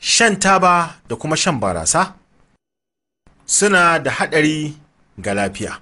shan taba da kuma shan barasa suna da haɗari ga lafiya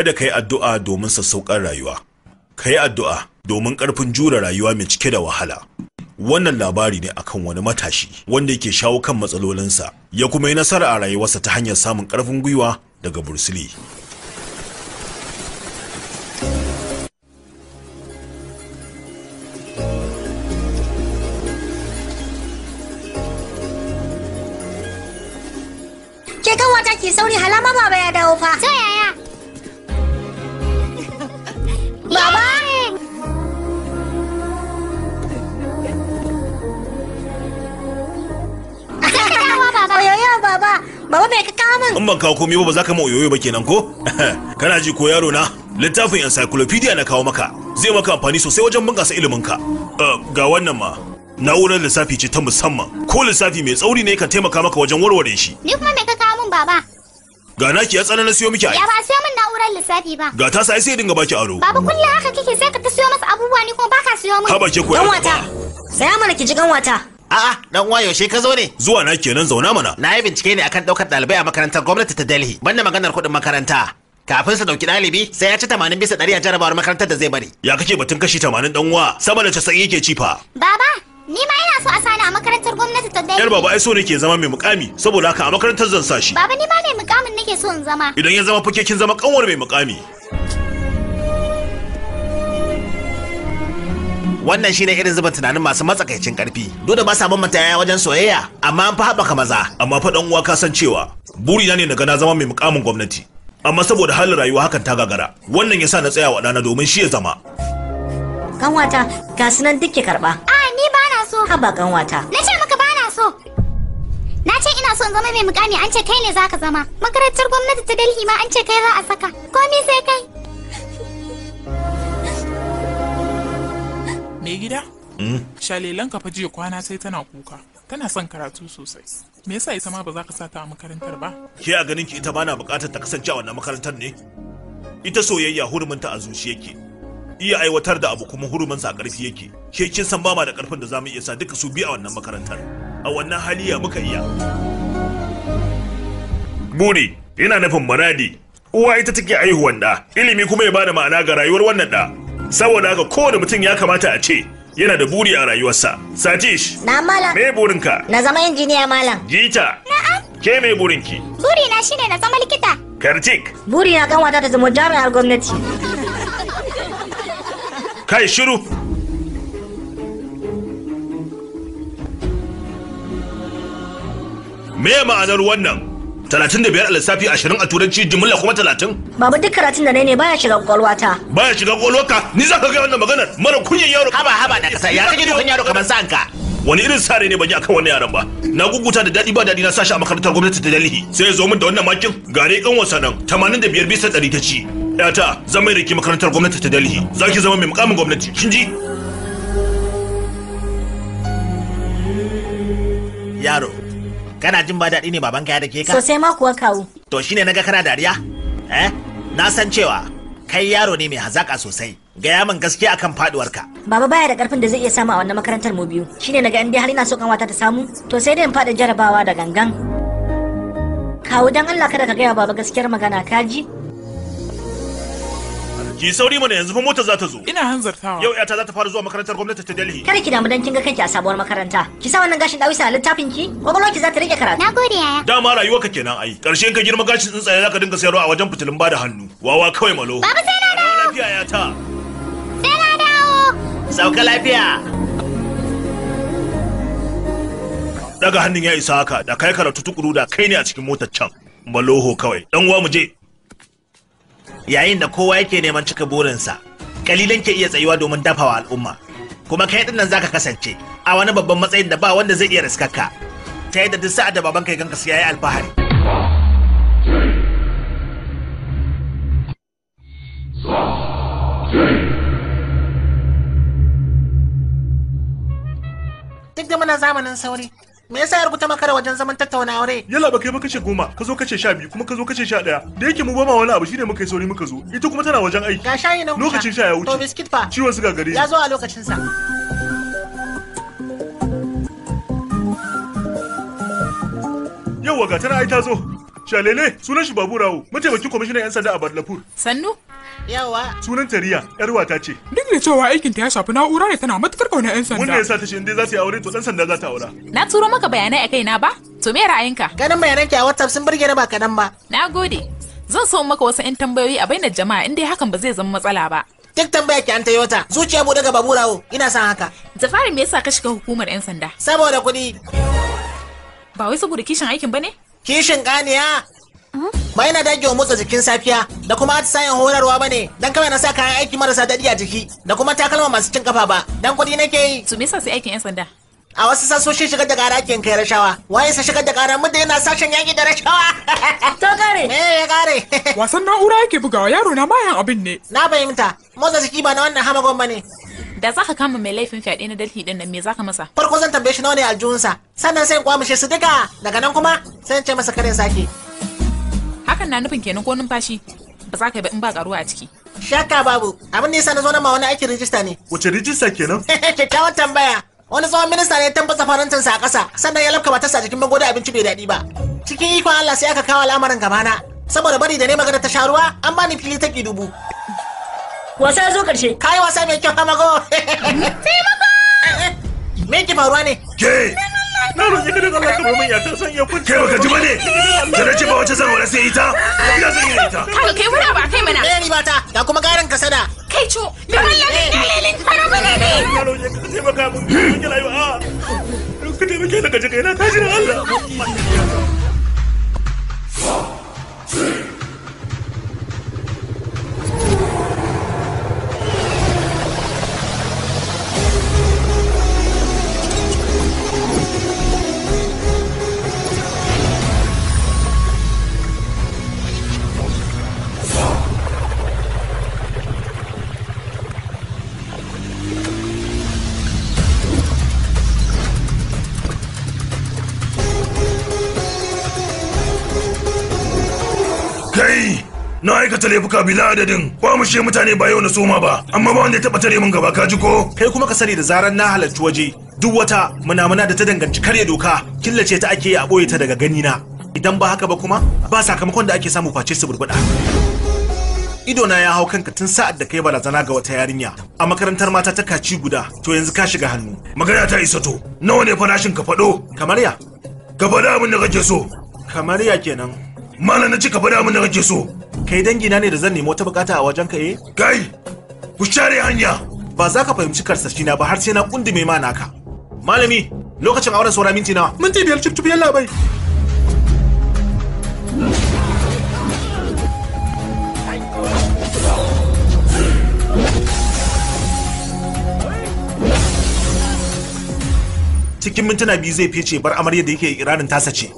kada ka yi addu'a domin sassauƙar rayuwa ka yi addu'a domin ƙarfin jure rayuwa mai cike da wahala wannan labari ne akan wani matashi wanda yake shawo kan matsalolinsa ya kuma yi nasara a rayuwarsa ta hanyar samun ƙarfin gwiwa daga bursili ke kan wata ke sauri halama ba ya dawo fa Baba! Oyoyo baba, ka kawo min? In ban kawo komai ba ba za ka mu oyoyo ba kenan ko? Kana ji ko yaro na? Littafin encyclopedia na kawo maka. Zai maka amfani sosai wajen bunƙasa ka. Eh, ga wannan ma, na'urar lissafi ce ta musamman ko lissafi mai tsauri ne kan taimaka maka wajen warware shi. Ni kuma me ka kawo min baba? Ga naki ya tsana na siyo miki ai. Ya ba siyo min na'urar lissafi ba. Ga ta sai sai dinga baki aro. Baba kullum haka kike sai ka ta siyo masa abubuwa ni ko baka siyo min. Haba ke koyar. Dan wata. sai mana ki ji gan wata. A'a, dan uwa yaushe ka zo ne? Zuwa na kenan zauna mana. Na yi bincike ne akan daukar ɗalibai a makarantar gwamnati ta Delhi. Banda maganar kuɗin makaranta. Kafin sa dauki ɗalibi sai ya ci tamanin bisa ɗari a jarabawar makarantar da zai bari. Ya kake batun kashi tamanin dan uwa? Sama da 90 yake ci fa. Baba, Ni ma yana so a sani a makarantar gwamnati ta dai. Yar baba ai so nake zama mai mukami saboda haka a makarantar zan sa shi. Baba ni ma mai mukamin nake so in zama. Idan ya zama fake kin zama kanwar mai mukami. Wannan shine irin zuba tunanin masu matsakaicin karfi. Duk da ba sa bambanta yaya wajen soyayya, amma an fa haɓaka maza. Amma fa dan uwa ka san cewa burina ne naga na zama mai mukamin gwamnati. Amma saboda halin rayuwa hakan ta gagara. Wannan yasa na tsaya wa ɗana domin shi ya zama. Kanwata, ga sunan duk ke karɓa. Ah! so haba kanwata na ce maka bana so na ce ina son zama mai mukami an ce kai ne zaka zama makarantar gwamnati ta Delhi ma an ce kai za a saka komai sai kai Me gida hmm? shalelan ka fa jiya kwana sai tana kuka tana son karatu sosai me yasa ita ma ba za ka sata a makarantar ba ke a ganin ki ita ba na bukatar ta kasance a wannan makarantar ne ita soyayya hurumin ta a yake iya aiwatar da abu kuma hurumin a ƙarfi yake ke kin san ba ma da ƙarfin da zamu iya sa duka su bi a wannan makarantar a wannan hali ya muka iya buri Ina nufin Maradi. uwa ita take aihuwan da ilimi kuma ya bada ma'ana ga rayuwar wannan da saboda haka kowane mutum ya kamata a ce yana da buri a rayuwarsa satish na malam me burinka na zama injiniya malam jita ke me burinki buri na shine na zama likita kartik buri na wata ta zama jami'ar gwamnati kai shiru me ma'anar wannan 35 a lissafi 20 a turanci jimilla kuma 30 babu duk karatun da ne baya shiga kwakwalwata baya shiga ka ni za ka ga wannan maganar mara kunyan yaro haba haba da kasa ya kake dukan yaro kamar sanka wani irin sare ne ban yi akan wannan yaran ba na guguta da dadi ba dadi na sashi a makarantar gwamnati ta Delhi sai ya zo min da wannan makin gare kan wasa nan 85 bisa 100 ta ci yata zan mai da ke makarantar gwamnati ta Delhi za ki zama mai mukamin gwamnati kin ji yaro kana jin ba daɗi ne babanka ya dake ka sosai ma kuwa kawo to shine naga kana dariya eh na san cewa kai yaro ne mai hazaka sosai gaya min gaske akan faduwar ka. baba baya da karfin da zai iya samu a wannan makarantar mu biyu shine naga in dai har ina so wata ta samu to sai dai in fada jarabawa da gangan kawo dan Allah kada ka gaya baba gaskiyar magana ka ji ki sauri mana yanzu fa motar za ta zo ina hanzartawa yau ta za ta fara zuwa makarantar gwamnati ta Delhi kada ki damu dan kin ga kanki a sabuwar makaranta ki sa wannan gashin dawisa a littafin ki gwamnati za ta rike karatu nagode yaya dama rayuwa ka kenan ai karshe ka girma gashin tsuntsaye zaka dinga sayarwa a wajen fitilun bada hannu wawa kawai malo baba sai na dawo lafiya yata sai na dawo sauka lafiya daga hannun ya isa haka da kai karatu tukuru da kai ne a cikin motar can maloho kawai dan uwa mu je yayin da kowa yake neman cika burinsa kalilan ke iya tsayuwa domin dafawa al'umma kuma kai nan zaka kasance a wani babban matsayin da ba wanda zai iya riskakka ta yadda duk sa'ad da baban ya ganka sai yayi alfahari duk da muna zamanin sauri me yasa ya rubuta maka da wajen zaman tattauna aure yalla ba kai ba kace goma ka zo kace sha biyu kuma ka zo kace sha ɗaya da yake mu ba ma wani abu shine muka yi sauri muka zo ita kuma tana wajen aiki ga shayi na lokacin sha ya wuce to biskit fa ciwon suga gare ya zo a lokacin sa yauwa ga tana ai ta zo Shalele sunan shi Babu Rawo mataimakin kwamishinan 'yan sanda a Badlapur. Sannu? Yawa. Sunan Tariya yar wata ce. Duk da cewa aikin ta ya shafi na'ura ne tana matukar kauna 'yan sanda. Wanda ya sa ta shi inda za ta yi aure to ɗan sanda za ta aura. Na turo maka bayanai a kaina ba? To me ra'ayinka? Ganin bayanan ki a WhatsApp sun burge ni ba kadan ba. Na gode. Zan so maka wasu 'yan tambayoyi a bainar jama'a inda hakan ba zai zama matsala ba. duk tambaya ki an tayo ta zuciya bude ga Rawo, ina son haka Jafari me yasa ka shiga hukumar yan sanda saboda kuɗi ba wai saboda kishin aikin ba ne kishin ƙaniya ba yana dage wa motsa jikin safiya da kuma atisayen horarwa ba ne don kawai na sa kayan aiki marasa daɗi a jiki da kuma takalma masu cin kafa ba don kuɗi nake yi su me yasa sai aikin yan sanda a wasu sassoshin shigar da ƙara ake kai rashawa waye sa shigar da ƙara da yana sashen yaƙi da rashawa to kare eh ya kare wasan na'ura yake bugawa yaro na mayan abin ne na fahimta motsa jiki ba na wannan hamagon ba ne da za ka kama mai laifin fyaɗe na dalhi ɗin nan me za ka masa farko zan tambaye shi nawa ne aljihunsa sannan sai in kwamishe su duka daga nan kuma sai in ce masa karin sake hakan na nufin kenan ko numfashi ba za ka yi ba in ba karuwa a ciki shakka babu abin nisa na zo na ma wani aikin rijista ne wace rijista kenan kyakkyawan tambaya wani tsohon minista ne ya tambasa farantinsa a ƙasa sannan ya lafka matarsa jikin magoda abinci bai daɗi ba cikin ikon allah sai aka kawo al'amarin gabana saboda bari da ne magana ta sharuwa ruwa an ni fili taki dubu wasa ya zo karshe ka yi wasa mai kyau mago? taimako me faruwa ne ke na roƙi ka Allah ka san ya kunce kai baka ji bane ba wace zan wala sai ita ina zan yi ita kai wura riba eh, ta ga kuma ka kasada kai co da eh. dalilin ne na roƙi ka mun rayuwa ka ka ah. ji kai na Allah na aikata laifuka bila adadin kwamushe mutane ba yau na soma ba amma ba wanda ya taba tare min gaba ka ji ko kai kuma ka sani da zaran na halarci waje duk wata munamuna da ta danganci karya doka killace ta ake yi a boye ta daga gani na idan ba haka ba kuma ba sakamakon da ake samu face su burbuda ido na ya hau kanka tun sa'ad da kai barazana ga wata yarinya a makarantar mata ta kaci guda to yanzu ka shiga hannu magana ta isa to nawa ne farashin ka faɗo kamar ya ka faɗa abin da kake so kamar ya kenan Mala na cika faɗa mun da kake so. Kai na ne da zan nemo wata bukata a wajen ka eh? Kai, ku share hanya. Ba za ka fahimci karsashi na ba har sai na kundume ma naka. Malami, lokacin auren saura minti nawa? Minti biyar cip cip yalla bai. cikin mintuna biyu zai fice bar amarya da yake iranin tasa ce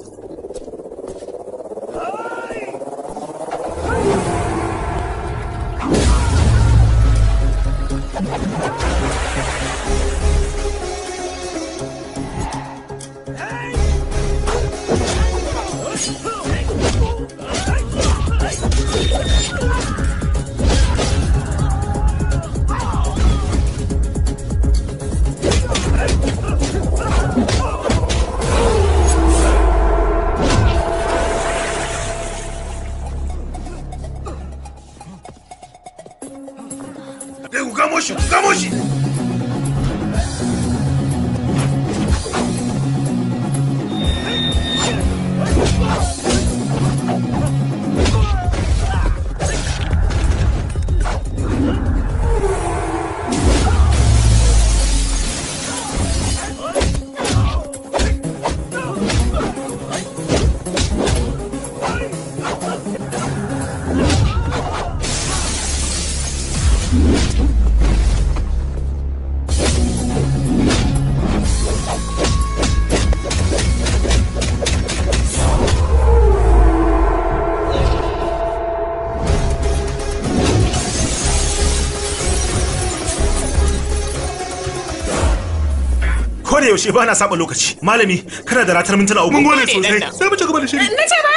yaushe ba na saba lokaci malami kana da ratar mintuna uku mun gode sosai sai mu ci gaba da shiri na ce ba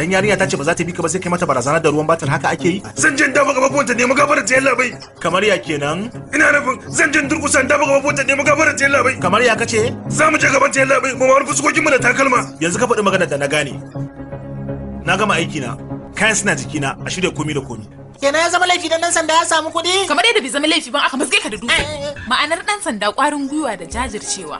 dan yarinya ta ce ba za ta bi ka ba sai kai mata barazana da ruwan batar haka ake yi zan jin dafa gaba fonta ne magabar ta yalla bai kamar ya kenan ina nufin zan jin durkusan dafa gaba fonta ne magabar ta yalla bai kamar ya kace za mu je gaban ta yalla bai mu ma rufe sukokin mu da takalma yanzu ka faɗi magana da na gane gama aiki na kayan suna jikina a shirya komi da komi kenan ya zama laifi dan dan sanda ya samu kuɗi kamar yadda bai zama laifi ban aka mazge ka da dutse eh, eh, eh. ma'anar dan sanda ƙwarin gwiwa da jajircewa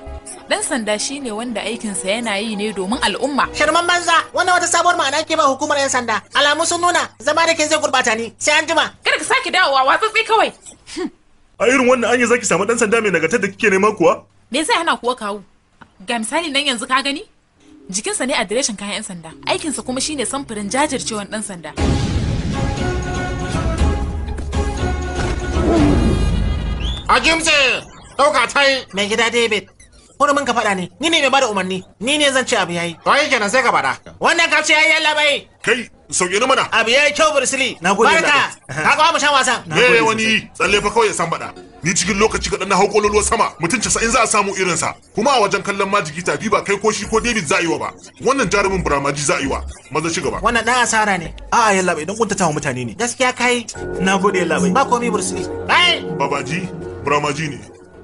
dan sanda shine wanda aikinsa yana yi ne domin al'umma shirman banza wannan wata sabuwar ma'ana ke ba hukumar yan sanda alamu sun nuna zama da ke zai gurbata ni sai an jima kada ka sake dawowa watsatsi kawai a irin wannan anya zaki samu dan sanda mai nagartar da kike nema kuwa me zai hana kuwa kawu ga misali nan yanzu ka gani jikinsa ne a direshin kayan 'yan sanda aikinsa kuma shine samfurin jajircewan ɗan sanda a gimse ɗauka ta yi mai gida david hurumin ka faɗa ne ni ne mai bada umarni ni ne zan ce abu yayi to yi kenan sai ka faɗa wannan ka ce yayi yalla bai kai sauke ni mana abu yayi kyau bursili na gode barka ka kawo mu shan wasan ne wani tsalle fa kawai san faɗa ni cikin lokaci kaɗan na hau ƙololuwar sama mutum casa'in za a samu irinsa kuma a wajen kallon majigi tafi ba kai ko shi ko david za a yi wa ba wannan jarumin buramaji za a yi wa maza ci gaba wannan ɗan asara ne a'a yalla bai don kuntata wa mutane ne gaskiya kai na gode yalla bai ba komai bursu ne bai babaji buramaji ne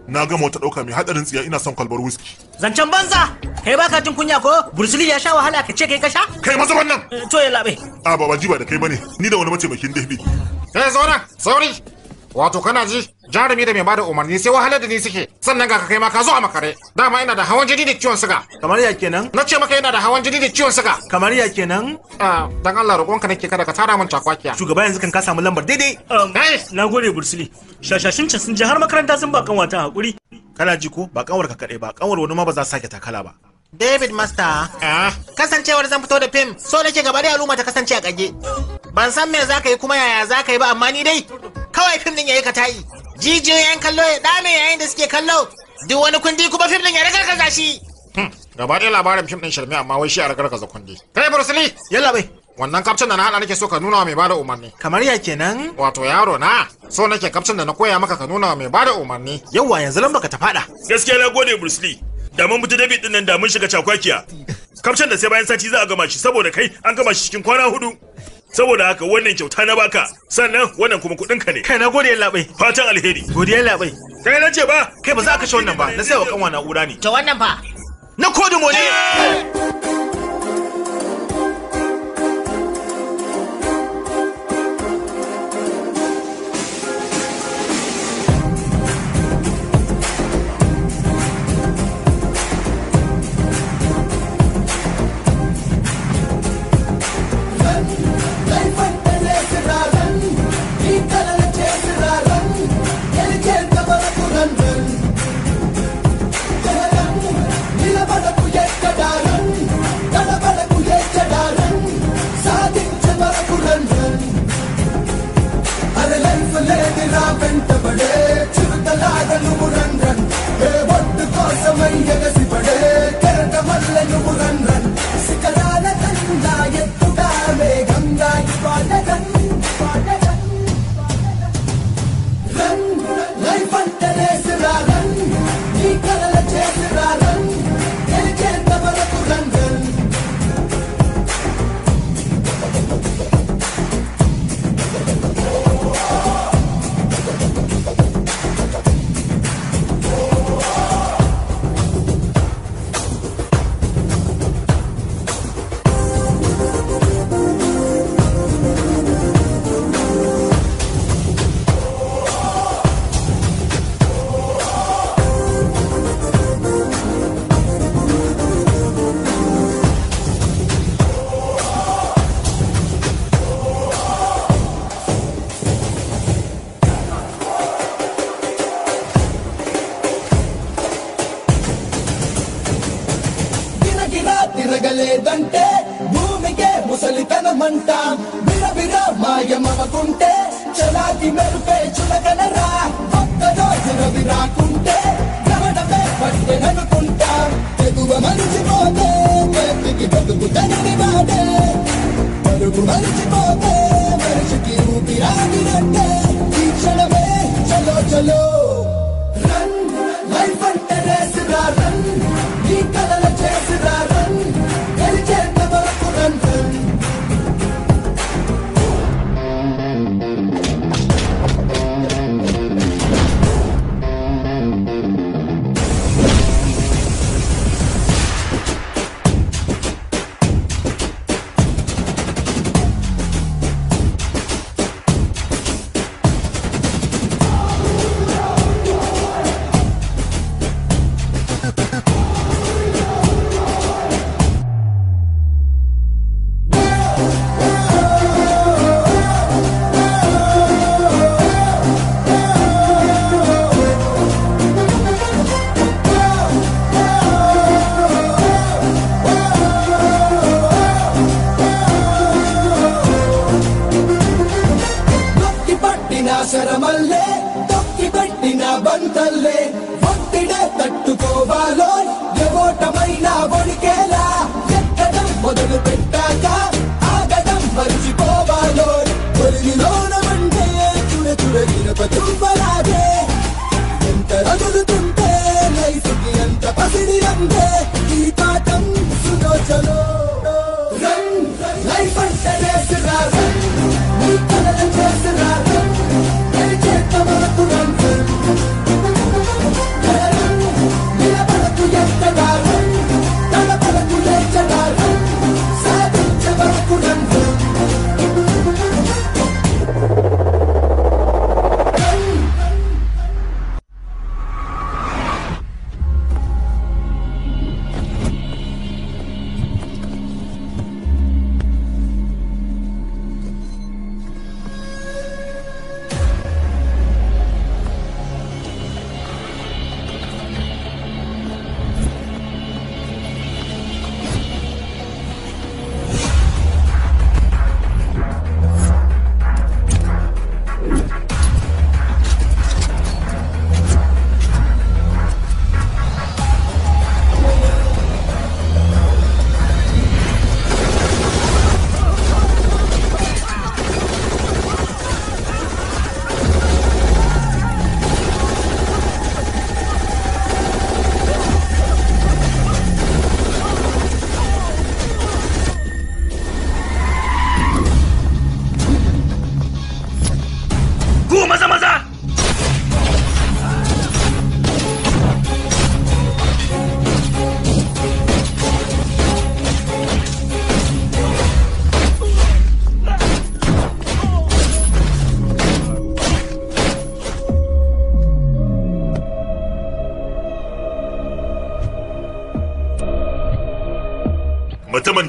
na gama wata ɗauka mai haɗarin tsiya ina son kwalbar whisky zancen banza kai baka jin kunya ko bursuli ya sha wahala ka ce kai ka sha kai maza wannan eh, to yalla bai a babaji ba da kai bane ni da wani mataimakin david kai eh, zauna sauri wato kana ji jarumi da mai bada umarni sai wahalar da ni suke sannan ga kai ma ka zo a makare dama ina da hawan jini da ciwon suga kamar ya kenan na ce maka yana da hawan jini da ciwon suga kamar ya kenan ah, dan Allah roƙonka nake kada ka tara min cakwakiya shugaba yanzu kan ka samu lambar daidai um, na gode bursili shashashin sun je har makaranta sun ba kan wata hakuri kana ji ko ba kanwar ka kadai ba kanwar wani ma ba za su sake takala ba David Master. Ah. Kasancewar zan fito da fim, so nake gaba da al'umma ta kasance a kage. Ban san me za ka yi kuma yaya za ka yi ba amma ni dai kawai fim din yayi ka tayi jijiyoyin kallo ya dame yayin da suke kallo duk wani kundi kuma fim din ya rakarkaza shi hmm, gaba ɗaya labarin fim din shirme amma wai shi a rakarkaza kundi kai Bruce Lee yalla bai wannan kafcin da na hada nake so ka nuna wa mai bada umarni kamar ya kenan wato yaro na so nake kafcin da na koya maka ka nuna wa mai bada umarni yawa yanzu lamba ka ta fada gaskiya na gode Bruce da mun mutu dabi din nan da mun shiga cakwakiya kafcin da sai bayan sati za a gama shi saboda kai an gama shi cikin kwana hudu saboda haka wannan kyauta na baka sannan wannan kuma kudin ka ne kai na gode labai fatan alheri godiya labai kai na ce ba kai ba za ka kashe wannan ba na sai wa kanwa na'ura ne to wannan fa na kodumo ne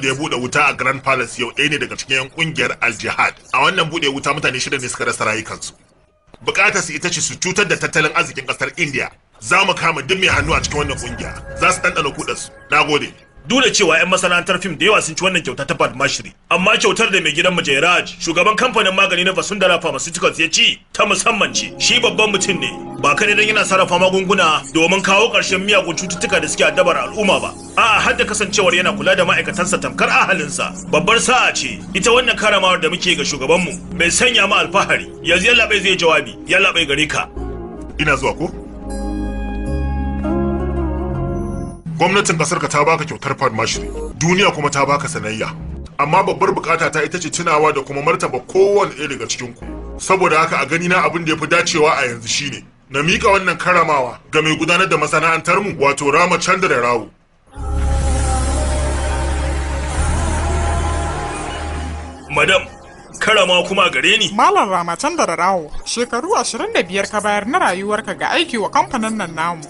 da ya bude wuta a Grand Palace yau ɗaya ne daga cikin 'yan kungiyar Al-Jihad. A wannan bude wuta mutane shida ne suka rasa rayukansu. Bukatar su ita ce su cutar da tattalin arzikin kasar India. Za mu kama duk mai hannu a cikin wannan kungiya. Za su ɗanɗana su, Na gode. dole cewa 'yan masana'antar fim da yawa sun ci wannan kyauta ta Padmashri amma kyautar da mai gidan mu Jairaj shugaban kamfanin magani na Fasundara Pharmaceuticals ya ci ta musamman ce shi babban mutum ne ba kai dan yana sarrafa magunguna domin kawo ƙarshen miyagun cututtuka da suke addabar al'umma ba a'a har da kasancewar yana kula da ma'aikatansa tamkar ahalinsa babbar sa'a ce ita wannan karamawar da muke ga shugabanmu mai sanya mu alfahari yanzu yallaɓai zai jawabi yallaɓai gare ka ina zuwa ko gwamnatin kasar ka ta baka kyautar fan duniya kuma ta baka sanayya amma babbar bukata ta ita ce tunawa da kuma martaba kowane ɗaya daga cikin ku saboda haka a gani na abin da ya fi dacewa a yanzu shine na mika wannan karamawa ga mai gudanar da masana'antar mu wato Rama Chandra Rawo. madam karama kuma gare ni. Malam Ramatan da Rawo, shekaru 25 ka bayar na rayuwarka ga aiki wa kamfanin nan namu.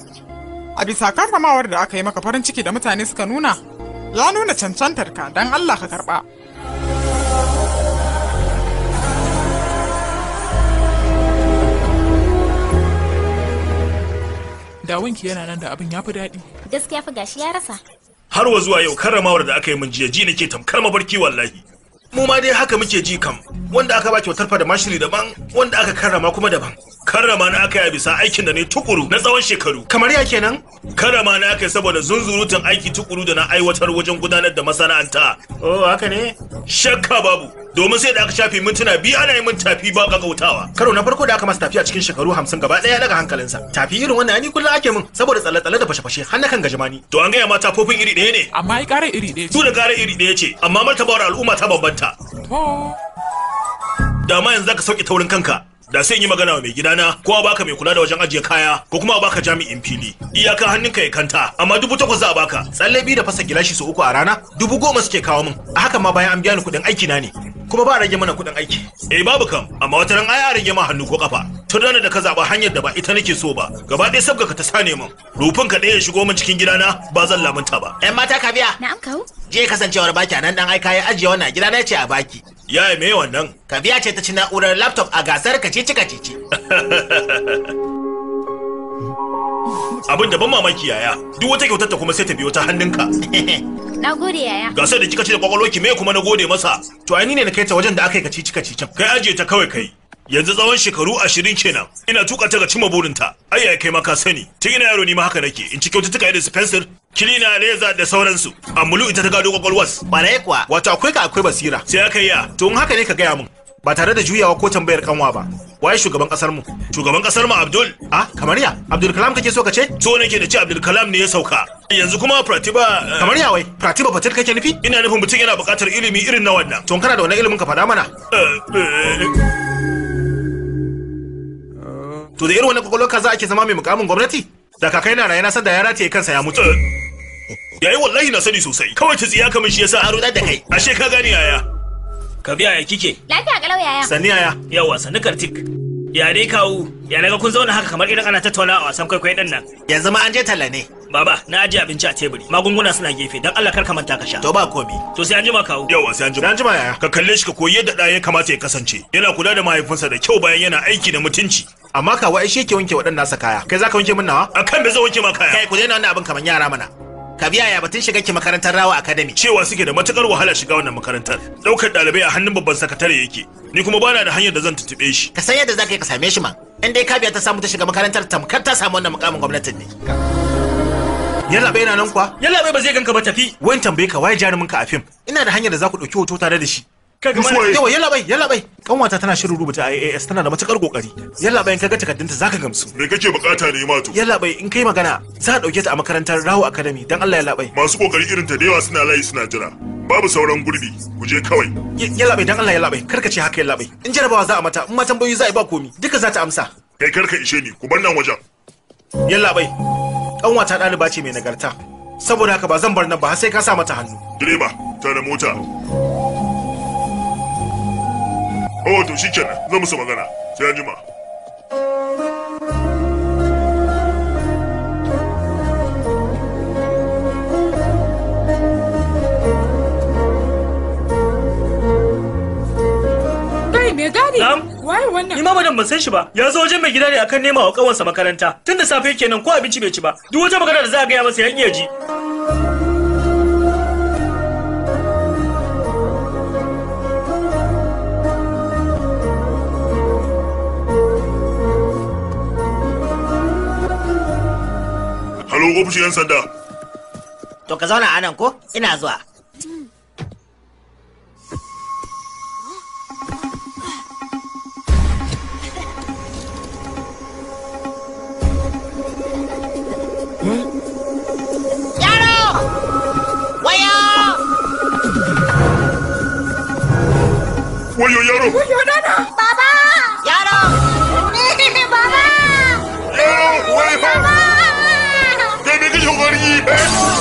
a bisa karramawar da aka yi maka farin ciki da mutane suka nuna ya nuna cancantar ka don Allah ka karba. Dawinki yana nan da abin ya fi daɗi. Gaskiya fi gashi ya rasa. Har wa zuwa yau karramawar da aka yi min jiya ji nake tamkar mabarki wallahi. mu ma dai haka muke ji kam wanda aka ba kyautar fa da mashiri daban wanda aka karrama kuma daban karrama na aka yi bisa aikin da ne tukuru na tsawon shekaru kamar ya kenan karrama na aka yi saboda zunzurutun aiki tukuru da na aiwatar wajen gudanar da masana'anta oh haka ne shakka babu domin sai da aka shafi mintuna biyu ana yi min tafi ba kakautawa karo na farko da aka masa tafi a cikin shekaru hamsin gaba ɗaya daga hankalinsa tafi irin wannan ni kullum ake min saboda tsalle-tsalle da fashe-fashe har na kan gaji mani to an gaya ma tafofin iri ɗaya ne amma ai ƙara iri ɗaya ce su da ƙara iri ɗaya ce amma martabar al'umma ta bambanta Da dama yanzu zaka sauke taurin kanka da sai in yi magana wa mai gidana ko a baka mai kula da wajen ajiye kaya ko kuma a baka jami'in fili iyaka hannunka ya kanta amma dubu takwas za a baka tsalle biyu da fasa gilashi su uku a rana dubu goma suke kawo min a haka ma bayan an biya ni kuɗin aiki na ne kuma ba a rage mana kuɗin aiki eh babu kam amma wata ran ai a rage ma hannu ko kafa tun ranar da ka zaɓa hanyar da ba ita nake so ba gaba ɗaya sabga ka ta sane min rufin ka ɗaya shigo min cikin gidana ba zan lamunta ba ƴan mata ka biya na'am kawo je kasancewar baki nan dan ai kayan ajiye wannan gidana ce a baki yaya me wannan ka biya ce ta ci na'urar laptop a gasar ka kacici abin da ban mamaki yaya duk wata kyautar ta kuma sai ta biyo ta hannunka na gode yaya ga sai da kika ce da ki me kuma na gode masa to ai ni ne na kai ta wajen da aka yi kacici kacicin kai aje ta kawai kai yanzu tsawon shekaru ashirin kenan ina tuka ta ga cimma burinta ai ya kai ka sani tun ina yaro ni ma haka nake in ci kyaututtuka irin su fensir kilina leza da sauransu amulu ita ta gado kwakwalwas ɓarai kuwa wato akwai ka akwai basira sai aka yi ya to in haka ne ka gaya min ba tare da juyawa ko tambayar kanwa ba waye shugaban kasar mu shugaban kasar mu abdul ah kamar ya abdul kalam kake so ka ce so nake da ce abdul kalam ne ya sauka yanzu kuma pratiba eh, kamar ya wai pratiba fatir kake nufi ina nufin mutum yana buƙatar ilimi irin na wannan to kana da wannan ilimin ka faɗa mana eh, eh. to da irin wannan ka za ake zama mai mukamin gwamnati da kakai na raye na san da ya rataye kansa ya mutu yayi wallahi na sani sosai kawai ta tsiya kamar shi yasa a ruɗa da kai ashe ka gane yaya ka biya ya kike lafiya galau yaya sani yaya yawa sani kartik ya dai kawu ya naga kun zauna haka kamar irin ana tattauna a wasan kwaikwayon din nan yanzu ma an je talla ne baba na aje abinci a teburi magunguna suna gefe dan Allah kar ka manta ka sha to ba komi to sai an jima kawu yawa sai an jima an jima yaya ka kalle shi ka koyi yadda da ya kamata ya kasance yana kula da mahaifinsa da kyau bayan yana aiki da mutunci amma kawo ai shi ke wanke waɗannan sa kaya kai zaka wanke min nawa akan bai zo wanke ma kaya kai ku daina wannan abin kamar yara mana ka biya ya batun shiga ki makarantar rawa academy cewa suke da matukar wahala shiga wannan makarantar daukar dalibai a hannun babban sakatare yake ni kuma bana da hanyar da zan tutube shi ka san yadda zaka yi ka same shi ma. in dai ka biya ta samu ta shiga makarantar tamkar ta samu wannan mukamin gwamnatin ne yalla bai na nan kuwa yalla bai ba zai ganka ba tafi wani tambaye ka waye jarumin ka a fim ina da hanyar da za ku dauki hoto tare da shi kaga mana yawa yalla bai yalla bai kanwata tana shirin rubuta IAS tana da matukar kokari yalla bai kaga takardunta zaka gamsu me kake bukata ne mato yalla bai in kai magana za a dauke ta a makarantar Rahu Academy dan Allah yalla bai masu kokari irin ta da suna layi suna jira babu sauran gurbi ku je kawai yalla bai dan Allah yalla bai karka ce haka yalla bai in jarabawa za a mata in ma tambayoyi za a ba komi duka za ta amsa kai karka ishe ni ku bar nan wajen yalla bai kanwata ɗaliba ce mai nagarta saboda haka ba zan bar nan ba sai ka sa mata hannu direba tare mota oh to kenan zan musu magana sai an jima Waye wannan? Ni ma madan ban san shi ba. Ya zo wajen mai gida ne akan nema wa kawansa makaranta. Tun da safe kenan ko abinci bai ci ba. Duk wata magana da za a gaya masa yan iya ji. Halo ofishin 'yan sanda. To ka zauna anan ko? Ina zuwa. Wayo yaro! Wayo dana! Earth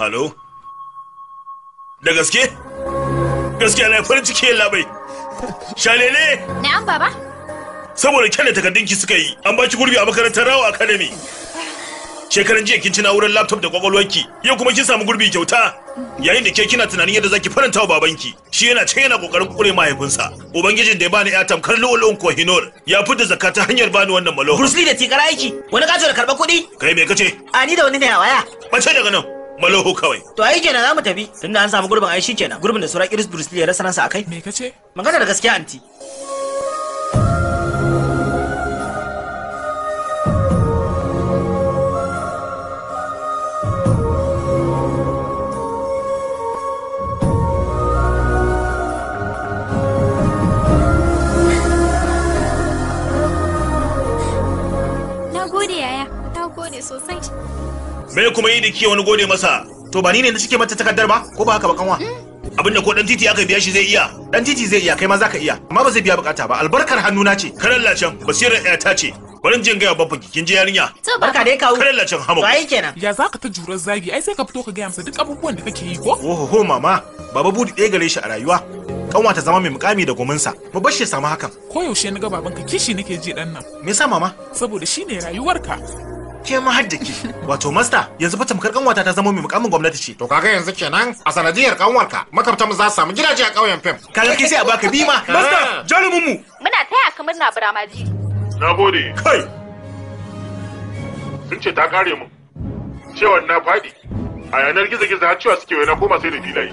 Halo? Da gaske? Gaskiya na farin ciki yin labai. Shalele? Na'am baba. Saboda kyalle takardunki suka yi, an baki gurbi a makarantar Rawa Academy. Shekaran jiya kin ci na'urar laptop da kwakwalwarki, yau kuma kin samu gurbi kyauta. Yayin da ke kina tunanin yadda zaki faranta wa babanki, shi yana can yana kokarin kure mahaifinsa. Ubangijin da ya bani ya tamkar lo'olon kohinor ya fidda zakka ta hanyar bani wannan malo. Bruce Lee da tikar aiki, wani gajo da karɓar kuɗi. Kai me kace? A ni da wani ne a waya. Bace daga nan. malaho kawai to ai kenan za mu tafi tunda an samu gurbin ai kenan. gurbin da sura Iris Bruce Lee ya rasa ransa akai me kace magana da gaskiya anti gode yaya ta gode sosai me kuma yi da ke wani gode masa to ba ni ne na cike mata takardar ba ko ba haka ba kanwa abinda ko dan titi aka biya shi zai iya dan titi zai iya kai ma zaka iya amma ba zai biya bukata ba albarkar hannuna ce karan basira ya ta ce barin jin gaya babban kin je yarinya to barka dai kawo karan lacan hamo ai kenan ya zaka ta jura zagi ai sai ka fito ka gaya masa duk abubuwan da kake yi ko oho mama baba budi ɗaya gare shi a rayuwa kanwa ta zama mai mukami da gominsa mu bar shi samu hakan koyaushe na ga babanka kishi nake ji dan nan me yasa mama saboda shine rayuwarka ke ma ke wato master yanzu fa tamkar kanwata ta zama mai mukamin gwamnati ce to kaga yanzu kenan a sanadiyar kanwarka makamtan mu za su samu gidaje a ƙauyen fem kaga ke sai a baka bima master ah. jarumin mu muna taya ka na buramaji nagode kai sun ce ta kare mu cewa na faɗi a yanar gizo-gizo har cewa suke na koma sai da filaye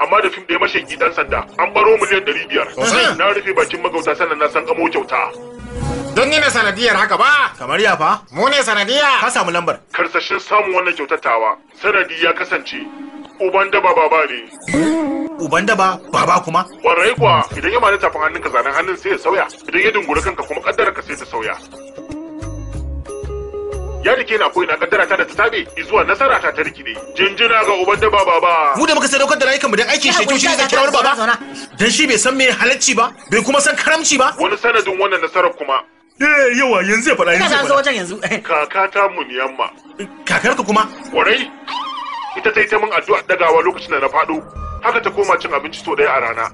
amma da fim da ya mashin gidan sanda an baro miliyan 500 na rufe bakin magauta sannan na san amo kyauta Don nina sanadiyar haka ba. Kamar ya fa? Mu ne sanadiya. Ka samu lambar. Karsashin samun wannan kyautatawa sanadi ya kasance uban daba baba ne. Uban daba baba kuma? Warai kuwa idan ya mani tafin hannunka zanen hannun sai ya sauya idan ya dunguri kanka kuma kaddara ka sai ta sauya. ya rike na koyi na kaddara ta da ta tabe zuwa nasara ta ta rikide jinjina ga uban daba baba ba mu da muka daukar da rayukan mu dan aikin shi to shi da kirawar baba dan shi bai san me halacci ba bai kuma san karamci ba wani sanadin wannan nasarar kuma Eh yawa yanzu ya faɗa yanzu. Ina san wajen yanzu. Eh. Kaka ta mu niyamma. Kakar ka kuma? Kwarai. Ita ta yi ta min addu'a dagawa lokacin da na faɗo. Haka ta koma cin abinci sau ɗaya a rana.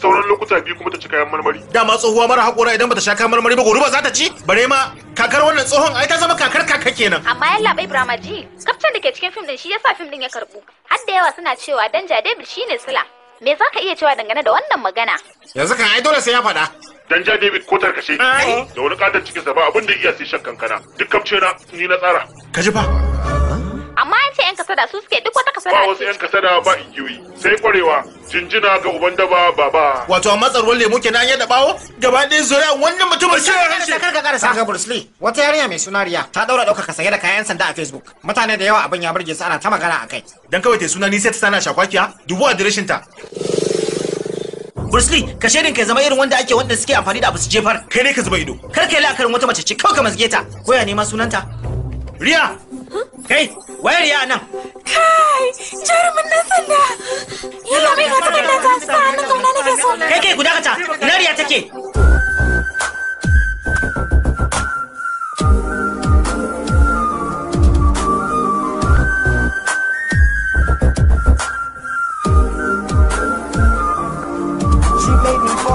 Sauran lokuta biyu kuma ta ci kayan marmari. Dama tsohuwa mara haƙora idan bata sha kayan marmari ba gobe ba za ta ci. Bare ma kakar wannan tsohon ai ta zama kakar kaka kenan. Amma yan labai Brahmaji, kaftan da ke cikin fim din shi yasa fim din ya karbu. Har da yawa suna cewa Danja David shine Sila. Me za ka iya cewa dangane da wannan magana? Yanzu kan ai dole sai ya faɗa. dan ja David ko tarkace da wani cikin sa ba abin da iya sai shan kankana duk kamce na ni na tsara ka ji ba amma an ce yan kasada su suke duk wata kasada ba wasu yan kasada ba igiyoyi sai kwarewa jinjina ga uban daba baba wato amma tsaron lemo kenan ya da bawo gaba ɗaya zuriya wannan mutumin shi ya rashe kar ka karasa ga Bruce Lee wata yarinya mai suna Riya ta daura daukar ka da kayan sanda a Facebook mutane da yawa abin ya burge su ana ta magana akai dan kawai ta suna ni sai ta sana shakwakiya dubu adireshin ta Bruce Lee ka shaidin ka zama irin wanda ake wanda suke amfani da abu su jefar. Kai ne ka zuba ido. Kar ka yi la'akarin wata mace ce kawai ka masge ta. Ko ya nema sunanta? Riya. Kai, waye Riya nan? Kai, jarumin nan sanda. Yalla bai ga tukun da ta sa hannun gwamna ke so. Kai kai guda ka ta. Ina Riya take?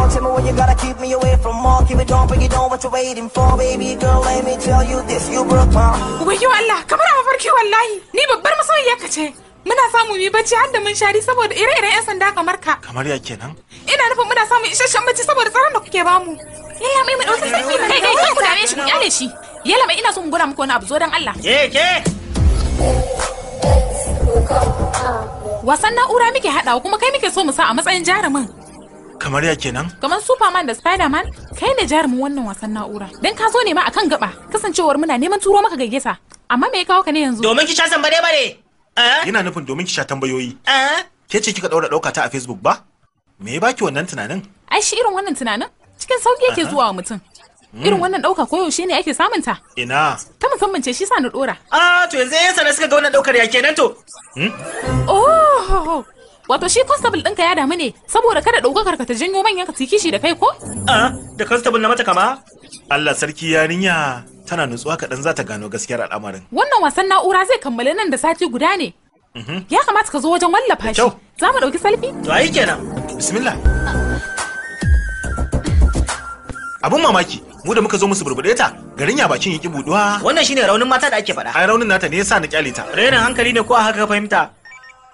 Don't Tell me what you gotta keep me away from all Keep it on, but you don't what you're waiting for, baby girl. Let me tell you this, you broke my. Wayo Allah, kamar a mafarki wallahi. Ni babbar masoyiya ka ce. muna samu mu bacci har da mun shari saboda ire-iren 'yan sanda kamar ka. Kamar ya kenan? Ina nufin muna samu isasshen bacci saboda tsaron da kuke bamu. Yalla mai mu ɗauki sarki mu kai kai kai ku dame shi ku shi. Yalla mai ina so mu gwada muku wani abu zo Allah. Ke ke. Wasan na'ura muke haɗawa kuma kai muke so mu sa a matsayin jarumin. kamar ya kenan kamar superman da spiderman kai ne jarumin wannan wasan na'ura dan ka zo ne ma akan gaba kasancewar muna neman turo maka gaggesa amma me ya kawo ka ne yanzu domin ki sha san bare Eh? ina nufin domin ki sha tambayoyi eh? ke ce kika daura dauka ta a facebook ba me ya baki wannan tunanin ai shi irin wannan tunanin cikin sauki yake zuwa wa mutum hmm. irin wannan dauka koyaushe ne ake samun ta ina ta musamman ce shi sa na dora ah to yanzu yan na suka ga wannan daukar ya kenan to hmm? oh Wato shi constable ɗinka ya damu ne saboda kada ɗaukakar ka ta janyo manyan ka kishi da kai ko? Ah, da constable na mata kama? Allah sarki yarinya tana nutsuwa kaɗan za ta gano gaskiyar al'amarin. Wannan wasan na'ura zai kammala nan da sati guda ne. Mhm. Ya kamata ka zo wajen wallafa shi. Za mu ɗauki salfi? To ayi kenan. Bismillah. Abun mamaki, mu da muka zo musu burbuɗe ta garin ya bakin yaki buduwa. Wannan shine raunin mata da ake faɗa. Ai raunin nata ne yasa na kyale ta. Renin hankali ne ko a haka fahimta.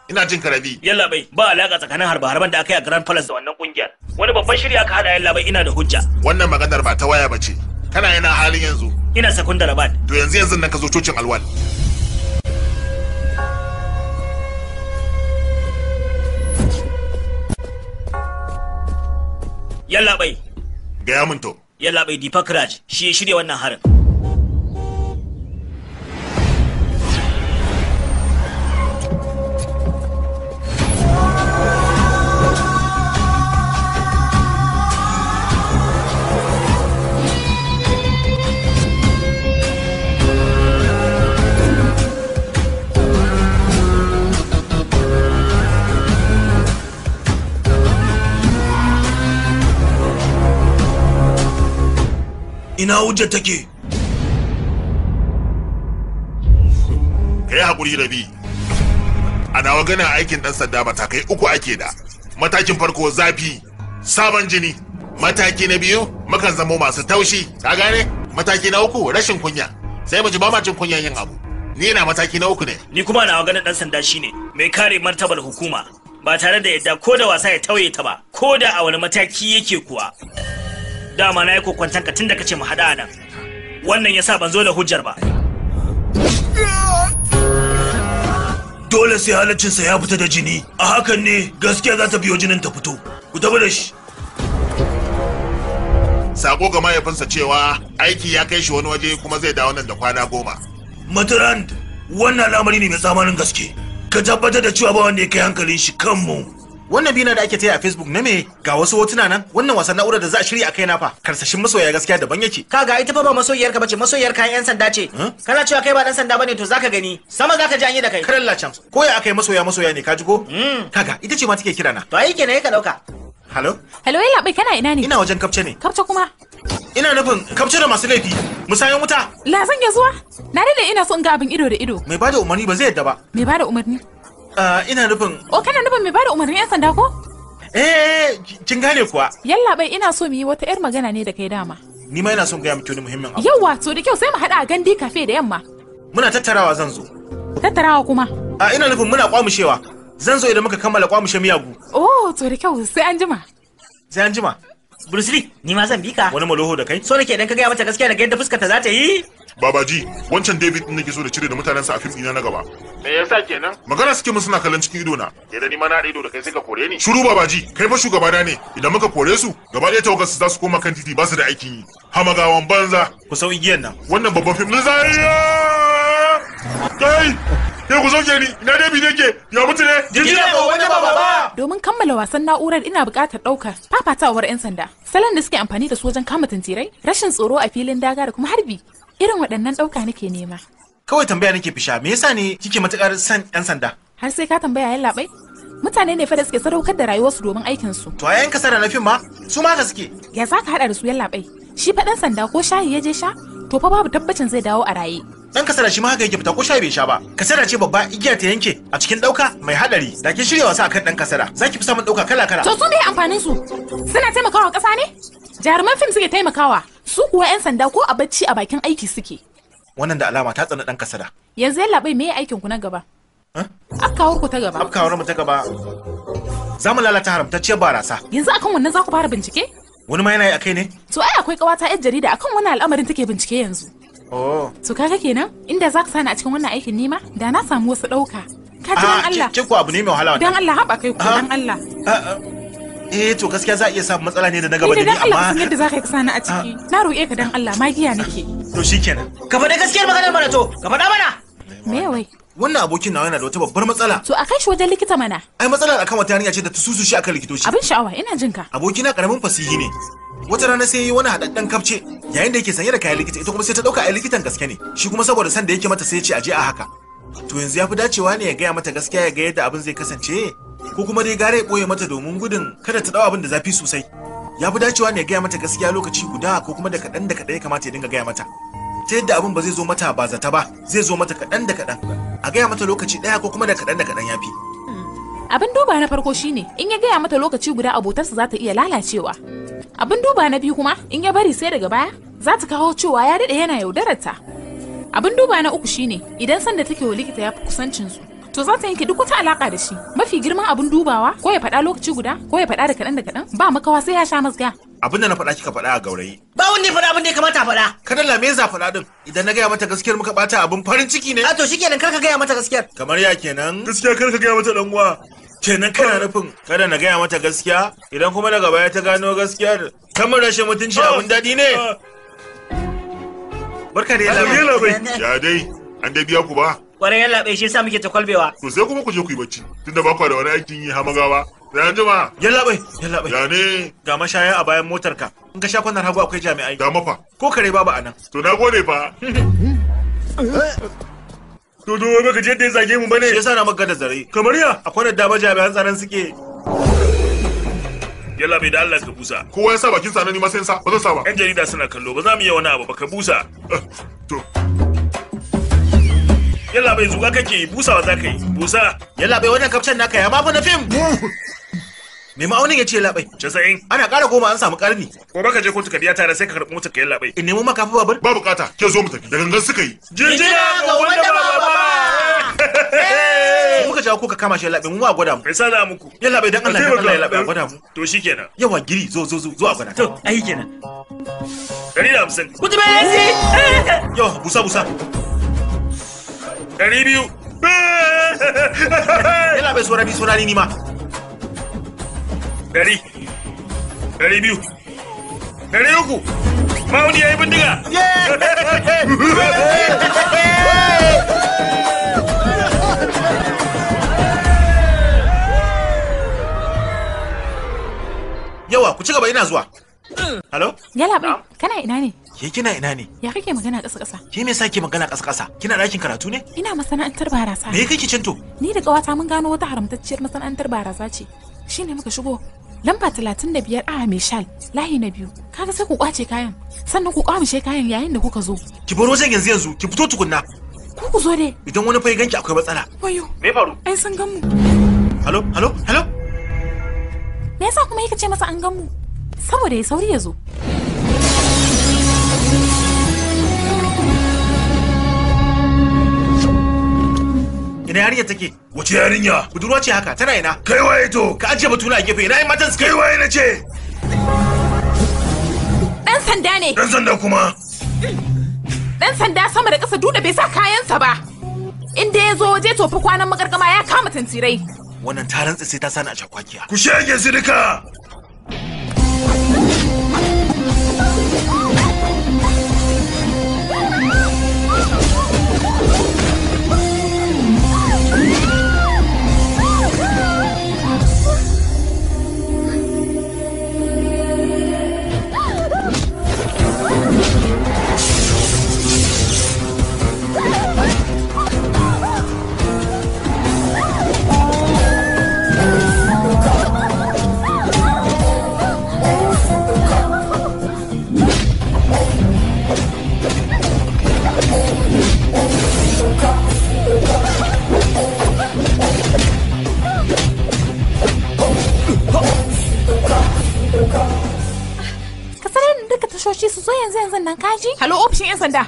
ina jin karabi yalla bai ba alaka tsakanin harba-harban da aka yi a grand palace da wannan kungiyar wani babban shirya aka hada yalla bai ina da hujja wannan maganar ba ta waya bace kana yana halin yanzu ina sakundar abad to yanzu yanzu nan ka zo cocin alwal yalla bai gaya mun to yalla bai dipak raj shi ya shirya wannan harin ina hujjar take kai hakuri rabi a nawa aikin dan sanda matakai uku ake da matakin farko zafi sabon jini mataki na biyu mukan zamo masu taushi ka gane mataki na uku rashin kunya sai mu ji ba ma kunya yin abu ni na mataki na uku ne ni kuma nawa ganin dan sanda shine mai kare martabar hukuma ba tare da yadda ko da wasa ya tauye ta ba ko da a wani mataki yake kuwa dama na yi kokwantanka tun da kace mu haɗa nan wannan yasa ban zo da hujjar ba dole sai halaccinsa ya fita da jini a hakan ne gaskiya za ta biyo jinin ta fito ku tafi da shi sako ga mahaifinsa cewa aiki ya kai shi wani waje kuma zai dawo nan da kwana goma Matarand wannan al'amari ne mai tsamanin gaske ka tabbatar da cewa ba wanda ya kai hankalin shi kanmu wannan bina da ake taya a facebook na me ga wasu hotuna nan wannan wasan na'urar da za a shirya a kai na fa karsashin masoya gaskiya daban yake kaga ita fa ba masoyiyar ka bace masoyiyar kayan yan sanda ce kana cewa kai ba dan sanda bane to zaka gani sama zaka ji an yi da kai karalla can ko ya akai masoya masoya ne ka ji ko hmm. kaga ita ce ma take kira na to ai kenan ka dauka hello hello ina bai kana ina ne? Ina wajen kapce ne. Kapce kuma? Ina nufin kapce da masu laifi. Musayan wuta. La zan ya zuwa? Na dade ina so in ga abin ido da ido. Mai bada umarni ba zai yadda ba. Mai bada umarni? Ah, ina nufin o oh, kana nufin mai bada umarnin yan sanda ko eh, eh, eh kin gane kuwa yalla bai ina so mu yi wata yar magana ne da kai dama ni ma ina son gaya miki wani muhimmin abu yawa to da kyau sai mu hada a gandi cafe da yamma muna tattarawa zan zo tattarawa kuma a ah, ina nufin muna kwamushewa zan zo idan muka kammala kwamushe miyagu oh to da kyau sai an jima sai an jima Bruce Lee, ni ma zan bi ka. Wani maloho da kai? So nake idan ka gaya mata gaskiya da yadda fuskar ta za ta yi. Babaji, wancan David din nake so da cire da mutanensa a fim ina na gaba. Me yasa kenan? Magana suke mun suna kallon cikin ido na. Ke da ni mana na da ido da kai sai ka kore ni. Shiru Babaji, kai fa shugabana ne. Idan muka kore su, gaba ɗaya tawagar su za su koma kan titi ba su da aikin yi. Hamagawan banza. Ku sau igiyan nan. Wannan babban fim din zariya. Kai! Ke ku sauke ni, ina David yake, ya mutu ne? Gidi ba wani ba ba. Domin kammala wasan na'urar ina buƙatar ɗaukar fafatawar 'yan sanda. Salon da suke amfani da su wajen kama tantirai, rashin tsoro a filin daga da kuma harbi Irin waɗannan ɗauka nake nema. Kawai tambaya nake fisha, me yasa ne kike matuƙar san 'yan sanda? Har sai ka tambaya yan labai? Mutane ne fa da suke sadaukar da rayuwarsu domin aikinsu. To a yan kasar na fim ma, su ma ka suke. Ya za ka haɗa da su yan labai? Shi fa ɗan sanda ko shayi ya je sha? To fa babu tabbacin zai dawo a raye. Ɗan kasara shi ma haka yake fita ko shayi bai sha ba. Kasara ce babba igiya ta yanke a cikin ɗauka mai haɗari. Da ke shirya wasa akan ɗan kasara. Za ki fi samun ɗauka kala kala. To su me amfanin su? Suna taimakawa ƙasa ne? jaruman fim suke taimakawa su kuwa 'yan sanda ko a bacci a bakin aiki suke wannan da alama ta tsana dan kasada yanzu yalla bai me aikin ku na gaba afkawar ku ta gaba afkawar mu ta gaba za mu lalata haramtacciyar barasa yanzu akan wannan za ku fara bincike wani ma yana yi a kai ne to ai akwai kawata yar jarida akan wani al'amarin take bincike yanzu oh to kaga kenan inda za ka sani a cikin wannan aikin nima da na samu wasu ɗauka ka ji dan ah, Allah ku abu ne mai wahala dan Allah haɓa kai ku ah. dan Allah ah, eh to gaskiya za a iya samun matsala ne da na gaba da ni amma ni da za ka yi kasana a ciki ah. na roƙe ka dan Allah magiya nake to shikenan ka faɗa gaskiyar maganar mana to ka faɗa mana me wai wannan abokin nawa yana da wata babbar matsala to a kai shi wajen likita mana ai matsalar akan wata yarinya ce da ta susu shi akan likitoci abin sha'awa ina jin ka abokina karamin fasihi ne wata rana sai yi wani haɗaɗɗen kafce yayin da yake sanye da kayan likita ita kuma sai ta ɗauka a likitan gaske ne shi kuma saboda san da yake mata sai ya ce aje a haka to yanzu ya fi dacewa ne ya gaya mata gaskiya ya ga yadda abin zai kasance ko kuma dai gara ya ɓoye mata domin gudun kada ta ɗau abin da zafi sosai ya fi dacewa ne ya gaya mata gaskiya lokaci guda ko kuma da kaɗan da kaɗan ya kamata ya dinga gaya mata ta yadda abin ba zai zo mata ba zata ba zai zo mata kaɗan da kaɗan a gaya mata lokaci ɗaya ko kuma da kaɗan da kaɗan ya fi. Hmm. abin duba na farko shine in ya gaya mata lokaci guda abotarsa za ta iya lalacewa abin duba na biyu kuma in ya bari sai daga baya za ta kawo cewa ya daɗe yana yaudararta abin duba na uku shine idan sanda take wa likita ya fi kusancin su to za ta yanke duk wata alaka da shi mafi girman abin dubawa ko ya faɗa lokaci guda ko ya faɗa da kaɗan da kaɗan ba makawa sai ya sha mazga abin da na faɗa kika faɗa a gaurayi ba wanda faɗa abin da ya kamata faɗa kada lame za faɗa din idan na gaya mata gaskiyar muka bata abin farin ciki ne a to shikenan kar ka gaya mata gaskiyar kamar ya kenan gaskiya kar ka gaya mata dan uwa kenan kana nufin kada na gaya mata gaskiya idan kuma daga baya ta gano gaskiyar kamar rashin mutunci abin daɗi ne Barka da yalla. Yalla bai. Ya dai, an dai biya ku ba. Kwarai yalla bai shi yasa muke ta kwalbewa. To sai kuma ku je ku yi bacci, tunda ba ku da wani aikin yi hamagawa. Ya jima. Yalla bai, yalla bai. Ya ne. Ga mashaya a bayan motar ka. In ka sha kwanar hagu akwai jami'ai. Da mafa. Ko kare babu a nan. To na gode fa. To do ka je da zage mu bane. Shi yasa na maka da zare. Kamar ya akwai da dama jami'an tsaron suke. yalla bai da Allah ka busa kowa ya sa bakin sa ni ma sai sa ba zan sa ba yan jarida suna kallo ba za mu yi wani abu ba ka busa eh, to yalla bai zuga kake busawa za ka yi busa yalla bai wannan kafcan naka ya mafi na fim me ma'aunin ya ce labai casa'in ana ƙara goma an samu ƙarni ko baka je kotu ka biya tare sai ka karɓi motar ka yi labai in nemo maka fa babur ba bukata ke zo mu tafi da gangan suka yi jinjina ga wanda ba ba jawo ko ka kama shi labe mu ma gwada mu Kai na muku ya labe dan Allah ya Allah ya labe gwada mu to shikenan yawa giri zo zo zo zo a gwada to ai kenan dari da hamsin kuji ba yanzu yo busa busa dari biyu ya labe sora bi sora ni ma dari dari biyu dari uku mauni ya yi bindiga yeah! ku ci gaba ina zuwa Halo? Yala bai, kana ina ne? Ke kina ina ne? Ya kake magana ƙasa ƙasa? Ke me yasa ke magana ƙasa ƙasa? Kina ɗakin karatu ne? Ina masana'antar barasa. Me kake cinto? Ni da ƙawata mun gano wata haramtacciyar masana'antar barasa ce. shi ne muka shigo. Lamba talatin da biyar a Michel, layi na biyu. Kaga sai ku kwace kayan, sannan ku mushe kayan yayin da kuka zo. Ki bar wajen yanzu yanzu, ki fito tukunna. Ku ku zo dai. Idan wani fa ganki akwai matsala. Wayo. Me faru? Ai sun gan mu. Halo, halo, halo. me yasa kuma yake ce masa an gan mu saboda ya sauri ya zo ina yarinya take wace yarinya budurwa ce haka tana ina kai waye to ka ajiye batuna a gefe ina yin matan su kai waye na ce dan sanda ne dan sanda kuma dan sanda sama da ƙasa duda bai sa kayansa ba inda ya zo waje tofa kwanan magargama ya kama tantirai wannan ta rantsa sai ta sani a cakwakiya ku shege sirika tashoshi su zo yanzu yanzu nan kaji halo ofishin yan sanda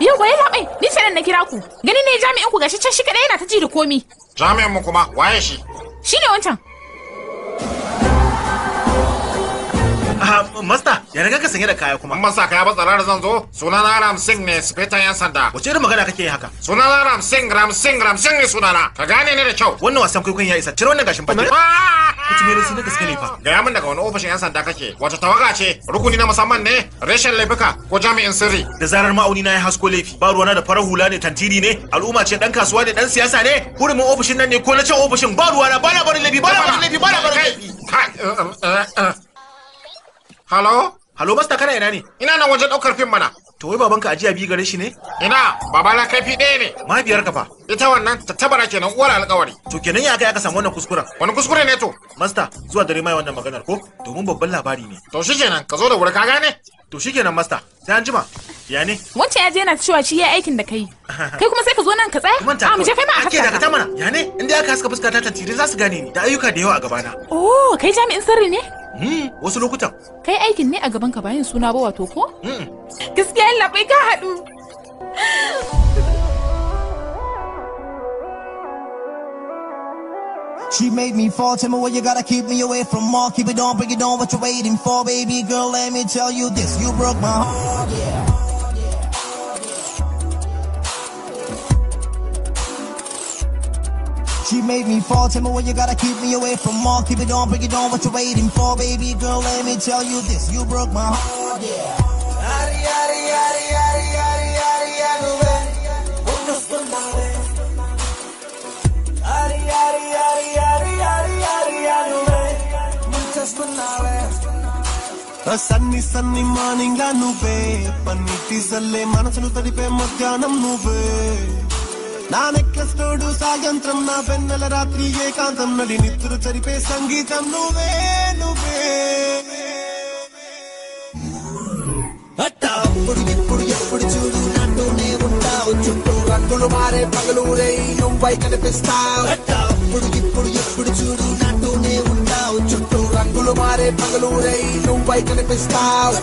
Yau gwaye labai, ni ce na kira ku. Gani ne jami'in ku gashi can shi kaɗai yana ta ji da komi. Jami'in mu kuma waye shi? Shi ne wancan. Ah, Masta, ya riga ka sanye da kaya kuma. sa kaya ba da zan zo. Sunana Ram Singh ne, sifetan yan sanda. Wace irin magana kake haka? Sunana Ram Singh, Ram Singh, Ram Singh ne sunana. Ka gane ne da kyau. Wannan wasan kwaikwayon ya isa. Cire wannan gashin fata. Kuci rusu da gaske ne fa. Gaya min daga wani ofishin yan sanda kake. Wata tawaga ce, rukuni na musamman ne, Rashin laifuka ko jami'in sirri. Da zarar ma'auni na ya hasko laifi. Ba ruwana da farar hula ne, tantiri ne, al'umma ce dan kasuwa ne, dan siyasa ne. Hurumin ofishin nan ne ko na can ofishin ba ruwana ba na barin laifi, ba na barin laifi, ba na barin laifi. Eh, eh, eh, Halo? Halo basta kana ina ne? Ina nan wajen ɗaukar fim mana. To wai babanka ajiya biyu gare shi ne? Ina, babana kai fi ɗaya ne. Mahaifiyar ka fa? Ita wannan ta tabara kenan uwar alƙawari. To kenan ya kai aka samu wannan kuskuren? Wani kuskure ne to? Masta, zuwa dare mai wannan maganar ko? Domin babban labari ne. To kenan, ka zo da wuri ka gane? To kenan, masta, sai an jima. Ya ne? Wance ya je yana cewa shi ya aikin da kai. Kai kuma sai ka zo nan ka tsaya? A mu je kai ma a haska. Ake dakata mana. Ya ne? Inda aka haska fuska ta tantire za su gane ni da ayyuka da yawa a gabana. Oh, kai jami'in sirri ne? Hmm, wasu lokutan. Kai aikin ne a gaban ka bayan suna ba wato ko? Hmm. Gaskiya yin bai ka haɗu. She made me fall, tell me what you gotta keep me away from more Keep it on, bring it on, what you waiting for Baby girl, let me tell you this, you broke my heart, yeah She made me fall. Tell me what you gotta keep me away from all. Keep it on, bring it on. What you waiting for, baby girl? Let me tell you this. You broke my heart, yeah. A sunny, sunny morning, la nube. Paniti zalle, manasunu tadipe madhyanam nube. నా necklace తోడు సాయంత్రం నా వెన్నెల రాత్రి ఏకాంతం నడి నిత్తులు చరిపే సంగీతం నువ్వే నువ్వే అట్ట అప్పుడు ఎప్పుడు చూడు నన్నునే ఉంటావు చుట్టూ రంగులు మారే పగలు నువ్వై కనిపిస్తావు అట్ట అప్పుడు ఇప్పుడు ఎప్పుడు చూడు నన్నునే ఉంటావు చుట్టూ రంగులు మారే పగలు నువ్వై కనిపిస్తావు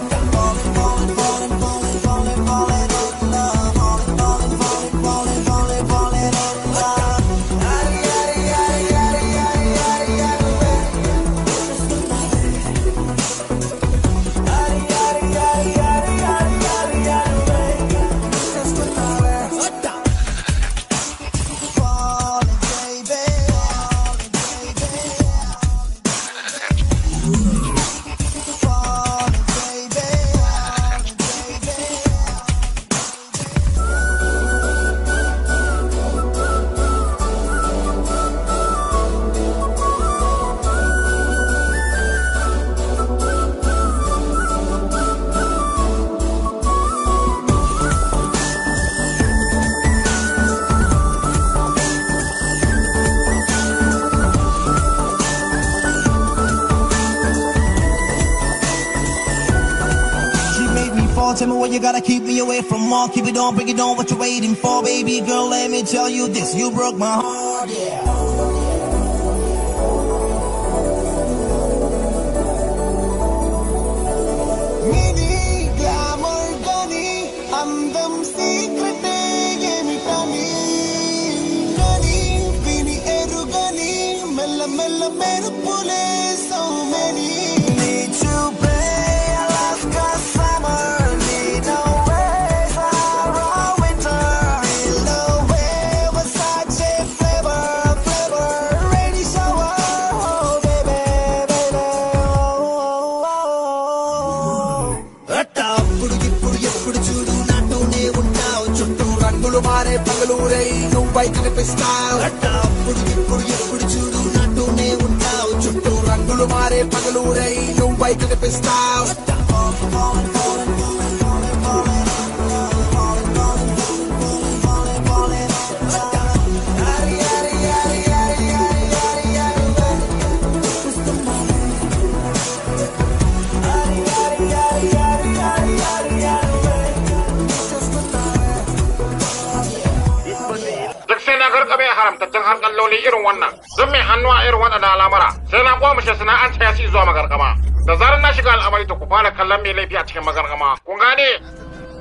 You gotta keep me away from all, keep it on, bring it on, what you waiting for, baby girl, let me tell you this, you broke my heart. Style అప్పుడు ఇప్పుడు ఎప్పుడు చూడు నటునే ఉంటావు చుట్టూ రంగులు మారే పగలు రై బైక్ కనిపిస్తావు irin wannan zan mai hannu a irin waɗannan al'amura sai na shi sana'anta ya ci zuwa magargama da zarar na shiga al'amari ta ku fara kallon mai laifi a cikin magargama kun gane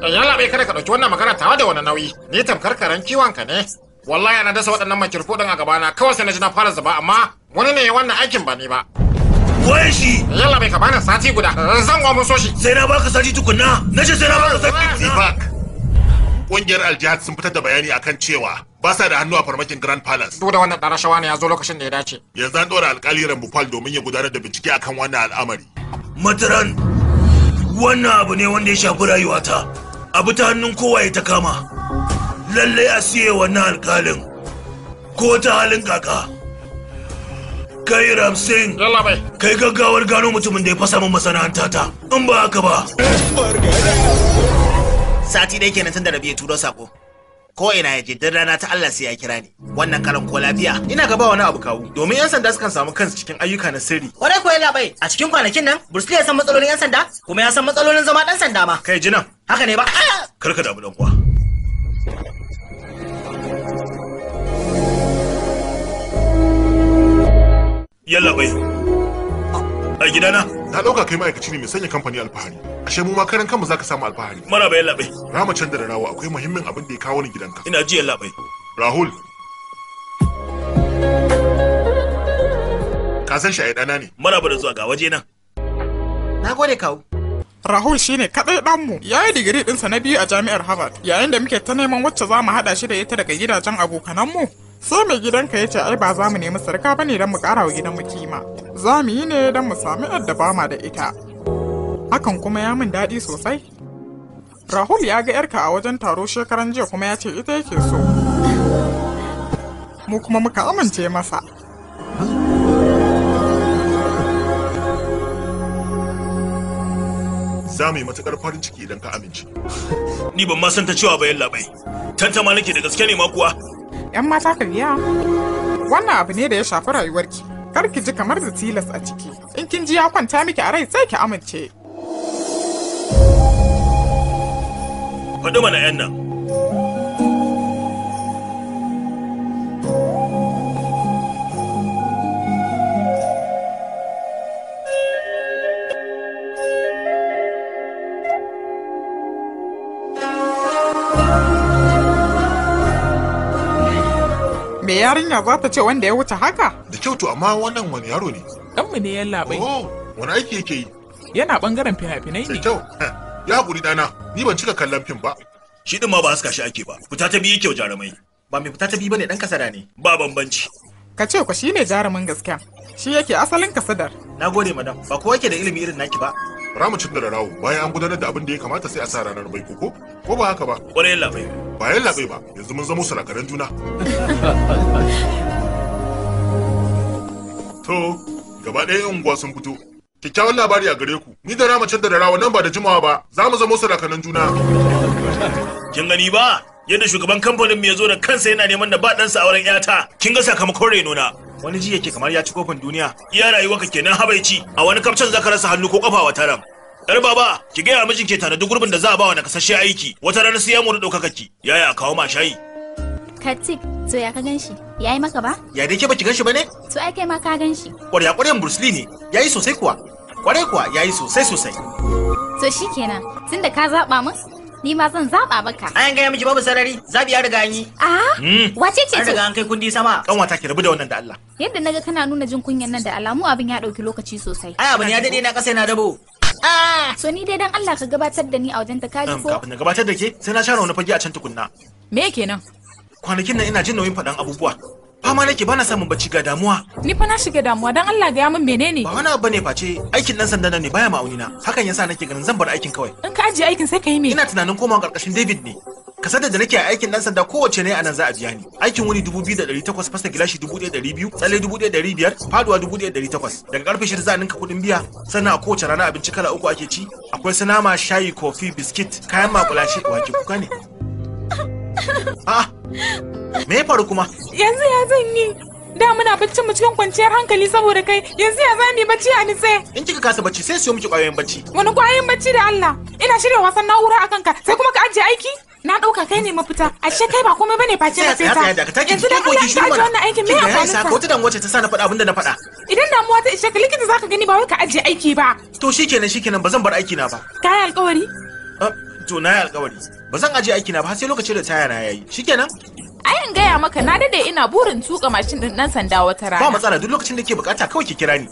eh, yalla bai kada ka ɗauki wannan magana tawa da wani nauyi ni tamkar karan kiwon ka ne wallahi ana dasa waɗannan makirfo ɗin a gaba na kawai sai na ji na fara zuba amma wani ne wannan aikin ba ni ba waye shi yalla bai ka bani sati guda zan gwamun so shi sai na baka sati tukunna na ce sai na baka sati kungiyar aljihad sun fitar da bayani akan cewa ba sa da hannu a farmakin Grand Palace. Duk da wannan rashawa ne ya zo lokacin da ya dace. Yanzu an ɗora alkali Bufal domin ya gudanar da bincike akan wannan al'amari. Mataran, wannan abu ne wanda ya shafi rayuwata. Abu ta hannun kowa ya ta kama. Lallai a siye wannan alkalin. Ko ta halin kaka. Kai Ram Kai gaggawar gano mutumin da ya fasa min masana'anta ta. In ba haka ba. Sati dai kenan tun da Rabi ya turo sako. ko ina ya je dan rana ta Allah sai ya kira ni wannan karan ko lafiya ina gaba wani abu kawu domin yan sanda sukan samu kansu cikin ayyuka na sirri kwarai ko yana bai a cikin kwanakin nan Bruce ya san matsalolin yan sanda kuma ya san matsalolin zama dan sanda ma kai jinan haka ne ba karka da abu dan kuwa yalla bai a gidana na dauka kai ma'aikaci ne mai sanya kamfani alfahari ashe mu ma karan kanmu zaka samu alfahari mara bai labai rama can da rawa akwai muhimmin abin da ya kawo ni gidanka ina jiyan labai rahul ka san shi a ɗana ne mara ba da zuwa ga waje nan na gode kawo Rahul shine kadai danmu ya yi digiri ɗinsa na biyu a jami'ar Harvard yayin da muke ta neman wacce za mu haɗa shi da ita daga gidajen abokanan mu? sai mai gidanka ya ce ai ba za mu nemi sarka bane don mu ƙara wa mu kima za mu yi ne don mu sami yadda ba da ita hakan kuma ya min daɗi sosai rahul ya ga yarka a wajen taro shekaran jiya kuma ya ce ita yake so mu kuma muka amince masa za mu yi matuƙar farin ciki idan ka amince. Ni ban ma san ta cewa bayan labai. ma nake da gaske ne ma kuwa. ‘Yan mata ka biya. Wannan abu ne da ya shafi rayuwarki. Kar ki ji kamar da tilas a ciki. In kin ji ya kwanta miki a rai sai ki amince. faɗi mana 'yan nan me yarinya za ta ce wanda ya wuce haka? Da kyautu amma wannan wani yaro ne. Ɗanmu ne ya labai. Oh, wani aiki yake yi? Yana ɓangaren fina-finai ne. kyau. ya guri dana ni ban cika kallon fim ba shi din ma ba haska shi ake ba fita ta biyu kyau jarumai ba mai fita ta biyu bane dan kasada ne ba bambanci ka ce ku shine jarumin gaskiya shi yake asalin kasadar nagode madam ba kowa yake da ilimi irin naki ba ramu cin da rawo bayan an gudanar da abin da ya kamata sai a sa ranar bai koko ko ba haka ba kwarai labai bayan labai ba yanzu mun zama sarakaran juna to gaba ɗaya unguwa sun fito kyakkyawan labari a gare ku ni da rama can da rawa nan ba da jimawa ba za mu zama sarakanan juna kin gani ba yadda shugaban kamfanin ya zo da kansa yana neman da ba ɗansa auren yata kin ga sakamakon reno na wani ji yake kamar ya ci kofin duniya iya rayuwarka kenan habaici a wani kafcen zaka rasa hannu ko kafa wata ran yar baba ki gaya mijin ke tanadi gurbin da za a ba wa kasashe aiki wata ranar sai ya mu da ɗaukakaki yaya kawo ma shayi Katik, to ya ka ganshi? Ya yi maka ba? Ya dai ke baki ganshi ba ne? To ai kai ma ka ganshi. Ƙwarya ƙwaryan Bruce Lee ne, ya yi sosai kuwa. Ƙwarai kuwa ya yi sosai sosai. To shikenan, tunda ka zaɓa mu? ni ma zan zaɓa maka. An gaya miki babu sarari, zaɓi ya riga an yi. Ah, hmm. wace ce ce? An riga an kai kundi sama. Ƙanwata ki rabu da wannan da Allah. Yadda naga kana nuna jin kunyan nan da alamu abin ya ɗauki lokaci sosai. Ai abin ya daɗe na ƙasa yana dabo. Ah! So ni dai dan Allah ka gabatar da ni a wajen ta kaji ko? Kafin na gabatar da ke, sai na share wani fage a can tukunna. Me kenan? kwanakin nan ina jin nauyin faɗan abubuwa fama nake bana samun bacci ga damuwa ni fa na shiga damuwa dan Allah ga min menene ba wani abu bane face aikin dan sanda ne baya ma na hakan yasa nake ganin zan bar aikin kawai in ka ajiye aikin sai ka yi me ina tunanin komawa karkashin David ne ka sadar da nake a aikin dan sanda kowace ne anan za a biya ni aikin wuni 2800 fasta gilashi 1200 tsalle 1500 faduwa 1800 daga karfe 6 za a ninka kudin biya sannan a kowace rana abinci kala uku ake ci akwai sanama shayi kofi biskit kayan makulashi wake kuka ne Ah, me faru kuma? Yanzu ya zan yi. Da muna baccin mu cikin kwanciyar hankali saboda kai, yanzu ya zan yi bacci a nitse. In kika kasa bacci sai siyo miki kwayoyin bacci. Wani kwayoyin bacci da Allah. Ina shirya wasan na'ura a kanka, sai kuma ka ajiye aiki? Na ɗauka kai ne mafita, ashe kai ba komai bane face na fita. Yanzu da Allah ka ajiye wannan aikin me amfanin sa? Wata damuwa ce ta sa na faɗa abinda na faɗa. Idan damuwa ta ishe ka likita zaka gani ba wai ka ajiye aiki ba. To shikenan shikenan ba zan bar aiki na ba. Kai alƙawari? Ah, to na yi alkawari ba zan aje aiki na ba sai lokacin da taya na yayi shikenan yin gaya maka na dade ina burin tuka mashin din dan sanda wata rana ba matsala duk lokacin da ke bukata kawai ki kira ni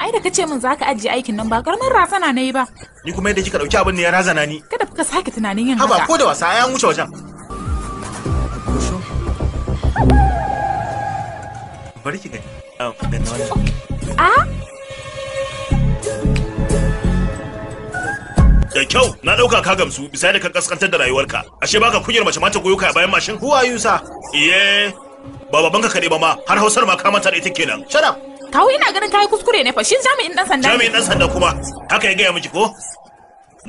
ai da kace min zaka ajiye aikin nan ba karamin rafana nayi ba ni kuma yadda kika dauki abin ne ya razana ni kada ka sake tunanin yin haka haba ko da wasa ai an wuce wajen bari ki gani a da kyau na dauka ka gamsu bisa da ka kaskantar da rayuwarka ashe baka kunyar mace mata goyo ka bayan mashin who are you sir iye ba baban ka kade ba ma har hausar ma ka mata da ita kenan shut up kawo ina ganin yi kuskure ne fa shi jami'in dan sanda jami'in dan sanda kuma haka ya gaya miki ko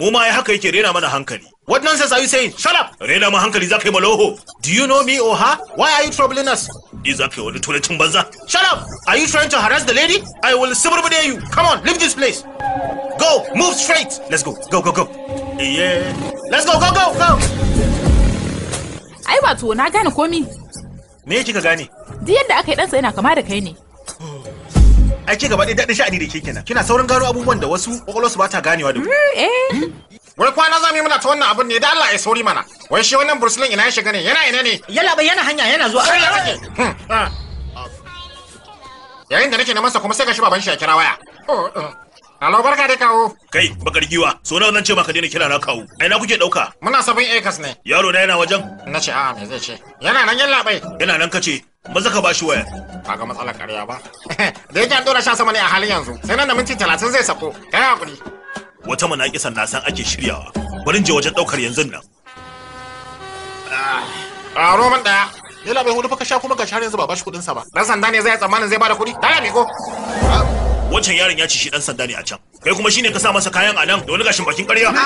mu ma ai haka yake rena mana hankali What nonsense are you saying? Shut up! Rena ma hankali za ka yi maloho. Do you know me or her? Why are you troubling us? Ni za ka yi wani tulancin banza. Shut up! Are you trying to harass the lady? I will suburbide you. Come on, leave this place. Go, move straight. Let's go, go, go, go. Yeah. Let's go, go, go, go. Ai wato na gane komi. Me kika gane? Duk yadda aka yi ɗansa yana kama da kai ne. Ai ke gaba ɗaya daɗin sha'ani da ke kenan. Kina saurin gano abubuwan da wasu ƙwaƙwalwarsu ba ta ganewa da mu. Hmm, eh. wai kwana za mu yi mana ta wannan abin ne da Allah ya sauri mana wai shi wannan bursulin ina ya shiga ne yana ina ne yalla bai yana hanya yana zuwa Allah hmm. kake yayin da nake na masa kuma sai ga shi baban shi ya kira waya Alo oh, oh. barka da kawo. Kai bakar giwa, so nawa nan ce baka daina kira na kawo. Ai na kuke dauka? Muna sabon acres ne. Yaro na yana wajen? Na ce a'a me zai ce? Yana nan yalla bai. Yana nan kace. Maza ka bashi waya. Kaga matsalar ƙarya ba. Da yake an dora sha sama ne a halin yanzu. Sai nan da minti 30 zai sako. Kai hakuri. wata munaƙisan na san ake shiryawa bari je wajen ɗaukar yanzu nan ah, a roman ɗaya yana bai hudu fa ka sha kuma ga share yanzu ba bashi kuɗinsa sa ba dan sanda ne zai tsammanin zai bada kuɗi ne ko. wancan yaron ya ci shi dan sanda ne a can kai kuma shine ka sa masa kayan a nan da wani gashin bakin ƙarya ah!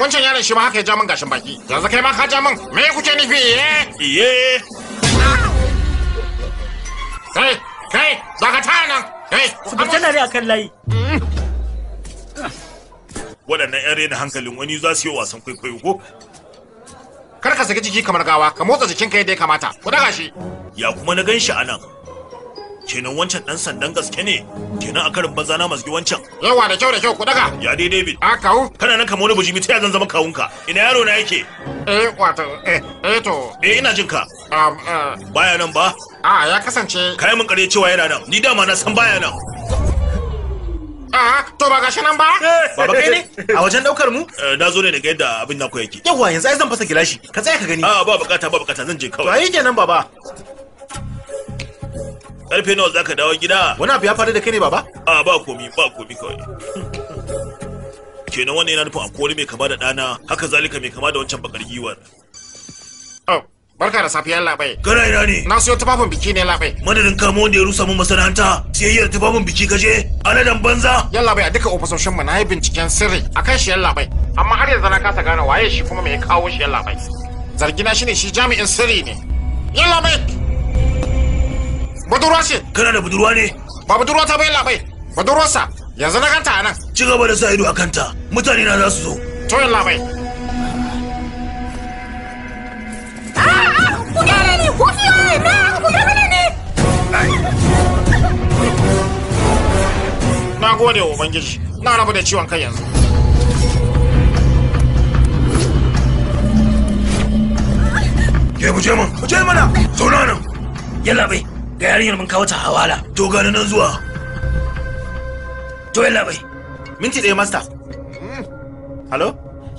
wancan yaron shi ma haka ya ja min gashin baki yanzu kai ma ka ja min me kuke nufi iye eh? iye kai kai daga ta nan kai su da tana ne akan layi hmm. waɗannan yan rena hankalin wani za su yi wasan kwaikwayo ko kar ka saki jiki kamar gawa ka motsa jikinka yadda ya kamata ku daga shi ya kuma na ganshi a nan kenan wancan ɗan sandan gaske ne kenan a karin banza na masu wancan yawa da kyau da kyau ku daga ya dai david a ah, kawo kana nan kamar wani bujimi ta zan zama kawunka ina yaro na yake eh wato eh eh to eh ina jinka. um, um baya nan ba a ah, ya kasance kai mun kare cewa yana nan ni dama na san baya nan A to ba gashi nan ba? Baba kai ne? A wajen daukar mu? Eh, na zo ne daga yadda abin na ku yake. Yawwa yanzu ai zan fasa gilashi. Ka tsaya ka gani. A ba bukata ba bukata zan je kawai. To ai kenan baba. Karfe nawa zaka dawo gida? Wani abu ya faru da kai ne baba? A ba komi ba komi kawai. Kenan wannan yana nufin akwai wani mai kama da ɗana haka zalika mai kama da wancan bakar giwar. Oh. Barka da safiyar labai. Kana ina ne? Na siyo tufafin biki ne labai. Madadin kamo wanda ya rusa mun masana'anta, siyayyar tufafin biki kaje, aladan banza. Yan labai a duka ofisoshin mu na yi binciken sirri akan shi yan Amma har yanzu na kasa gane waye shi kuma me ya kawo shi yan Zargi na shine shi jami'in sirri ne. Yan labai. Budurwa ce. Kana da budurwa ne? Ba budurwa ta bai Budurwa Budurwarsa yanzu na ganta a nan. Ci gaba da sa ido a kanta. Mutane na za su zo. To yan 고개를 고수해 나 고개를 na gode wa ubangiji na rabu da ciwon kai yanzu ke mu je mu je mana zauna nan yalla bai ga yarinyar mun kawo ta hawala to ga nan zuwa to yalla bai minti ɗaya master halo hmm.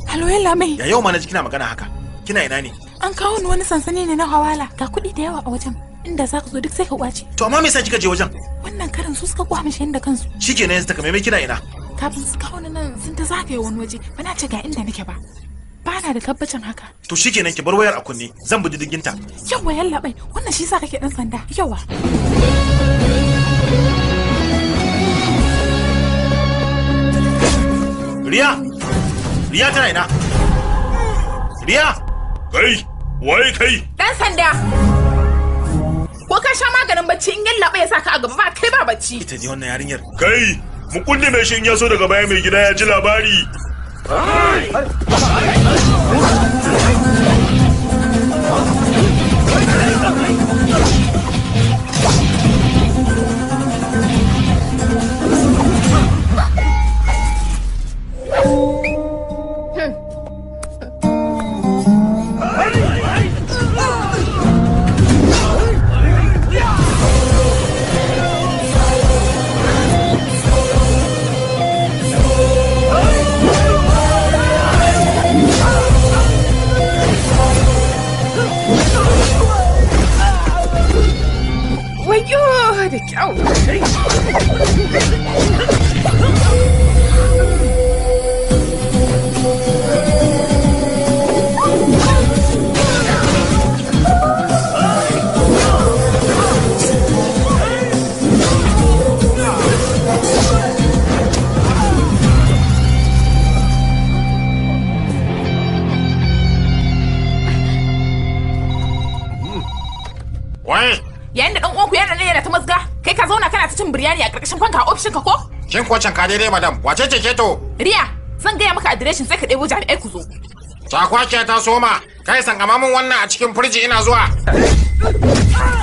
halo yalla mai ya yau ma na ji kina magana haka kina ina ne an kawo ni wani sansani ne na hawala ga kuɗi da yawa a wajen inda za ka zo duk sai ka kwace to amma me yasa kika je wajen wannan karin su suka kwamishe da kansu shikenan yanzu takamai mai kina ina kafin su kawo ni nan sun ta zagaye wani waje ba na ce ga inda nake ba ba na da tabbacin haka to shikenan ki bar wayar a kunne zan bi diddigin ta yawa yalla bai wannan shi yasa kake dan sanda yawa Riya! Riya tana ina! Riya! Kai! Wai kai? Dan sanda. Ko ka sha maganin bacci in yalla ya saka a gaba ba kai ba bacci. Ita ne wannan yarinyar. Kai, mu kunne mai shi in ya so daga baya mai gida ya ji labari. Ouch! ka zauna kana ta cin biryani a ƙarƙashin fanka a ofishinka ko? Kin ko can ka daidai madam, wace ce ke to? Riya, zan gaya maka adireshin sai ka ɗebo jami'ai ku zo. Ta ta soma, kai san mun wannan a cikin firji ina zuwa.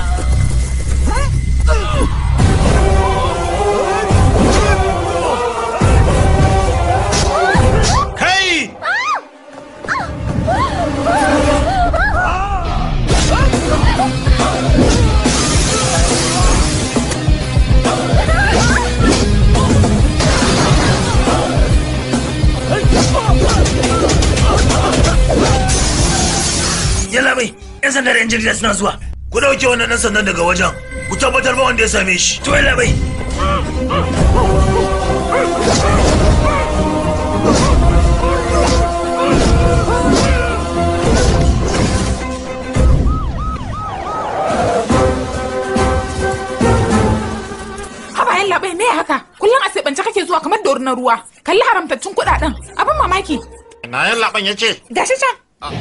yalla bai yan sanda da yan jarida suna zuwa ku dauke wannan dan sandan daga wajen ku tabbatar ba wanda ya same shi to yalla bai labai me haka kullum a kake zuwa kamar da na ruwa kalli haramtaccen kuɗaɗen abin mamaki na yan laban ya ce gashi can ah.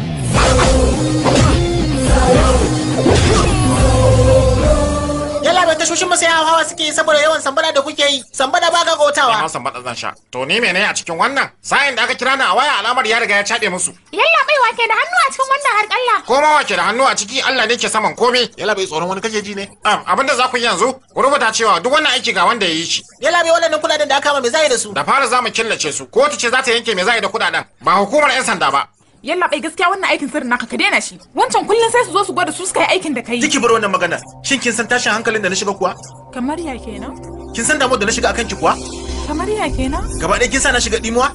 yala bai tashoshin masu yawa hawa suke saboda yawan sambada da kuke yi sambada ba gagotawa na sambada zan sha to ni mene a cikin wannan sa'in da aka kira ni a waya alamar ya riga ya cade musu yalla bai wake da hannu a cikin wannan har kalla ko ma wake da hannu a ciki Allah ne ke saman komai yalla bai tsoron wani kake ji ne abinda za ku yi yanzu ku rubuta cewa duk wannan aiki ga wanda ya yi shi yalla bai wannan kudaden da aka ma me za yi da su da fara za mu killace su kotu ce za ta yanke me zai da kudaden ba hukumar yan sanda ba yalla bai gaskiya wannan aikin sirrin naka ka daina shi wancan kullun sai su zo su gwada su suka yi aikin da kai kiki bar wannan magana shin kin san tashin hankalin da na shiga kuwa kamar ya kenan kin san damuwar da na shiga akan ki kuwa kamar ya kenan gaba ɗaya kin sa na shiga dimuwa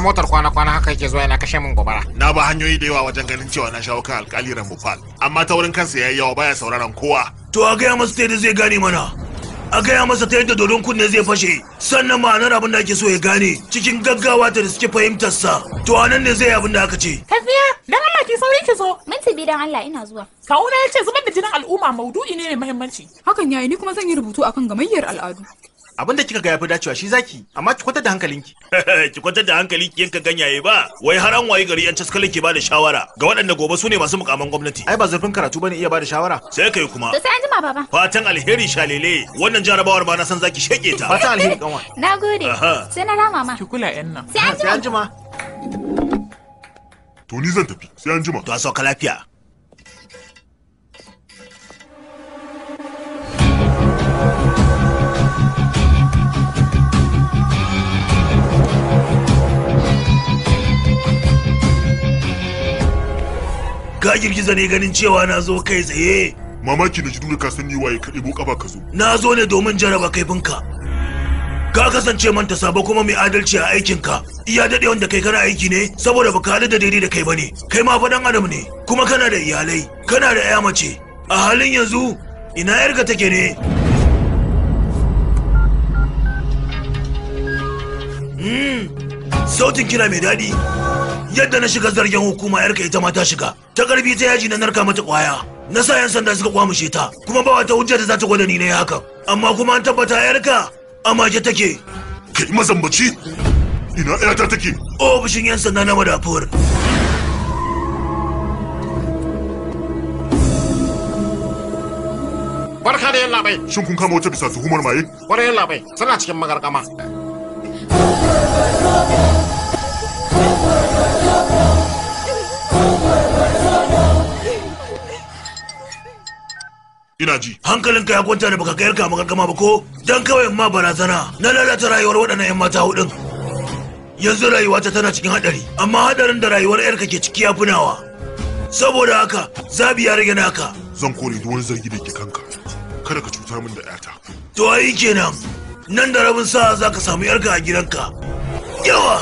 kamar motar kwana-kwana haka yake zuwa yana kashe min gobara na ba hanyoyi da yawa wajen ganin cewa na shawo kan alkali ramufal amma taurin kansa yayi yawa baya sauraron kowa to a gaya masa ta yadda zai gane mana a gaya masa ta yadda dodon kunne zai fashe sannan ma'anar abin da ake so ya gane cikin gaggawa ta da suke fahimtar sa to a nan ne zai abin da aka ce tafiya dan Allah ki sauri ki zo minti bi dan Allah ina zuwa kawuna ya ce zubar da jinin al'umma maudu'i ne mai muhimmanci hakan yayi ni kuma zan yi rubutu akan gamayyar al'adu abin da kika ga yafi dacewa shi zaki amma ki kwatar da hankalinki ki kwatar da hankalinki yanka ganyaye ba wai har an waye gari yan taskala ke bada shawara ga waɗanda gobe su ne masu mukamman gwamnati ai ba zurfin karatu bane iya bada shawara sai kai kuma to sai an jima baba fatan alheri shalele wannan jarabawar ba na san zaki sheke ta fatan alheri kanwa nagode sai na rama ma ki kula yan nan sai an jima to ni zan tafi sai an jima to a sauka lafiya ka girgiza ne ganin cewa na zo kai tsaye mamaki na jidura ka san waye ka ɗebo ƙafa ka zo na zo ne domin jaraba kaifinka ka kasance manta sabo kuma mai adalci a aikinka iya daɗe wanda kai kana aiki ne saboda baka halin da daidai da kai bane kai ma faɗan adam ne kuma kana da iyalai kana da ƴa mace a halin yanzu ina yarka take ne Mm. sautin kira mai daɗi yadda na shiga zargin hukuma yarka ita mata shiga ta karbi ta yaji na narka mata kwaya na sa yan sanda suka kwamushe ta kuma ba wata hujja da za ta gwada ni ne hakan amma kuma an tabbata yarka a maje take kai mazambaci ina yata take ofishin yan sanda na madafuwar barka da yan labai shin kun kama wata bisa tuhumar maye ƙwarar yan labai suna cikin magarkama ina ji ka ya kwanta da baka kayar kama gama ba ko dan kawai ma barazana na lalata rayuwar waɗannan yan mata hudun yanzu rayuwa ta tana cikin haɗari. amma haɗarin da rayuwar yarka ke ciki ya funawa saboda haka zabi ya rage naka zan kore duk wani zargi da ke kanka kada ka cuta min da yata to ai kenan nan da rabin sa'a za ka samu yarka a gidanka yawa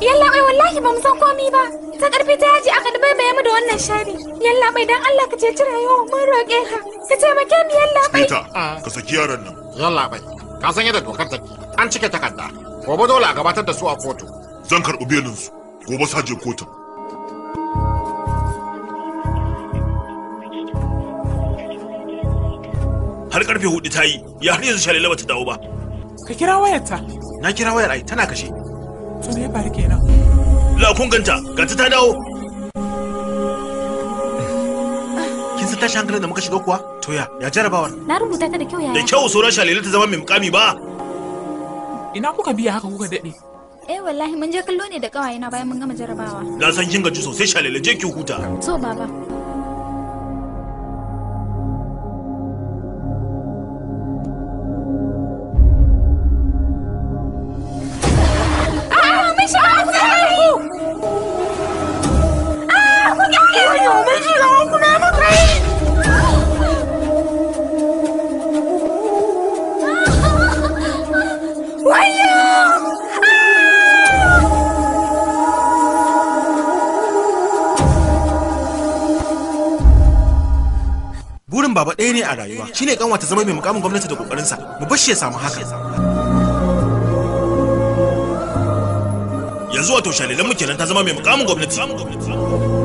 yalla bai wallahi ba mu san komi ba ta karfi ta yaji aka dubai bai mu da wannan shari yalla bai dan Allah ka ce cire yawan mun roƙe ka ka taimake mu yalla bai ka saki yaron nan yalla bai ka san yadda dokar take an cike takarda gobe dole a gabatar da su a kotu zan karɓi belin su gobe saje kotun har karfe hudu ta yi ya har yanzu shalila bata dawo ba Ka kira wayarta. Na kira wayar ai tana kashe. To me ya faru kenan? La kun ganta, ganta ta dawo. Kin san tashi hankalin da muka shiga kuwa? To ya, ya jarabawar. Na rubuta ta da kyau yaya. Da kyau sauran shalele ta zama mai mukami ba. Ina kuka biya haka kuka dade? Eh wallahi mun je kallo ne da ƙawayena bayan mun gama jarabawa. Na san kin gaji sosai Shalila je ki huta. To baba. burin baba ɗaya ne a rayuwa shine kanwa ta zama mai mukamin gwamnati da ƙoƙarinsa mu bar shi ya samu haka yanzu wato shalilan mu kenan ta zama mai mukamin gwamnati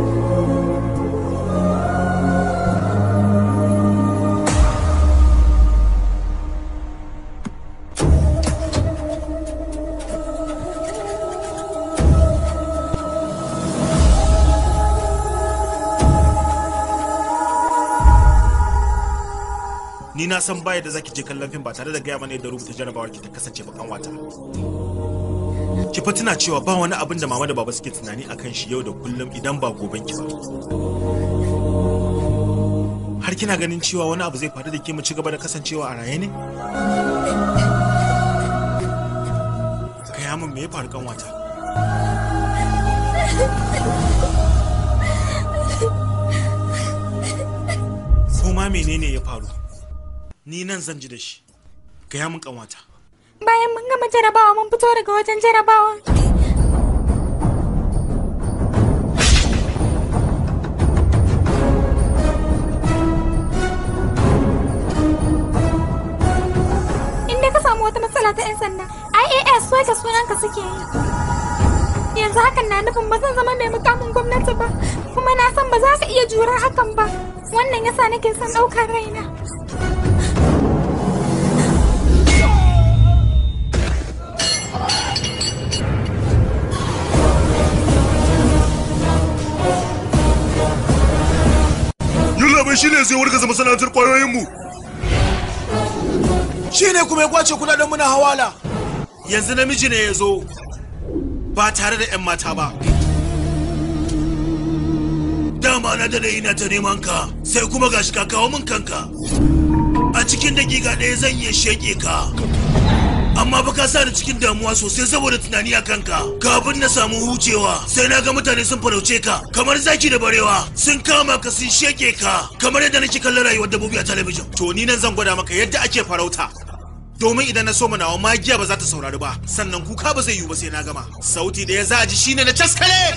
na san baya da zaki je kallon fim ba tare da gaya mana yadda rubuta jarabawar ki ta kasance bakan wata ki fa tuna cewa ba wani abin da mama da baba suke tunani akan shi yau da kullum idan ba goben ki ba har kina ganin cewa wani abu zai faru da ke mu ci gaba da kasancewa a raye ne gaya me ya faru kan wata ko ma menene ya faru ni nan zan ji da shi gaya mun kanwata bayan mun gama jarabawa mun fito daga wajen jarabawa inda ka samu wata matsala ta 'yan sanda ias wata sunanka suke yi yanzu hakan na nufin ba zan zama mai mukamin gwamnati ba kuma na san ba za ka iya jura hakan ba wannan yasa nake son ɗaukar raina kuma shine zai wargaza masana'antar kwayoyinmu shine kuma ya kwace kudaden muna hawala yanzu namiji ne ya zo ba tare da 'yan mata ba dama na da yi na ta neman ka sai kuma gashi ka kawo min kanka a cikin dakika ɗaya zan iya sheƙe ka amma ba ka sa ni cikin damuwa sosai saboda tunani a kanka kafin na samu hucewa sai na ga mutane sun farauce ka kamar zaki da barewa sun kama ka sun sheke ka kamar yadda nake kallon rayuwar dabbobi a talabijin to ni nan zan gwada maka yadda ake farauta domin idan na so nawa magiya ba za ta saurari ba sannan kuka ba zai yiwu ba sai na gama sauti da ya za a ji shine na caskale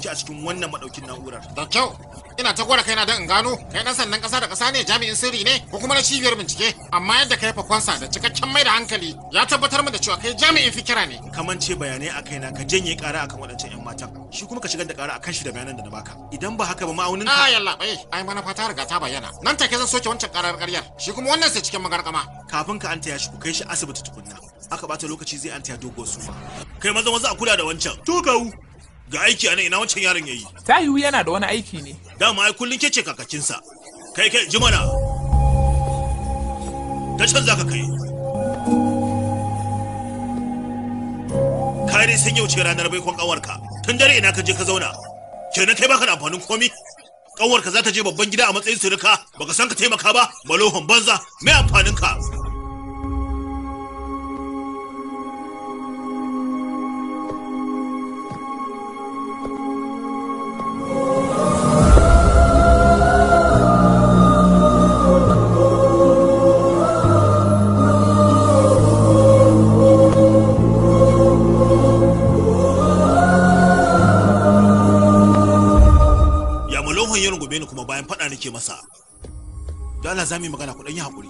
dauki a cikin wannan madaukin na'urar da kyau ina ta gwada kaina don in gano kai dan sandan kasa da kasa ne jami'in sirri ne ko kuma na cibiyar bincike amma yadda kai fakonsa da cikakken mai da hankali ya tabbatar mu da cewa kai jami'in fikira ne kamance bayanai a kaina ka janye kara akan waɗancan yan matan shi kuma ka shigar da kara akan shi da bayanan da na baka idan ba haka ba ma'aunin ka ayan ah, labai ai mana fata riga ta bayyana nan take zan soke wancan karar karyar shi kuma wannan sai cikin kafin ka anta ya shi ku kai shi asibiti tukunna aka bata lokaci zai anta ya dogo sufa kai maza maza a kula da wancan kawu ga aiki a nan ina wancan yaron yayi tahiyu yana da wani aiki ne dama ai kullun kece kakakinsa kai kai ji mana. ta can za ka kai kare sun wuce ranar baikon ƙawarka tun dare ina ka je ka zauna kenan kai baka da amfanin komi ƙawarka za ta je babban gida a matsayin surika baka san ka taimaka ba malohon banza mai amfanin ka nake masa don Allah za mu yi magana ku ɗan yi haƙuri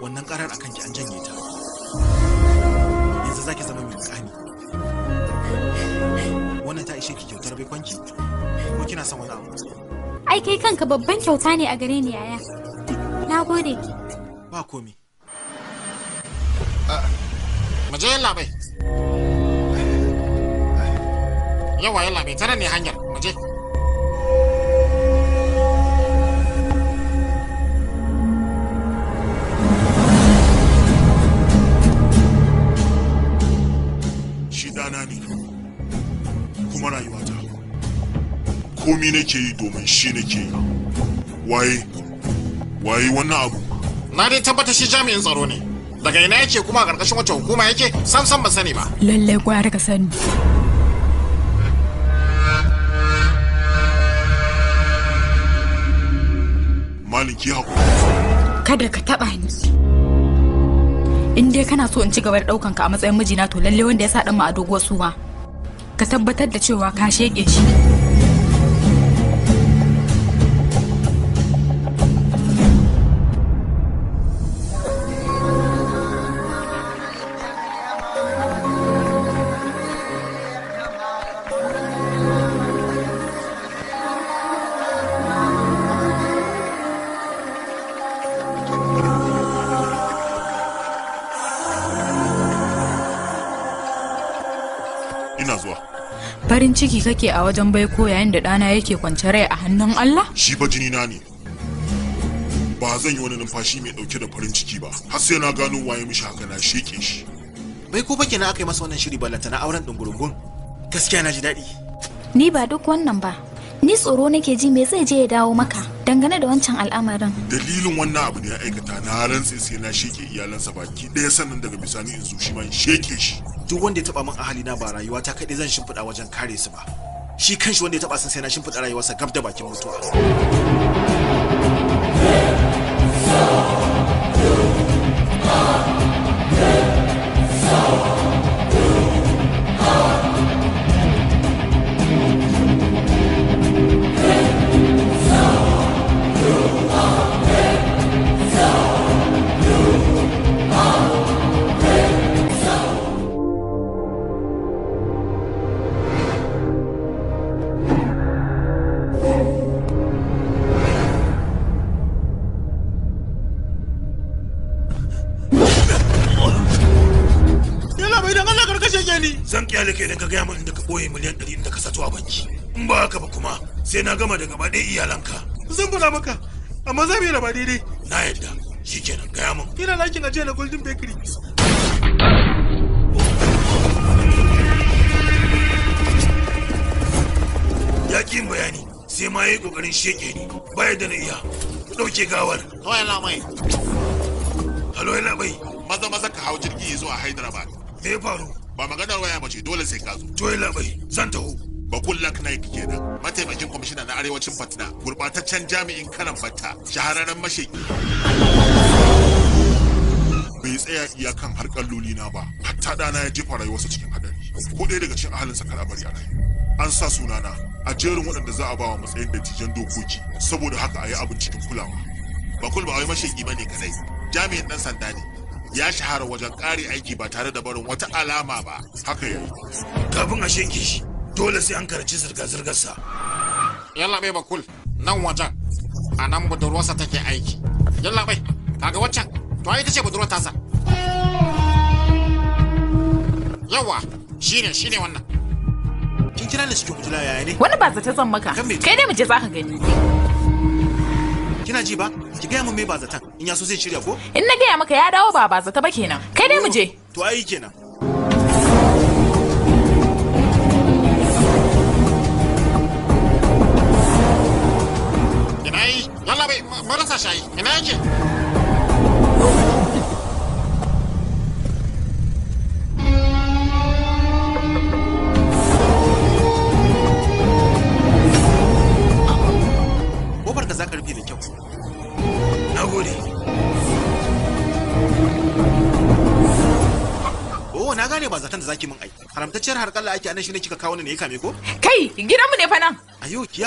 wannan karar akan ki an janye ta yanzu za ki zama mai mukami wannan ta ishe ki kyautar bai kwanki ko kina son wani abu ai kai kanka babban kyauta ne a gare ni yaya na gode ki ba komi a ah, majalla bai yawa yalla ne hanyar muje. shi dana ne kuma rayuwata komi nake yi domin shi nake yi waye waye wannan abu na dai tabbata shi jami'in tsaro ne daga ina yake kuma a ƙarƙashin wata hukuma yake sam san ba sani ba lallai kwa ka sani malin haƙuri. Kada ka taɓa ni. In dai kana so in ci gaba da ɗaukan ka a matsayin mijina to lalle wanda ya sa ɗan ma a doguwar suma. Ka tabbatar da cewa ka sheƙe shi. aiki kake a wajen baiko yayin da ɗana yake kwance rai a hannun Allah? Shi fa jini na ne. Ba zan yi wani numfashi mai ɗauke da farin ciki ba. Har sai na gano waye mishi haka na sheke shi. Bai ko bake na aka yi masa wannan shiri ballanta na auren ɗungurungun. Gaskiya na ji daɗi. Ni ba duk wannan ba. Ni tsoro nake ji me zai je ya dawo maka dangane da wancan al'amarin. Dalilin wannan abu ne ya aikata na rantsi sai na sheke iyalansa baki ɗaya sannan daga bisani in zo shi ma in sheke shi. duk wanda ya taba min ahali na ba rayuwa ta kaɗai zan shimfiɗa wajen kare su ba shi kanshi wanda ya taba sun sai na shimfiɗa rayuwarsa gab da bakin mutuwa sai na gama da gaba ɗaya iyalanka zan kula maka amma za mu yi raba daidai na yadda nan gaya min ina lakin ajiya na golden bakery ya ƙi bayani sai ma ya yi ƙoƙarin sheke ni baya da na iya ɗauke gawar Hawaii na mai halo yana bai maza maza ka hau jirgi zuwa hyderabad me ya faru ba maganar waya ba ce dole sai ka zo to labai, bai zan taho Bakulla Knight kenan mataimakin kwamishina na arewacin Patna gurbataccen jami'in kanan fatta shahararren mashaki. Bai tsaya iyakan harkar lulina ba hatta ɗana ya jefa rayuwarsa cikin hadari. Ko ɗaya daga cikin ahalinsa kar a bari a rayu An sa sunana a jerin waɗanda za a ba wa matsayin dattijan dokoki saboda haka a yi abin cikin kulawa. Bakul ba wai mashaki ba ne kadai jami'in ɗan sanda ne ya shahara wajen ƙari aiki ba tare da barin wata alama ba haka ya kafin a sheke shi dole sai an karci zirga-zirgarsa yalla bai bakul nan wajen a nan budurwarsa take aiki yalla bai kaga wancan to ai tace budurwar tasa yawa shine shine wannan kin kira ni cikin budurwa yaya ne wani ba zata zan maka kai dai mu je zaka gani kina ji ba ki gaya mun me ba zatan in ya so zai shirya ko in na gaya maka ya dawo ba ba zata ba kenan kai dai mu je to ai kenan Barinsa shayi, ina yake? Kofar za ka kyau. Na gode. Oh, na gane ba zaton da zaki min ai. Haramtacciyar harkar ake anan shi ne kika kawo ne ya kame ko? Kai, gidanmu ne fa nan. Ayo, ki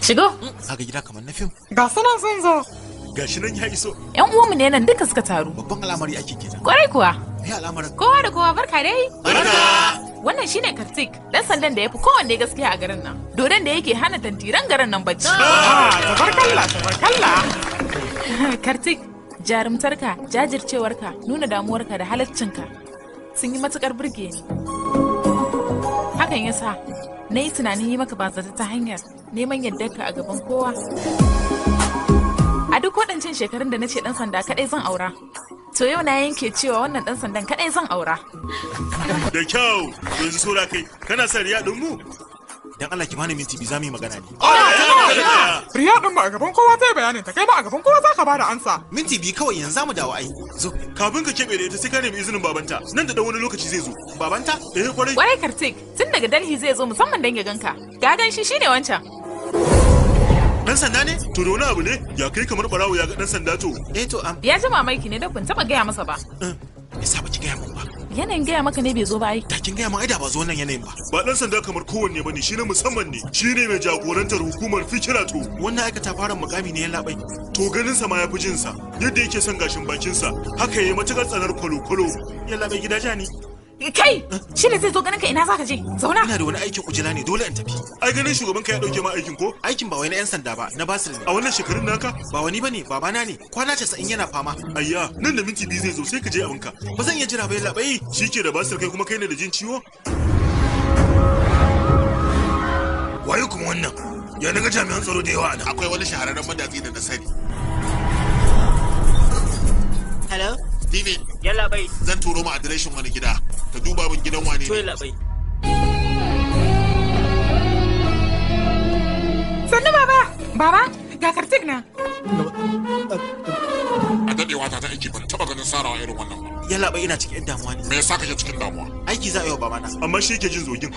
Shigo. ga gida kamar na fim. Ga sanan sun zo. Gashi nan ya iso. Yan uwanmu ne nan duka suka taru. Babban al'amari ake kenan. Kwarai kuwa. Me al'amarin? Kowa da kowa barka dai. Barka. Wannan shine Kartik, dan sandan da ya fi kowanne gaskiya a garin nan. Dodon da yake hana tantiran garin nan bacci. Ah! Ah, tabarkalla, tabarkalla. Kartik, jarumtarka, jajircewarka, nuna damuwarka da halaccinka sun yi matukar burge ni. Hakan ya sa, na yi tunanin yi maka bazata ta hanyar neman yardarka a gaban kowa a duk waɗancan shekarun da na ce ɗan sanda kaɗai zan aura to yau na yanke cewa wannan ɗan sandan kaɗai zan aura da kyau yanzu sora kai kana son riya mu dan Allah ki bani minti bi za mu yi magana ne riya ɗin ba a gaban kowa zai bayanin ta kai ba a gaban kowa za ka bada ansa minti bi kawai yanzu za mu dawo ai zo kafin ka keɓe da ita sai ka nemi izinin babanta nan da ɗan wani lokaci zai zo babanta eh kwarai kwarai kartik tun daga dalhi zai zo musamman dan ya ganka gagan shi shine wancan Dan sanda ne? To da wani abu ne? Ya kai kamar barawo ya ga dan sanda to. Eh to am. Ya ji mamaki ne da ban taba gaya masa ba. Eh, ya sa ba ki gaya min ba? Yanayin gaya maka ne bai zo ba ai. Da kin gaya min ai da ba zo wannan yanayin ba. Ba dan sanda kamar kowanne bane shi ne musamman ne. Shi ne mai jagorantar hukumar fikira to. Wannan aikata fara mukami ne ya labai. To ganin sa ma ya fi jin sa. Yadda yake son gashin bakin sa haka yayi matakar tsanar kwalo-kwalo. Ya labai gidaje ne. Kai, shi ne zai zo ganin ka ina za ka je? Zauna. Ina da wani aikin ujila ne dole in tafi. Ai ganin shugaban ka ya dauke ma aikin ko? Aikin ba wai na yan sanda ba, na basir ne. A wannan shekarun naka? Ba wani bane, na ne. Kwana casa'in yana fama. Ayya, nan da minti biyu zai zo sai ka je abinka. Ba zan iya jira ba yalla bai. Shike da basir kai kuma kai ne da jin ciwo? Waye kuma wannan? Ya naga jami'an tsaro da yawa a nan. Akwai wani shahararren madatsi da na sani. ni ne yalla bai zan turo ma adireshin wani gida ka duba min gidan wani ne yalla bai sannu baba baba ga kartik na a dadewa ta ta aiki ban taba ganin sarawa irin wannan yalla bai ina cikin damuwa ne me yasa kake cikin damuwa aiki za a yi wa baba na amma shi ke jin zogin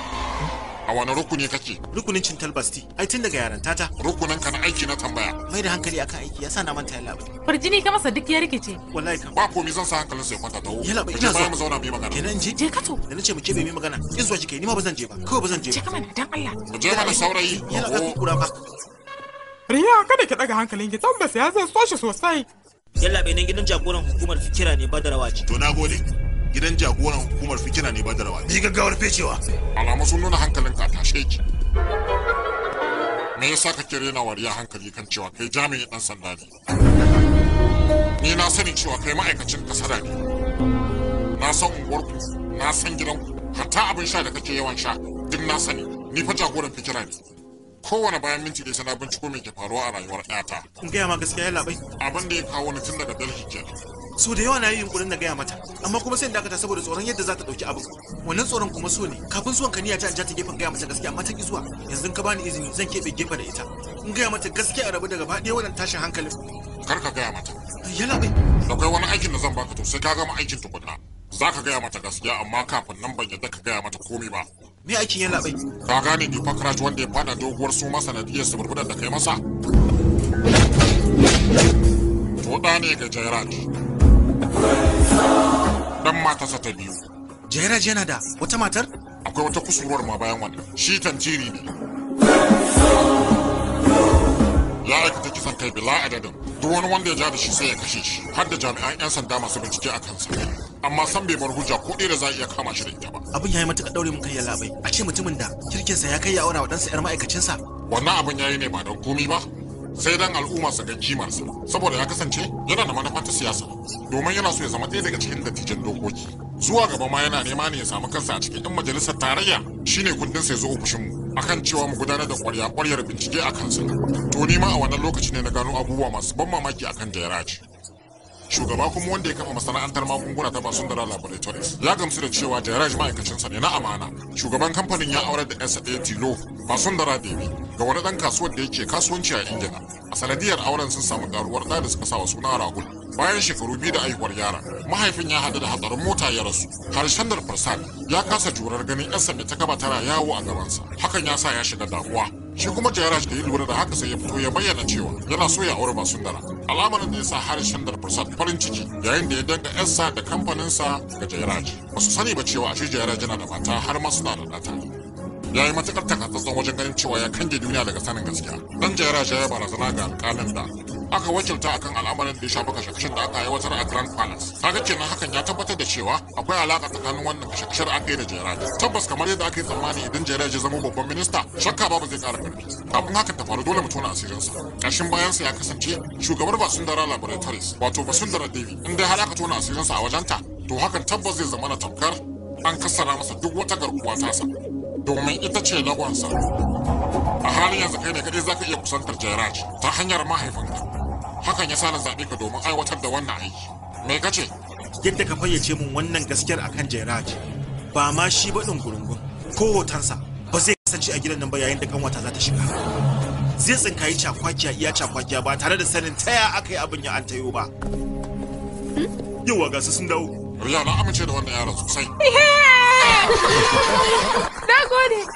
a wani rukuni kake rukunin cin talbasti ai tun daga yaranta ta rukunin ka na aiki na tambaya mai da hankali akan aiki yasa na manta yalla bai furjini ka masa duk ya rikice wallahi ka ba komai zan sa hankalin sai kwanta tawo yalla bai ina zama mu zauna mu yi magana kenan je je ka to da nace mu ce bai magana in zuwa kike ni ma ba zan je ba kawai ba zan je ba kamar dan Allah mu je mana saurayi yalla ka kura ba Riya kada ki daga hankalin ki tambasa ya zan so shi sosai yalla bai nan gidan jagoran hukumar fikira ne badarawa ce to nagode gidan jagoran hukumar fikina ne ba da rawa ni gaggawar fecewa alamu sun nuna hankalin ka tashe ki me yasa ka kire na wariya hankali kan cewa kai jami'in dan sanda ne ni na sani cewa kai ma'aikacin kasada ne na san unguwarku na san gidanku hatta abin sha da kake yawan sha duk na sani ni fa jagoran fikira ne kowane bayan minti da sana binciko mai ke faruwa a rayuwar ɗata. In gaya ma gaskiya ya labai. Abin da ya kawo ni tun daga dalhi kenan. so da yawa na yi yunkurin na gaya mata amma kuma sai dakata saboda tsoron yadda za ta dauki abin wannan tsoron kuma so ne kafin zuwan kaniya ta ja ta gefen gaya mata gaskiya amma ta ki zuwa yanzu ka bani izini zan keɓe gefe da ita in gaya mata gaskiya a rabu daga ba ɗaya wannan tashin hankalin kar ka gaya mata yala bai akwai wani aikin da zan baka to sai ka gama aikin tukunna za ka gaya mata gaskiya amma kafin nan ban yadda ka gaya mata komai ba me aikin yala bai ka gane fa crash wanda ya fada doguwar su masa diyar suburbudan da kai masa to ne ga jairaj Dan sa ta biyu. Jairaj yana da wata matar? Akwai wata kusurwar ma bayan wannan. Shi tantiri ne. Ya aikata kisan kai bila adadin. Duk wani wanda ya ja da shi sai ya kashe shi. Har da jami'an 'yan sanda masu bincike a kansa. amma san bai bar hujja ko ɗaya da za a iya kama shi da ita ba. Abin ya yi matuƙar ɗaure mun kai labai. A ce mutumin da kirkinsa ya kai ya aura wa ɗansa 'yar ma'aikacinsa. Wannan abin ya yi ne ba don komi ba. sai dan al'umma su ga kimarsa saboda ya kasance yana da manufa ta siyasa domin yana so ya zama ɗaya daga cikin dattijan dokoki zuwa gaba ma yana nema ne ya samu kansa a cikin ɗan majalisar tarayya shine kundin sai zo ofishin mu akan cewa mu gudanar da ƙwarya ƙwaryar bincike a kansa to ni ma a wannan lokaci ne na gano abubuwa masu ban mamaki akan Jairaj. shugaba kuma wanda ya kafa masana'antar magunguna ta basun dara laboratories ya gamsu da cewa jairaj ma'aikacinsa ne na amana shugaban kamfanin ya aurar da sat lo Dara devi ga wani dan kasuwar da yake kasuwanci a ingila a sanadiyar auren sun samu karuwar da suka sa wa suna ragul bayan shekaru biyu da aihuwar yara mahaifin ya haɗu da hatsarin mota ya rasu harshandar farsal ya kasa jurar ganin yarsa mai ta gaba tana yawo a gabansa hakan ya sa ya shiga damuwa shi kuma shi da ya lura da haka sai ya fito ya bayyana cewa yana so ya aure masu dara alamar da ya sa harshen da farsal farin ciki yayin da ya danga yarsa da kamfaninsa ga jayaraj ba su sani ba cewa a shi jayara yana da mata har ma suna da ɗata ya yi matukar takatsatsan wajen ganin cewa ya kange duniya daga sanin gaskiya dan jera shi ya barazana ga alƙalin da aka wakilta akan al'amarin da ya shafi kashe-kashen da aka aiwatar a grand palace kaga kenan hakan ya tabbatar da cewa akwai alaka tsakanin wannan kashe-kashen da aka yi da tabbas kamar yadda aka yi tsammani idan jara ya zama babban minista shakka babu zai ƙara ƙarfi kafin haka ta faru dole mu tona asirinsa ƙarshen bayansa ya kasance shugabar basundara laboratories wato basundara devi in dai har tona asirinsa a wajenta to hakan tabbas zai zama na tamkar an kasara masa duk wata garkuwa tasa domin ita ce lagonsa a halin yanzu kai ne kaɗai za ka iya kusantar jairaj ta hanyar mahaifinka hakan ya sa na zaɓe ka domin aiwatar da wannan aiki me ka ce yadda ka fayyace min wannan gaskiyar akan jairaj ba ma shi ɗin gurungun ko hotonsa ba zai kasance a gidan nan ba yayin da kanwata za ta shiga zai tsinkayi cakwakiya iya cakwakiya ba tare da sanin taya aka yi abin ya an tayo ba yawa gasu sun dawo Riya na amince da wannan yaron sosai. Na gode.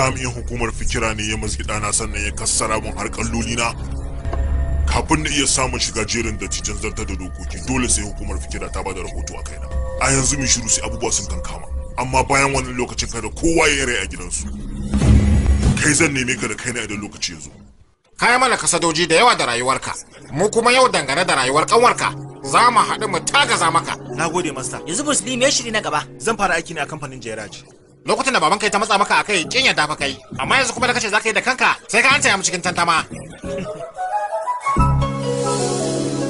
jami'in hukumar fikira ne ya mazgi dana sannan ya kassara mun har na kafin na iya samun shiga jerin da cikin zartar da dokoki dole sai hukumar fikira ta bada rahoto a kaina a yanzu mai shiru sai abubuwa sun kankama amma bayan wannan lokacin kada kowa ya rai a gidansu kai zan neme ka da kaina idan lokaci ya zo kai mana kasadoji da yawa da rayuwarka mu kuma yau dangane da rayuwar kanwarka za mu haɗu mu tagaza maka nagode masta yanzu muslim ne shiri na gaba zan fara aiki ne a kamfanin jeraji lokacin da babanka ya ta matsa maka a kai kin yadda fa kai amma yanzu kuma da kace zaka yi da kanka sai ka hanta mu cikin tantama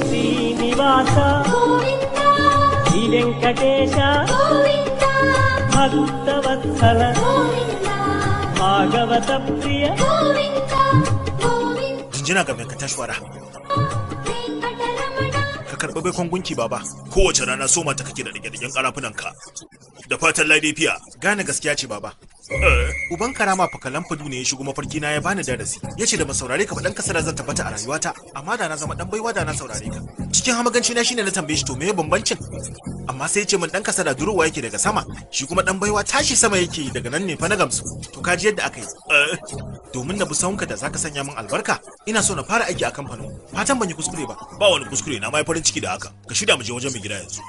Srinivasa Shri Venkatesha భక్తవత్సల భాగవత ప్రియ jinjina ga Venkateshwara ka karɓi baikon gunki baba kowace rana soma ta kake da rige ƙarafunanka da fatan laifiya gane gaskiya ce baba uban karama fakalan fadu ne ya shigo mafarki na ya bani darasi ya ce da ba saurare ka dan kasara zan tabbata a rayuwata amma da na zama dan baiwa da na saurare ka cikin hamaganci na shine na tambaye shi to me bambancin amma sai ya ce min dan kasara durowa yake daga sama shi kuma dan baiwa tashi sama yake daga nan ne fa na gamsu to kaji yadda aka yi domin na bi sahunka da zaka sanya min albarka ina so na fara aiki a kamfanin fatan ban yi kuskure ba ba wani kuskure na mai farin ciki da haka ka shida mu je wajen mai gida yanzu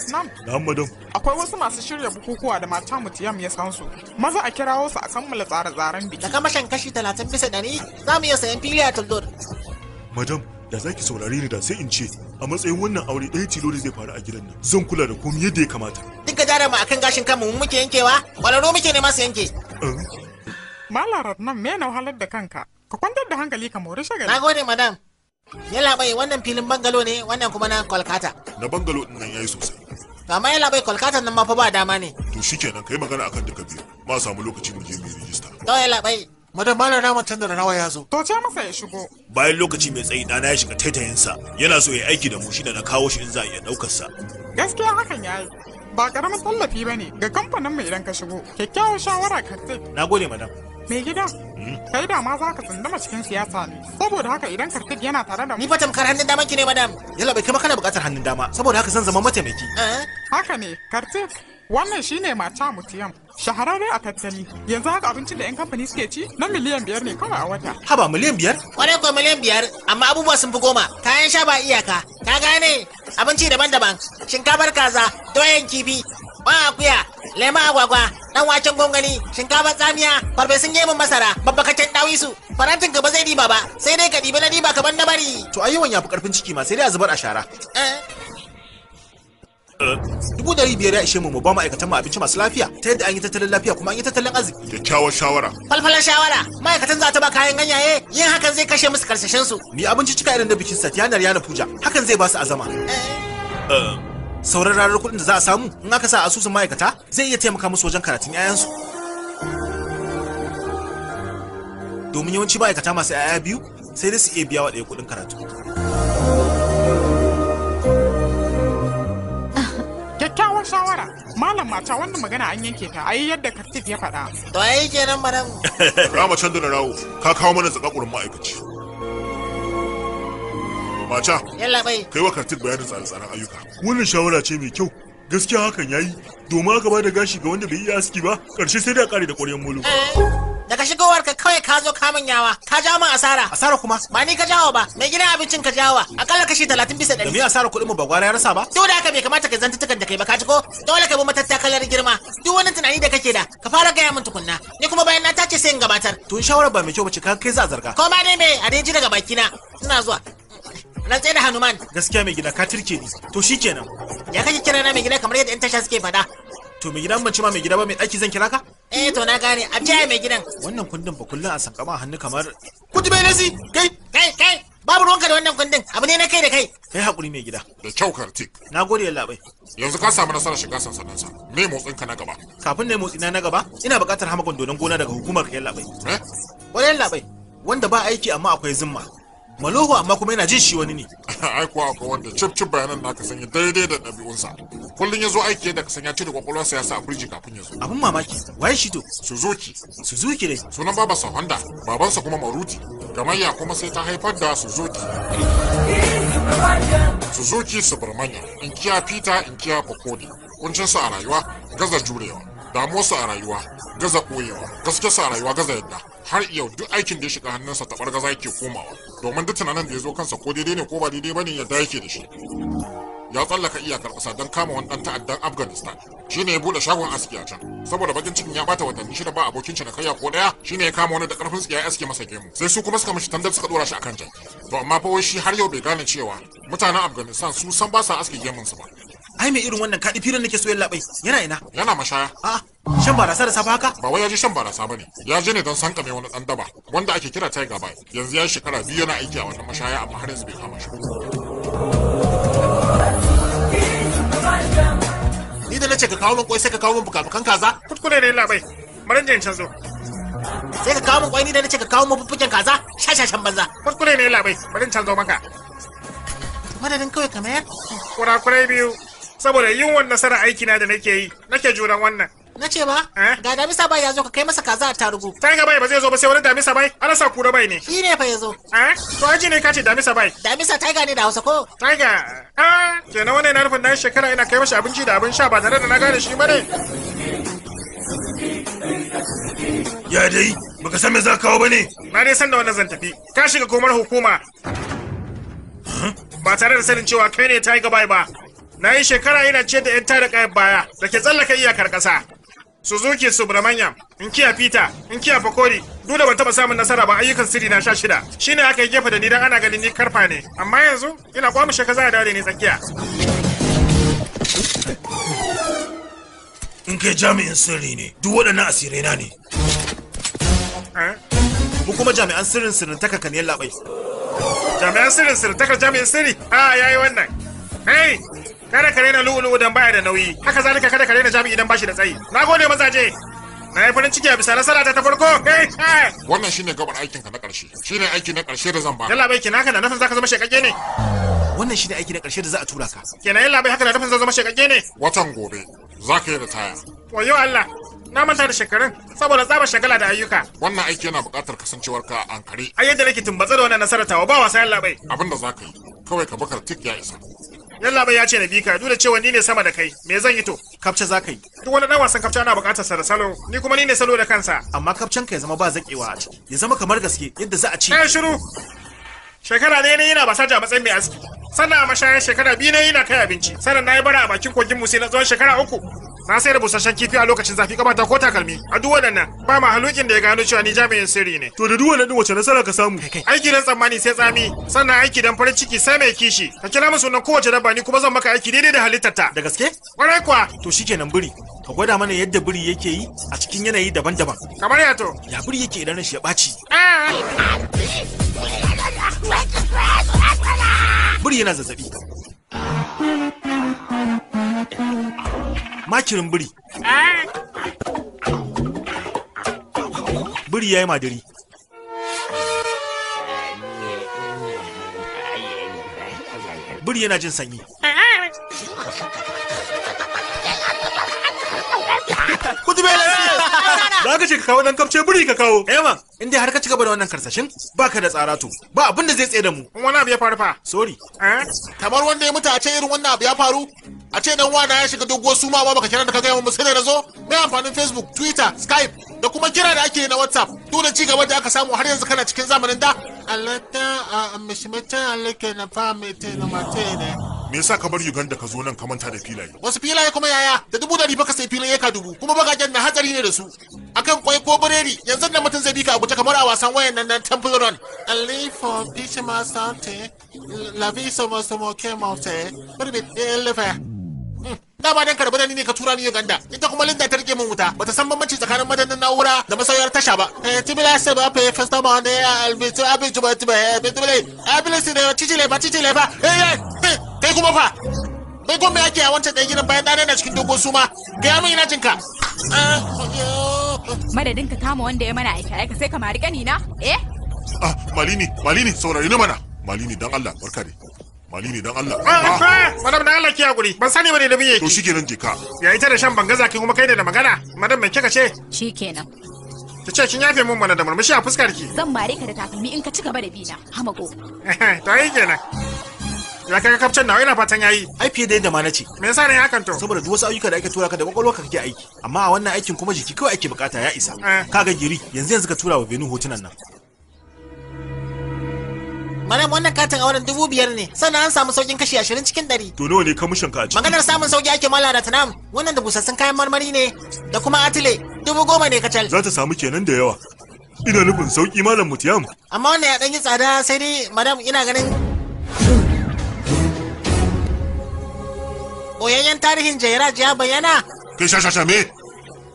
Comrades nan? Na madam. Akwai wasu masu shirya bukukuwa da mata mutiyam ya san su. Maza a kirawo su a kammala tsare-tsaren biki. Da kamashin kashi talatin bisa ɗari za mu iya sayan fili a Tildor. Madam, da zaki saurare ni da sai in ce a matsayin wannan aure ɗaya tilo da zai faru a gidan nan zan kula da komai yadda ya kamata. Duk gajarar mu akan gashin kanmu mun muke yankewa, kwararru muke ne masu yanke. Malam Ratnam me na wahalar da kanka? Ka kwantar da hankali ka mori shagali. Na gode madam. Yala bai wannan filin bangalo ne wannan kuma na Kolkata. Na bangalo din nan yayi sosai. to amma yalla bai kolkata nan ma ba dama ne to shikenan kai magana akan duka biyu ma samu lokaci mu je mu rijista to yalla bai Madam malam rama tanda da rawa ya zo to ce masa ya shigo bayan lokaci mai tsayi dana ya shiga taitayinsa yana so ya yi aiki da mu da na kawo shi in za a iya daukar sa gaskiya hakan yayi ba karamin tallafi ba ne ga kamfanin mu idan ka shigo kyakkyawar shawara ka ce na gode madam mai gida hmm? kai da ma za ka tsundama cikin siyasa ne saboda haka idan kartik yana tare da mu ni fa tamkar hannun dama ki ne madam yalla bai kai makana bukatar hannun dama saboda haka zan zama mataimaki eh? haka ne kartik Wannan shine mata mutiyam. Shahararre a tattali, yanzu haka abincin da 'yan kamfani suke ci na miliyan biyar ne kawai a wata. Haba miliyan biyar? Kwarai ko miliyan biyar, amma abubuwa sun fi goma, kayan sha ba iyaka, ka gane abinci daban-daban, shinkafar kaza, doyan kifi, ba akuya, lema agwagwa, dan waken gwangwani, shinkafar tsamiya, farfesun gemun masara, babbakaccen dawisu, farantin ka ba zai diba ba, sai dai ka dibi na diba ka ban na bari. To yawan ya fi karfin ciki ma sai dai a zubar a shara. Eh. dubu dari biyar ya ishe mu mu ba ma'aikatan mu abinci masu lafiya ta yadda an yi tattalin lafiya kuma an yi tattalin arziki kyakkyawar shawara falfalar shawara ma'aikatan za ta ba kayan ganyaye yin hakan zai kashe musu karsashen su ni abinci cika irin da bikin satyanar yana puja hakan zai ba su azama eh. sauran ranar kuɗin da za a samu in aka sa asusun ma'aikata zai iya taimaka musu wajen karatun 'ya'yansu domin yawanci ma'aikata masu 'ya'ya biyu sai dai su iya biya wa ɗaya kuɗin karatu Malam mata wannan magana an yanke ta ayi yadda Kartif ya faɗa. To ai kenan madam. Rama can da rawo ka kawo mana zakakurin ma'aikaci. Mata. Yalla bai. Kai wa Kartif bayanin tsare-tsaren ayyuka. Wannan shawara ce mai kyau. Gaskiya hakan yayi domin aka bada gashi ga wanda bai yi aski ba ƙarshe sai da ƙare da ƙwaryen mulu. Daga shigowar ka kawai ka zo kamun yawa ka ja min asara. Asara kuma? Ba ni ka jawo ba, mai gidan abincin ka jawo, akalla kashi talatin bisa ɗari. Da me asara kuɗin mu ba gwara ya rasa ba? Duk da haka bai kamata ka tukan da kai ba ka ji ko? Dole ka bi matattakalar girma. Duk wani tunani da kake da, ka fara gaya min tukunna. Ni kuma bayan na tace sai in gabatar. Tun shawara ba mai kyau ba ka kai za a zarga. Ko ma dai me a dai ji daga na Ina zuwa. na tsaye da Hanuman. Gaskiya mai gida ka tirke ni. To shikenan. Ya kake kira na mai gida kamar yadda 'yan tasha suke faɗa. to mai gidan mace ma mai gida ba mai ɗaki zan kira ka eh to na gane a ce mai gidan wannan kundin ba kullun a sankama hannu kamar kuji bai nasi kai kai kai babu ruwanka da wannan kundin abu ne na kai da kai kai hakuri mai gida da kyau kartik na gode ya bai. yanzu ka samu nasarar shiga sansanin sa me motsin ka na gaba kafin ne motsi na na gaba ina buƙatar hama gondonin gona daga hukumar kai labai eh wani labai wanda ba aiki amma akwai zimma maloho amma kuma yana jin shi wani ne ai kuwa wanda cip cip bayanan naka sanya daidai da ɗabi'unsa kullum ya zo aiki yadda ka sanya ce da kwakwalwarsa ya sa a firji kafin ya zo abin mamaki waye shi to suzuki suzuki dai sunan babansa honda babansa kuma maruti gamayya kuma sai ta haifar da suzuki suzuki subramanya inkiya peter inkiya pakodi kuncinsa a rayuwa gaza jurewa damuwarsa a rayuwa gaza ɓoyewa gaskiyarsa a rayuwa gaza yadda har yau duk aikin da ya shiga hannunsa ta bargaza yake komawa domin duk tunanin da ya zo kansa ko daidai ne ko ba daidai bane ya yake da shi ya tsallaka iyakar ƙasa don kama wani ɗan ta'addan afghanistan ne ya buɗe shagon aski a can saboda bakin cikin ya bata watanni shida ba abokin cinikayya ko ɗaya shine ya kama wani da ƙarfin tsiya ya aske masa gemu sai su kuma suka mishi tandar suka ɗora shi kan can to amma fa shi har yau bai gane cewa mutanen afghanistan su san ba sa aske gemunsu ba ai mai irin wannan kaɗi firin nake so yin laɓai yana ina yana mashaya a shan barasa da safa haka ba wai ya ji shan barasa ba ne. ya je ne don san kame wani dan daba wanda ake kira tiger bai yanzu ya shekara biyu yana aiki a wannan mashaya amma har yanzu bai kama shi na ce ka kawo min kwai sai ka kawo min bukabukan kaza Kutkure ne labai bari in canzo sai ka kawo min kwai ni da nace ka kawo min fuffuken kaza shashashan banza Kutkure ne labai bari in canzo maka madadin kawai kamar kurakurai biyu saboda yin wannan nasara aiki na da nake yi nake juran wannan na ce ba eh? ga damisa bai ya zo ka kai masa kaza a tarugu ta ga bai ba zai zo ba sai wani damisa bai ana sa kura bai ne shi ne fa ya zo eh? to aji ne ka ce damisa bai damisa taiga ne da hausa ko ta ga ah kenan wannan na nufin na shekara ina kai masa abinci da abin sha ba tare da na gane shi ba ne ya dai baka san me za kawo ba ne na dai san da wannan zan tafi ka shiga komar hukuma ba tare da sanin cewa kai ne ta taiga bai ba na yi shekara ina ce da 'yan tada baya da ke tsallaka iyakar ƙasa Suzuki Subramanyam, Inkiya Peter, Inkiya Bakori, duk da ban taba samun nasara ba ayyukan sirri na sha shida. Shine aka yi gefe da ni dan ana ganin ni karfa ne, amma yanzu ina shaka za a dare ne tsakiya. In kai jami'in sirri ne, duk waɗannan asirai na ne. Eh? Mu kuma jami'an sirrin sirrin taka kan labai. Jami'an sirrin sirrin taka jami'in sirri? Ah, a yayi wannan. Hey, kada ka raina lulu dan baya da nauyi haka zalika kada ka raina jami idan bashi da tsayi na gode mazaje na yi farin ciki a bisa nasara ta ta farko wannan shine gabar aikin ka na karshe shine aiki na karshe da zan ba yalla bai kina kana da zaka zama shekake ne wannan shine aiki na karshe da za a tura ka kenan yalla bai haka da nafin zaka zama shekake ne watan gobe zaka yi ritaya yo Allah na manta da shekarun saboda tsaba shagala da ayyuka wannan aiki yana buƙatar kasancewarka a kare Ai yadda nake tumbatsa da wannan nasara ta ba wasa yalla bai abinda zaka yi kawai ka bakar tik ya isa Lallaba ya ce na bi ka duk da cewa ni ne sama da kai me zan yi to kapce za ka yi duk wani dan wasan kapce ana buƙatar sa da salo ni kuma ni ne salo da kansa amma kapcen ka ya zama ba zakewa a ciki ya zama kamar gaske yadda za a ci. Kai shiru shekara ɗaya ne yana basaja a matsayin mai aski sannan a mashayar shekara biyu ne yana kai abinci sannan na yi bara a bakin kogin musi na tsawon shekara uku na sayar da busasshen kifi a lokacin zafi kamar ko takalmi a duk waɗannan ba ma halukin da ya gano cewa ni jami'in sirri ne to da duk waɗannan wace nasara ka samu aiki dan tsammani sai tsami sannan aiki dan farin ciki sai mai kishi ka kira musu nan kowace dabba ni kuma zan maka aiki daidai da halittarta da gaske kwarai kuwa to shikenan biri. ka gwada mana yadda biri yake yi a cikin yanayi daban-daban kamar ya to ya biri yake idan shi ya ɓaci ah! biri yana zazzabi makirin biri ah! biri ya yi madari. biri yana jin sanyi ah! Kudu bai lafiya. Za ka ce ka kawo nan kamce buri ka kawo. Ewa, eh, in dai har ka ci gaba da wannan karsashin baka da tsara to. Ba abin da zai tsaye da mu. Wani abu ya faru fa. Sorry. Eh? Kamar wanda ya mutu a ce irin wannan abu ya faru. A ce dan wana ya shiga doguwar suma ba baka kira da ka gaya mu sai da zo. Mai amfanin Facebook, Twitter, Skype da kuma kira da ake na WhatsApp. Duk da ci gaba da aka samu har yanzu kana cikin zamanin da alata a mishimita na na ne. Me yasa ka bar Uganda ka zo nan ka manta da filaye? Wasu filaye kuma yaya da dubu dari baka sai filaye ka dubu kuma jan na hatsari ne da su. Akan kwai ko biredi yanzu da mutum zai bi ka abuta kamar a wasan wayan nan na Temple Run. Ali for Bishima Sante, Lavi Somo Somo Kemote, Birbit Elefe. Eh, da ba dan karbana ni ne ka tura ni Uganda ita kuma Linda ta rike min wuta bata san bambanci tsakanin madannin na'ura da masauyar tasha ba eh tibila sai ba pe festa ma ne albitu abitu ba eh tibila abilisi ne cicile ba cicile ba eh eh kai kuma fa kai kuma yake a wancan ɗan gidan bayan ɗana na cikin dogon suma ga ya yamin ina jinka ah, madadin ka kama wanda ya mana aika aika sai ka mari kanina eh ah malini malini saurari na mana malini dan Allah barka dai Mali ne dan Allah. Madam dan Allah ki hakuri. Ban sani bane da biye ki. To shikenan je ka. Ya ita da shan bangaza ki kuma kai ne da magana. Madam me kika ce? Shikenan. Ta ce kin yafe mun mana da murmushi a fuskar ki. Zan mare ka da takalmi in ka ci gaba da bina. Hamago. To ai kenan. Ya kaga kafcen nawa ina fatan yayi. Ai fiye da yadda ma nace. Me yasa ne hakan to? Saboda duk wasu ayyuka da ake tura ka da kwakwalwa ka kake aiki. Amma a wannan aikin kuma jiki kawai ake bukata ya isa. Eh. Kaga giri yanzu yanzu ka tura wa Benu hotunan nan. Madam wannan katin auren dubu biyar ne sannan an samu saukin kashi ashirin cikin ɗari. To nawa ne kamushin ka Maganar samun sauki ake mala da tanam wannan da busassun kayan marmari ne da kuma atile dubu goma ne kacal. Za ta samu kenan da yawa. Ina nufin sauki malam mutiyam. Amma wannan ya ɗan yi tsada sai dai madam ina ganin. Boyayyen tarihin Jairaj ya bayyana. Kai shashasha me?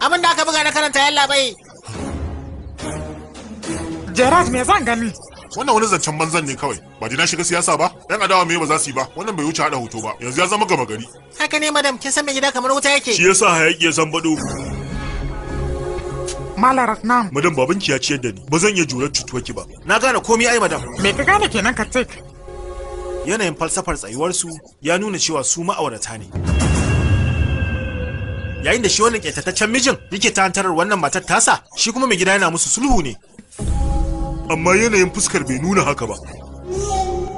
Abin da aka buga na karanta yalla bai. Jairaj me zan gani? wannan wani zancen banzan ne kawai ba na shiga siyasa ba yan adawa me ba za su yi ba wannan bai wuce hada hoto ba yanzu ya zama gaba gari haka ne madam kin san me gida kamar wuta yake shi yasa hayaki ya san bado Mala Ratnam. Madam babanki ya ciyar da ni. Ba zan iya jurar cutuwaki ba. Na gane komai ai madam. Me ka gane kenan Kartik? Yanayin falsafar tsayuwarsu ya nuna cewa su ma'aurata ne. Yayin da shi wannan ƙetataccen mijin yake tantarar wannan matar tasa, shi kuma mai gida yana musu sulhu ne. amma yanayin fuskar bai nuna haka ba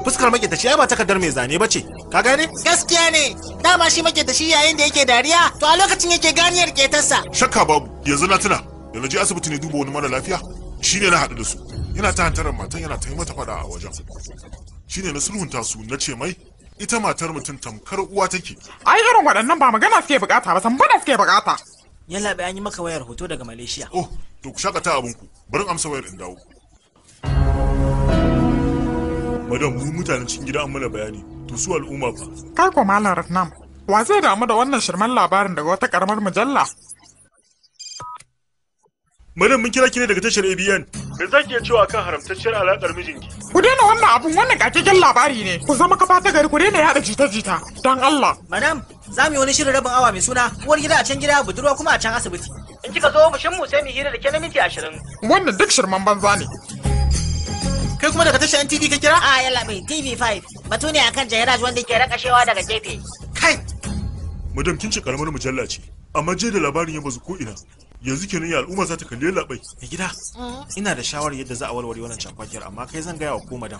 fuskar makidashi ai ba takardar mai zane ba ce ka gane gaskiya ne dama shi makidashi yayin da yake dariya to a lokacin yake ganiyar ketarsa shakka babu yanzu na tuna da na je asibiti ne duba wani mara lafiya shi ne na haɗu da su yana ta hantarar matan yana ta yi mata faɗa a wajen shi ne na sulhunta su na ce mai ita matar mutum tamkar uwa take ai irin waɗannan ba magana suke bukata ba san bada suke bukata yalla an yi maka wayar hoto daga malaysia oh to ku shakata abinku bari amsa wayar in dawo madam mu mutanen cikin gida an mana bayani to su al'umma fa Ka ko malam ratnam wa zai damu da wannan shirman labarin daga wata karamar mujalla madam mun kira ki ne daga tashar abn me zaki ki cewa kan haramtacciyar alaƙar mijinki ku daina wannan abun wannan kakakken labari ne ku zama kafa ta gari ku daina yada jita-jita don allah madam za mu yi wani shirin rabin awa mai suna uwar gida a can gida budurwa kuma a can asibiti in kika zo ofishin mu sai mu hira da ke na minti ashirin wannan duk shirman banza ne kai kuma daga tashin TV ka kira? Ah, yalla bai TV5 batu ne akan Jairaj wanda ke rakashewa daga gefe. Kai! Madam kin ce karamar mujalla ce amma je da labarin ya bazu ko ina. Yanzu kenan ya al'umma za ta kalli labai. A gida, mm. ina da shawarar yadda za a warware wannan cakwakiyar amma kai zan gaya wa ko madam.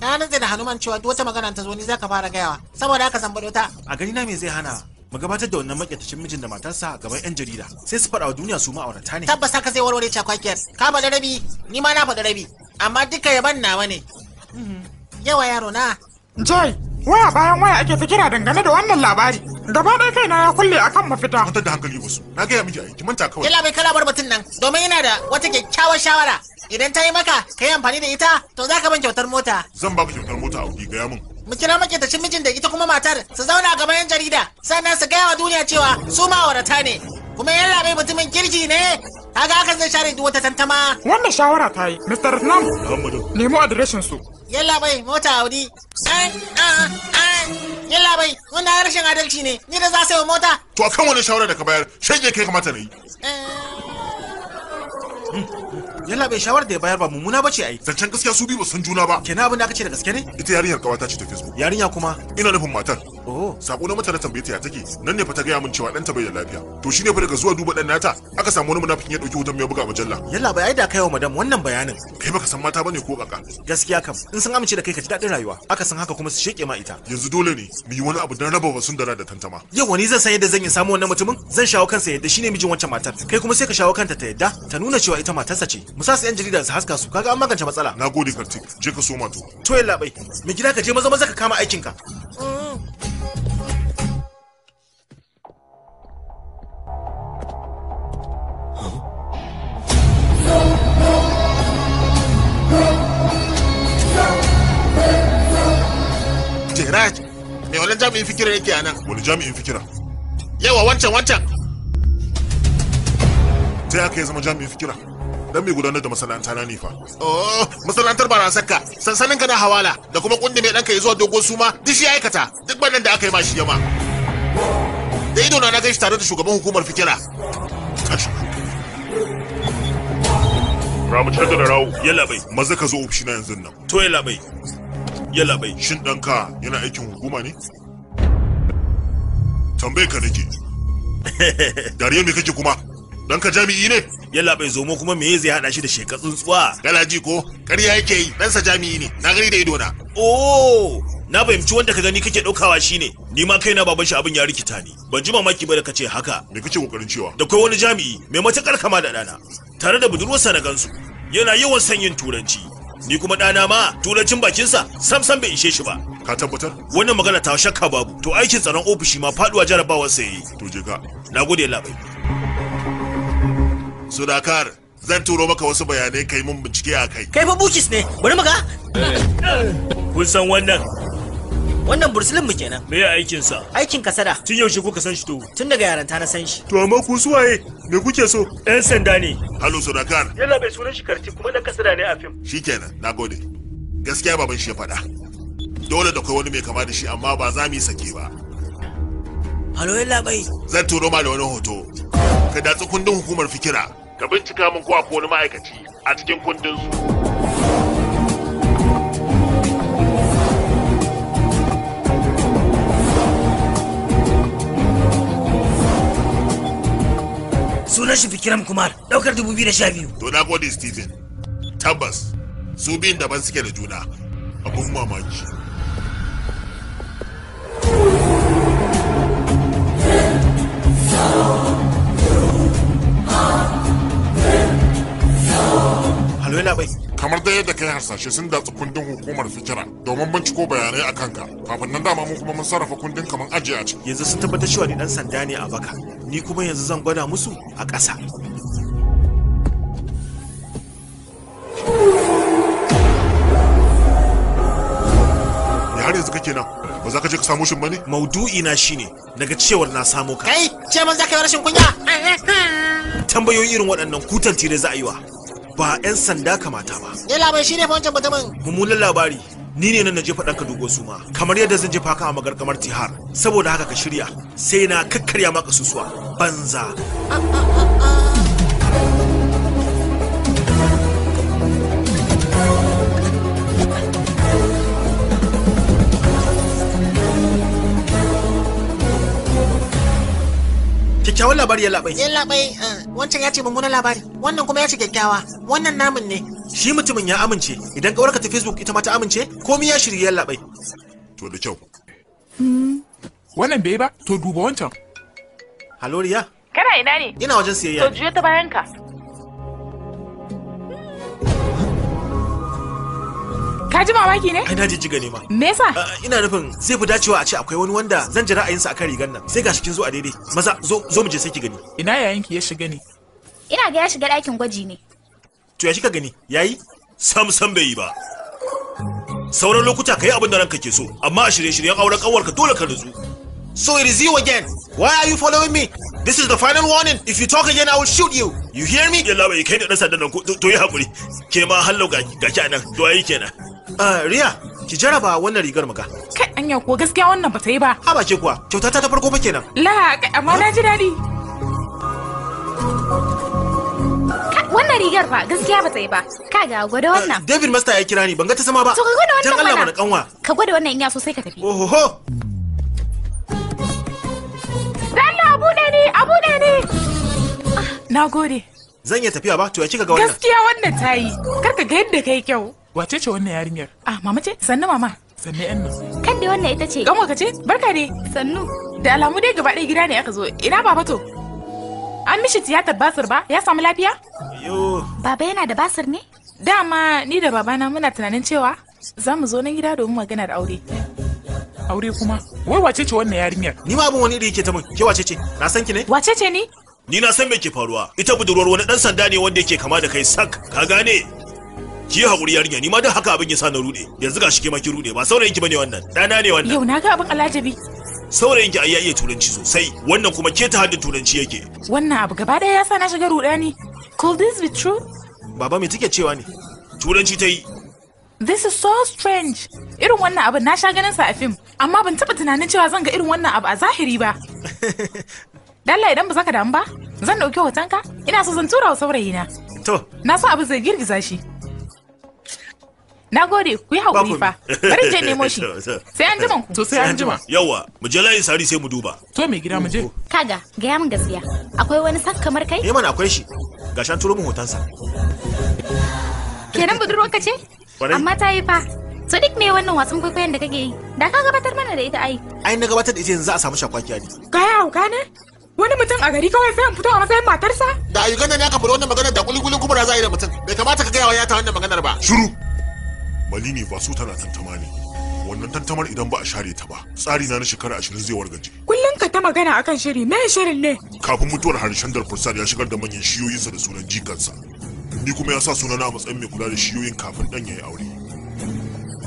Na zai da Hanuman cewa duk wata magana ta zo ni zaka fara gayawa saboda haka zan ta. A gani na me zai hana mu da wannan makyatacin mijin da matarsa a gaban yan jarida sai su faɗa wa duniya su ma'aurata ne tabbas haka sai warware cakwakiyar ka faɗi rabi ni ma na faɗi rabi amma duka yaban nawa ne yawa yaro na jai waya bayan waya ake ta kira dangane da wannan labari gaba ɗaya kaina ya kulle akan mafita mutar da hankali wasu na gaya miji aiki manta kawai yalla bai kala bar batun nan domin yana da wata kyakkyawar shawara idan ta yi maka ka yi amfani da ita to za ka ban kyautar mota zan ba kyautar mota a wuri gaya min mu kira maƙetacin mijin da ita kuma matar su zauna gaban yan jarida sannan su gaya wa duniya cewa su ma'aurata ne kuma yan labai mutumin kirki ne kaga hakan zai share duk wata tantama wannan shawara ta yi mr nam nemo adireshin su yan labai mota audi yan labai wannan rashin adalci ne ni da za su yi mota to akan wani shawara da ka bayar shege kai kamata na yi eh. yalla bai shawar da ya bayar ba mummuna bace ai zancen gaskiya su biyu ba san juna ba kenan abin da aka ce da gaske ne ita yarinyar kawata ce ta facebook yarinya kuma ina nufin matar oh sako na mata na tambaye ta ya take nan ne fa ta gaya min cewa ɗanta bai da lafiya to shine fa daga zuwa duba ɗan nata aka samu wani munafikin ya ɗauki hoton mai buga mujalla yalla bai ai da kaiwa madam wannan bayanin kai baka san mata bane ko kaka gaskiya kam in sun amince da kai ka ji daɗin rayuwa aka san haka kuma su sheke ma ita yanzu dole ne mu yi wani abu don raba wa sundara da tantama yawa ni zan san yadda zan yi samu wannan mutumin zan shawo kansa yadda shine mijin wancan matar kai kuma sai ka shawo kanta ta yadda ta nuna cewa ita matarsa ce mu sa su yan jarida su haska su kaga an magance matsala na gode kartik je ka soma to to ya labai mai gida ka je maza maza ka kama aikin ka Jiraj, me wani jami'in fikira yake a nan? Wani jami'in fikira? Yawa wancan wancan! Ta yaka ya zama jami'in fikira? dan mai gudanar da masana'anta na nifa oh masana'antar barasakka sansanin ka na hawala da kuma kundi mai danka ya zuwa dogon suma duk shi aikata duk bannan da aka yi ma shi yama da ido na na gaishe tare da shugaban hukumar fikira Ramu canza da rawo. Yalla bai. Maza ka zo ofishina yanzu nan. To yalla bai. Yalla bai. Shin ɗanka yana aikin hukuma ne? Tambaye ka nake. Dariyar me kake kuma? don ka jami'i ne yalla bai zomo kuma me zai hada shi da sheka tsuntsuwa kana ji ko ƙarya yake yi dan sa jami'i ne na gari da ido na oh na fahimci wanda ka gani kake daukawa shine ni ma kaina baban shi abin ya rikita ni ban ji mamaki ba da kace haka me kace kokarin cewa da kai wani jami'i mai matakar kama da dana tare da budurwarsa na gansu yana yawan sanyin turanci ni kuma dana ma turancin bakin sa sam sam bai ishe shi ba ka tabbatar wannan magana ta shakka babu to aikin tsaron ofishi ma faduwa jarabawar sa to je ka nagode labai sudakar zan turo maka wasu bayanai kai mun bincike a kai kai fa bukis ne bari mu kun san wannan wannan bursulin mu kenan me aikin sa aikin kasada tun yaushe kuka san shi to tun daga yaranta na san shi to amma ku suwaye me kuke so yan sanda ne halo sudakar yalla bai sunan shi karti kuma dan kasada ne a fim shikenan nagode gaskiya baban shi ya faɗa dole da kai wani mai kama da shi amma ba za mu yi sake ba halo yalla bai zan turo ma da wani hoto ka datsi kundin hukumar fikira ka bincika min ko akwai wani ma'aikaci a cikin kundin su sunan shi fikiram kumar daukar 2012 to na gode stephen tabbas su biyun daban suke da juna abun mamaki Oh Alwela bai. Kamar da yadda kai harsashe sun datsi kundin hukumar fikira domin binciko bayanai a kanka. Kafin nan dama mu kuma mun sarrafa kundin kamar ajiye a ciki. Yanzu sun tabbatar cewa ni dan sanda ne a baka. Ni kuma yanzu zan gwada musu a ƙasa. Ya har yanzu kake nan? ba za ka je ka samu shin bane maudu'i na shine daga cewar na samo ka kai ce man za ka yi rashin kunya tambayoyi irin waɗannan kutan tire za a yi wa ba 'yan sanda kamata ba ya labai shi ne fa wancan mutumin mummunan labari ni ne nan je faɗan ka dogo suma. kamar yadda zan jefa faka a magarkamar tihar saboda haka ka shirya sai na kakkarya maka susuwa banza ah, ah, ah. kyakkyawan labari ya labai. Ya labai eh, wancan ya ce mummunan labari wannan kuma ya ce kyakkyawa wannan namun ne. Shi mutumin ya amince idan ka ta Facebook ita ma ta amince komi ya shirya ya labai. To da kyau. Hmm. Wannan bai ba to duba wancan. Haloriya. Kana ina ne? Ina wajen siyayya. To juya ta bayan ka. Ka ji mamaki ne? Ai na jiga ne ma. Me yasa? Ah, ina nufin zai fi dacewa a ce akwai wani wanda zan ji ra'ayinsa akan rigar nan. Sai gashi kin zo a daidai. Maza zo zo mu je sai ki gani. Ina yayin ki ya shiga ne? Ina ga ya shiga ɗakin gwaji ne. To ya shiga gani? Yayi? Sam sam bai yi ba. Sauran lokuta ka yi abin da ranka ke so, amma a shirye-shiryen auren ƙawarka dole ka nutsu. So it is you again. Why are you following me? This is the final warning. If you talk again, I will shoot you. You hear me? Yalla bai kai da dan nan ko to yi hakuri. Ke ma hallo ga gashi anan. To ayi kenan. Ah, Riya, ki jaraba wannan rigar maka. Kai anya ko gaskiya wannan ba ta yi ba. a ba ce kuwa. Kyauta ta farko fa kenan. La, amma na ji dadi. Wannan rigar fa gaskiya ba ta yi ba. Ka ga gwada ah, wannan. David Master ya kira ni, ban ga ta sama ba. To ka gwada wannan mana. Allah mana kanwa. Ka gwada wannan in ya so sai ka tafi. Ohoho. abu ne ne na gode zan iya tafiya ba to ya cika ga wannan gaskiya wannan ta yi kar ka ga yadda kai kyau wace ce wannan yarinyar ah mama ce sannu mama sannu yan nan kan dai wannan ita ce gamo ka ce barka dai sannu da alamu dai gaba ɗaya gida ne aka zo ina baba to an mishi tiyatar basir ba ya samu lafiya yo baba yana da basir ne dama ni da babana muna tunanin cewa za mu zo nan gida domin maganar aure aure kuma wai wace ce wannan yarinyar ni ma abin wani da yake ta min ke wace ce na san ki ne wace ce ni ni na san me ke faruwa ita budurwar wani dan sanda ne wanda yake kama da kai sak ka gane ki haƙuri yarinya ni ma dan haka abin ya sa na rude yanzu ga shi ke ma ki rude ba saurayin ki bane wannan dana ne wannan yau na ga abin alajabi saurayin ki ayya iya turanci sosai wannan kuma ke ta haddin turanci yake wannan abu gaba daya ya sa na shiga rudani could this be true baba me take cewa ne turanci ta yi This is so strange. Irin wannan abu na sha ganin sa a fim, amma ban taba tunanin cewa zan ga irin wannan abu a zahiri ba. Dalla idan ba ka damu ba, zan ɗauki hotonka, ina so zan tura wa saurayina. To. Na so abu zai girgiza shi. Na gode, ku yi haƙuri fa. Bari je nemo shi. Sai an jima ku. To sai an jima. Yawa, mu je layin sari sai mu duba. To me gida mu je. Kaga, gaya min gaskiya. Akwai wani sak kamar kai? Eh mana akwai shi. Gashan turo mu hotonsa. Kenan budurwanka ce? Amma ta yi fa. Sadiq me wannan wasan kwaikwayon da kake yi? Da ka gabatar mana da ita ai. Ai na gabatar da ita yanzu za a samu shakwakiya ne. yi hauka ne? Wani mutum a gari kawai sai an fito a matsayin matarsa? Da ayyukan ne aka faru wannan maganar da kulikulin kuma da za a yi da mutum. Bai kamata ka gaya wa yata wannan maganar ba. Shiru. Malini ba su tana tantama ne. Wannan tantamar idan ba a share ta ba. Tsari na na shekara ashirin zai wargaje. Kullum ka ta magana akan shiri, me shirin ne? Kafin mutuwar harshen Darfur ya shigar da manyan shiyoyinsa da sunan jikansa. ni kuma ya sa sunana a matsayin mai kula da shiyoyin kafin dan ya yi aure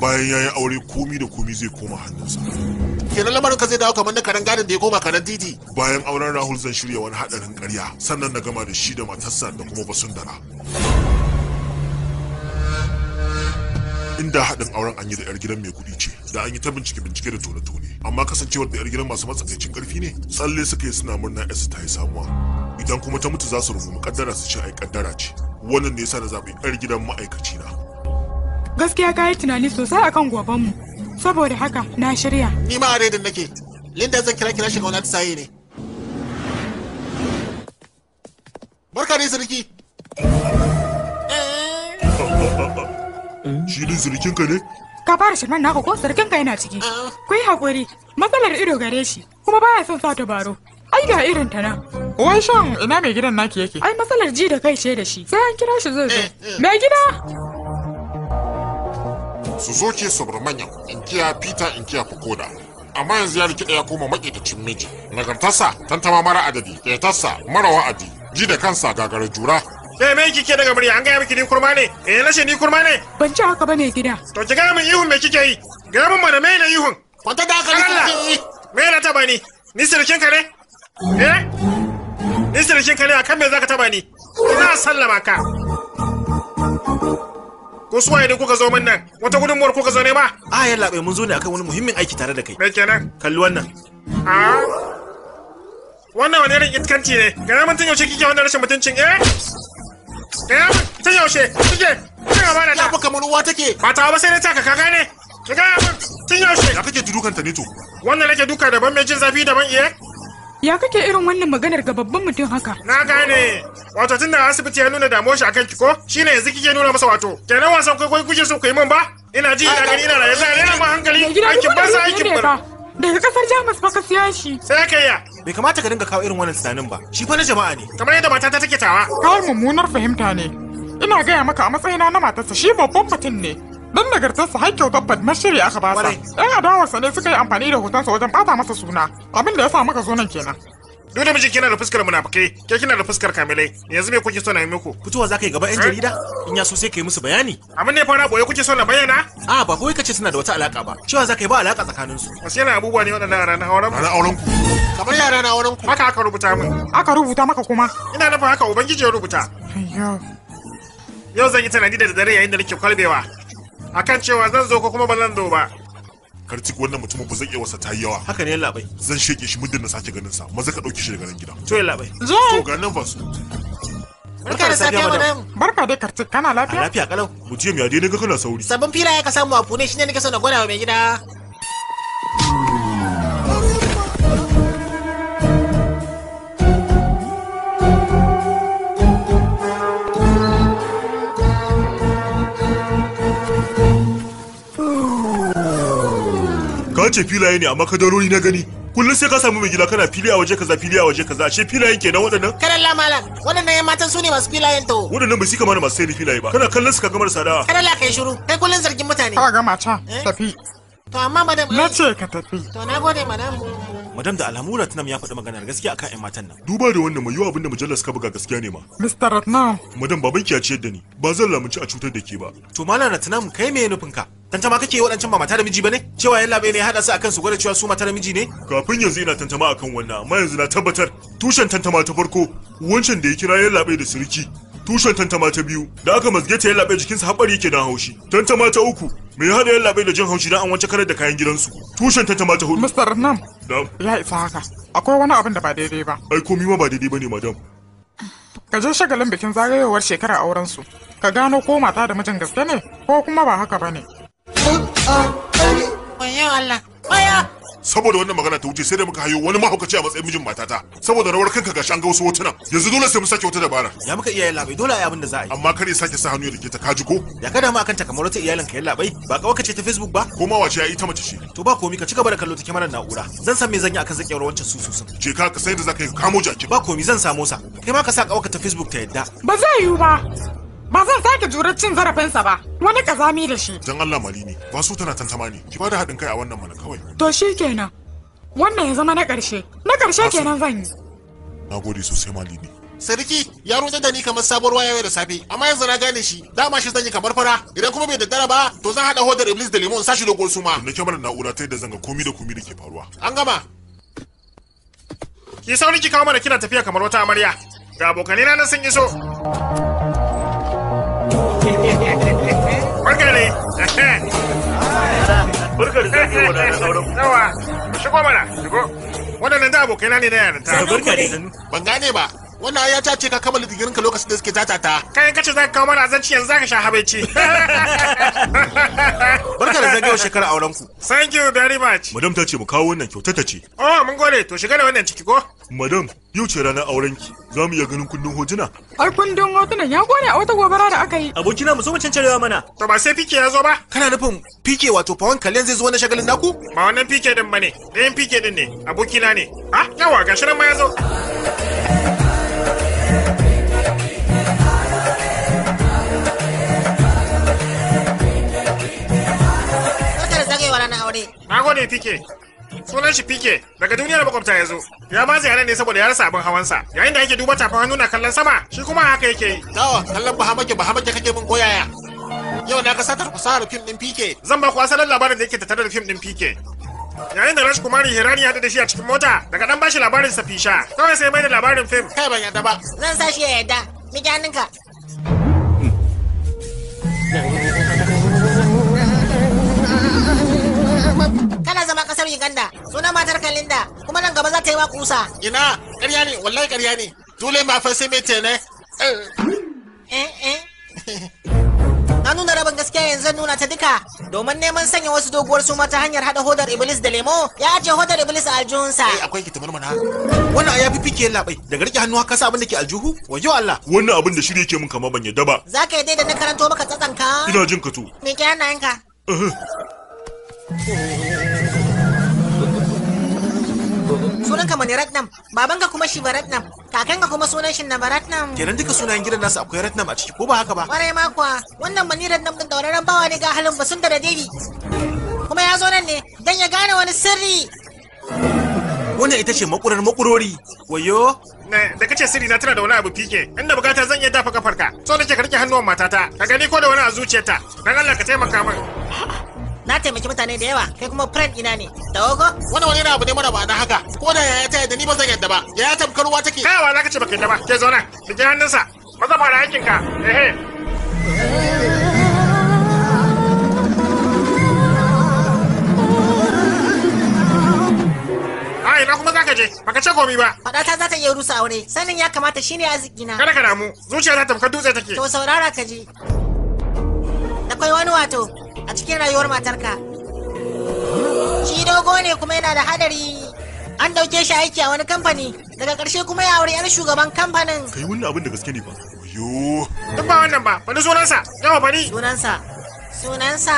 bayan ya yi aure komi da komi zai koma hannunsa kenan lamarin ka zai dawo kamar na karen gadin da ya koma karen titi bayan auren rahul zan shirya wani hadarin karya sannan na gama da shi da matarsa da kuma basundara inda haɗin auren an yi da 'yar gidan mai kuɗi ce da an yi ta bincike bincike da tone tone amma kasancewar da 'yar gidan masu matsakaicin ƙarfi ne tsalle suka yi suna murna 'yarsu ta yi samuwa idan kuma ta mutu za su rufu mukaddara su ce ai ƙaddara ce wannan ne yasa na zaɓi 'yar gidan ma'aikaci na. gaskiya ka yi tunani sosai akan gobanmu saboda haka na shirya. ni ma a redin nake linda zan kira kira shiga wani atisaye ne. barka ne sarki. Shi din ne? Ka fara shirman naka ko ka yana ciki. Ku yi haƙuri, matsalar ido gare shi, kuma baya son sa baro. Ai ga irin ta nan. Wai shan ina mai gidan naki yake? Ai matsalar ji da kai ce da shi. Sai an kira shi zai zo. Mai gida! su zo ce in inkiya peter inkiya fukoda amma yanzu ya rikida ya koma makitacin miji nagartarsa tantama mara adadi ƙetarsa mara wa'adi ji da kansa gagara jura Sai eh, me kike daga murya an gaya miki ni kurma ne eh lashe ni kurma ne ban ci haka bane gida to ki ga min ihun me kike yi Ga min mana me ne ihun Wata da haka yi. me na taba ni ni sirkin ka ne eh ni sirkin ka ne akan me zaka taba ni ina sallama ka ko su waye kuka zo min nan wata gudunmuwar kuka zo ne ma a ya labai mun zo ne akan wani muhimmin aiki tare da kai me kenan kalli wannan a wannan wani irin itkanci ne ga mun tun yaushe kike wannan rashin mutuncin eh Eh, tun yaushe kike cin amana ta. Ba kamar uwa take. Ba ta ba sai na taka ka gane. Ki gaya min tun yaushe. Ya kake dukan ta ne to. Wannan nake duka daban mai jin zafi daban iya. Ya kake irin wannan maganar ga babban mutum haka? Na gane. Wato tunda asibiti ya nuna damuwar shi akan ki ko? Shine yanzu kike nuna masa wato. Kenan wasan kwaikwayo kuje so ku yi min ba? Ina ji ina gani ina raye zan rena ma hankali. Aikin ba sa aikin ba. daga kasar jamus ba ka siya shi sai ka ya bai kamata ka dinga kawo irin wannan tunanin ba shi fa na jama'a ne kamar yadda matata take tawa kawai mummunar fahimta ne ina gaya maka a matsayina na matarsa shi babban mutum ne dan nagartarsa har kyautar badmar mashiri aka ba sa. yan adawarsa ne suka yi amfani da hotonsa wajen ɓata masa suna abin da ya sa maka zo nan kenan duk da miji kina da fuskar munafukai ke kina da fuskar kamilai yanzu me kuke so na yi muku fitowa zaka yi gaba yan eh? jarida in ya so sai kai musu bayani abin ne fara boye kuke so na bayyana a ah, ba boye kace suna da wata alaka ba cewa zaka yi ba alaka tsakanin su wasu yana abubuwa ne waɗannan a na auren na auren ku kamar yara na auren ku haka aka rubuta min aka rubuta maka kuma ina nufin haka ubangiji ya rubuta yau zan yi tanadi da dare yayin da nake kwalbewa akan cewa zan zo ko kuma ba zan zo ba karcik wannan mutumin ba zai iya wasa tayi yawa haka ne labai zan sheke shi muddin na sake ganin sa maza ka dauki shi daga nan gida to labai zo to ga nan fasu barka da safiya madam barka da karcik kana lafiya lafiya kalau mutum ya dai daga kana sauri sabon fira ya ka samu a fune shine nake so na gwada wa mai gida ce filaye ne amma kadarori na gani kullum sai ka samu mai gida kana fili a waje kaza fili a waje kaza ashe filayen kenan waɗannan karalla malam waɗannan yan matan su ne masu filayen to waɗannan ba su kamar masu sayar filaye ba kana kallon su ka gamar sadawa karalla kai shiru kai kullum zargin mutane kawa ga mata eh? tafi to amma madam na ce ka tafi to na gode madam madam da alhamu ratnam ya faɗi maganar gaskiya akan ƴan matan nan duba da wannan mai yiwa abinda mujallar suka buga gaskiya ne ma mr ratnam madam baban ki ya ciyar da ni ba zan lamunci a cutar da ke ba to malam ratnam kai me nufin ka tantama kake waɗancan ba mata da miji bane cewa yalla bai ne hada su akan su gwada cewa su mata da miji ne kafin yanzu ina tantama akan wannan amma yanzu na tabbatar tushen tantama ta farko wancan da ya kira yalla bai da sirki tushen tantama ta biyu da aka masge ta yallaɓe jikinsa habari yake dan haushi tantama ta uku mai hada yallaɓe da jin haushi da an wance karar da kayan gidansu tushen tantama ta hudu Mr. Nam da ya isa haka akwai wani abin da ba daidai ba ai komai ma ba daidai bane madam ka je shagalin bikin zagayowar shekara auren su ka gano ko mata da mijin gaske ne ko kuma ba haka bane Wayo Allah, saboda wannan magana ta wuce sai da muka hayo wani mahaukaci a matsayin mijin matata saboda rawar kanka ga shan wasu hotuna yanzu dole sai mu sake wata dabara ya muka iyaye labai dole ayi abin da za a yi amma kar ya sake sa hannu da ke ta kaji ko ya kada mu akan takamar wata iyalin ka labai ba kawai ce ta facebook ba ko ma wace ya ita mace ce to ba komi ka ci gaba da kallo ta kyamarar na'ura zan san me zan yi akan zakiyar wancan su je ka ka sai da zaka yi kamo jakin ba komi zan samo sa kai ma ka sa kawai ta facebook ta yadda ba zai yi ba Ba zan sake jure cin zarafinsa ba, wani kazami da shi. Don Allah Malini, ba su tana tantama ne, ki bada haɗin kai a wannan mana kawai. To shi kenan, wannan ya zama na ƙarshe, na ƙarshe kenan zan yi. Na gode sosai Malini. Sarki ya rutsa da ni kamar sabuwar wayewa da safe, amma yanzu na gane shi, dama shi zan yi kamar fara, idan kuma bai daddara ba, to zan haɗa hodar Iblis da lemon sashi da gosuma Na kyamarar na'ura ta yadda zanga komi da komi da ke faruwa. An gama. Ki sauri ki kawo mana kina tafiya kamar wata amarya. Ga abokanina na sun iso. ne. da mana, shigo. Waɗannan da abokaina ne na yarinta. Barka da Ban gane ba. wannan ya ta ce ka kammala digirinka lokacin da suke tata ta kai kace za ka kawo mana azanci yanzu za ka sha habaici barka da zagayowar shekarar auren ku thank you very much madam ta ce mu kawo wannan kyauta ta ce oh mun gode to shiga da wannan ciki ko madam yau ce ranar auren ki za mu iya ganin kundin hotuna ai kundin hotunan ya gone a wata gobara da aka yi abokina mu so mu cancarewa mana to ba sai fike ya zo ba kana nufin fike wato fawon kalen zai zo na shagalin naku ba wannan fike din bane ɗayan fike din ne abokina ne ah yawa gashi ma ya zo Na gode fike. Sunan shi fike daga duniyar makwabta ya zo. Ya ba ziyara ne saboda ya rasa abin hawansa. Yayin da yake duba tafin hannu na kallon sama, shi kuma haka yake yi. Dawa, kallon Bahamake Bahamake kake min koyaya. Yau na ka satar fasahar fim din fike. Zan ba ku asalin labarin da yake tattare da fim din fike. yayin da rash kumari hirani ya da shi a cikin mota daga dan bashi labarin sa fisha kawai sai mai da labarin fim kai ban yadda ba zan sa shi ya yadda ka kana zama kasar uganda sunan matar kalinda kuma nan gaba za ta yi wa kusa ina ƙarya ne wallahi ƙarya ne dole ma fa sai mai tene eh eh, eh. na nuna rabin gaskiya yanzu nuna ta duka domin neman sanya wasu doguwar suma ta hanyar hada hodar iblis da lemo ya ajiye hodar iblis a aljihunsa eh akwai kitamar mana wannan fike labai daga rike hannu haka sa abin da ke aljihu wajo Allah wannan abin da shirye ke min kama ban yadda ba zaka dai da na karanto maka tsatsanka ina jin ka to me ke hannayenka sunan ka mani ratnam baban ka kuma shiva ratnam kakan ka kuma sunan shin ba ratnam kenan duka sunayen gidan nasu akwai ratnam a ciki ko ba haka ba kwarai ma kuwa wannan mani ratnam din dauraren bawa ne ga halin basun da devi kuma ya zo nan ne dan ya gane wani sirri wannan ita ce makurar makurori wayo da kace sirri na tana da wani abu fike inda bukata zan iya dafa kafarka so nake ka rike hannuwan matata ka gani ko da wani a zuciyarta dan Allah ka taimaka min na taimaki mutane da yawa kai kuma friend ina ne tawago wani wani abu ne mara ba da haka ko da ya ta yadda ni ba zan yadda ba ya tamkar ruwa take kai wa ka ce baka yadda ba ke zauna ki ji hannunsa za fara aikin ka ehe Ai, na kuma zaka je, baka ce komi ba. ta za ta iya rusa aure, sanin ya kamata shine na. Kada ka damu, zuciya za ta tamkar dutse take. To saurara ka ji. Akwai wani wato, a cikin rayuwar matarka shi dogo ne kuma yana da hadari an dauke shi aiki a wani kamfani daga karshe kuma ya aure yan shugaban kamfanin kai wannan abin da gaske ne ba yo duk ba wannan ba faɗi sunansa yawa faɗi sunansa sunansa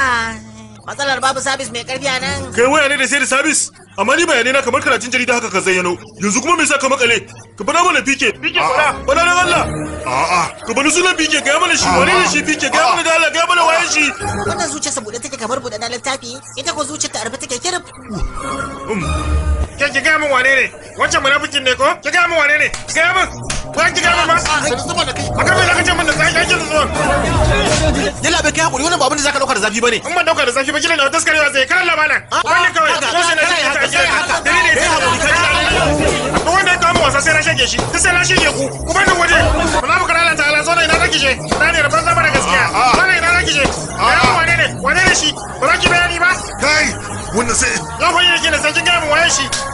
matsalar babu sabis mai karfi a nan kai waya ne da sai da sabis amma ni bayanai na kamar karatun jarida haka ka zayyano yanzu kuma me yasa ka makale ka bana mana fike fike fara bana nan Allah a'a ka bani sunan fike ga mana shi wani ne shi fike ga mana dala Allah ga mana waye shi wannan zuciyarsa bude take kamar bude da littafi ita ko ta arba take kirif um. ke ki gaya min wane ne wancan munafikin ne ko ki gaya wane ne ki gaya min ki gaya ba sai zuba da zaka ce min da sai kake da yalla bai kai hakuri wannan ba abin da zaka dauka da zafi bane in ba. dauka da zafi ba kina da taskarewa sai kana labalan wannan kawai ko sai na ce ka ce dare ne sai hakuri ka ji wanda ya kawo wasa sai na shege shi sai na shege ku ku bani waje munafikin Allah ta'ala zo na ina kake na ne da zama da gaskiya zo na ina kake wane ne wane ne shi ba ki bayani ba kai wannan sai na fahimci ne sai kin gaya min shi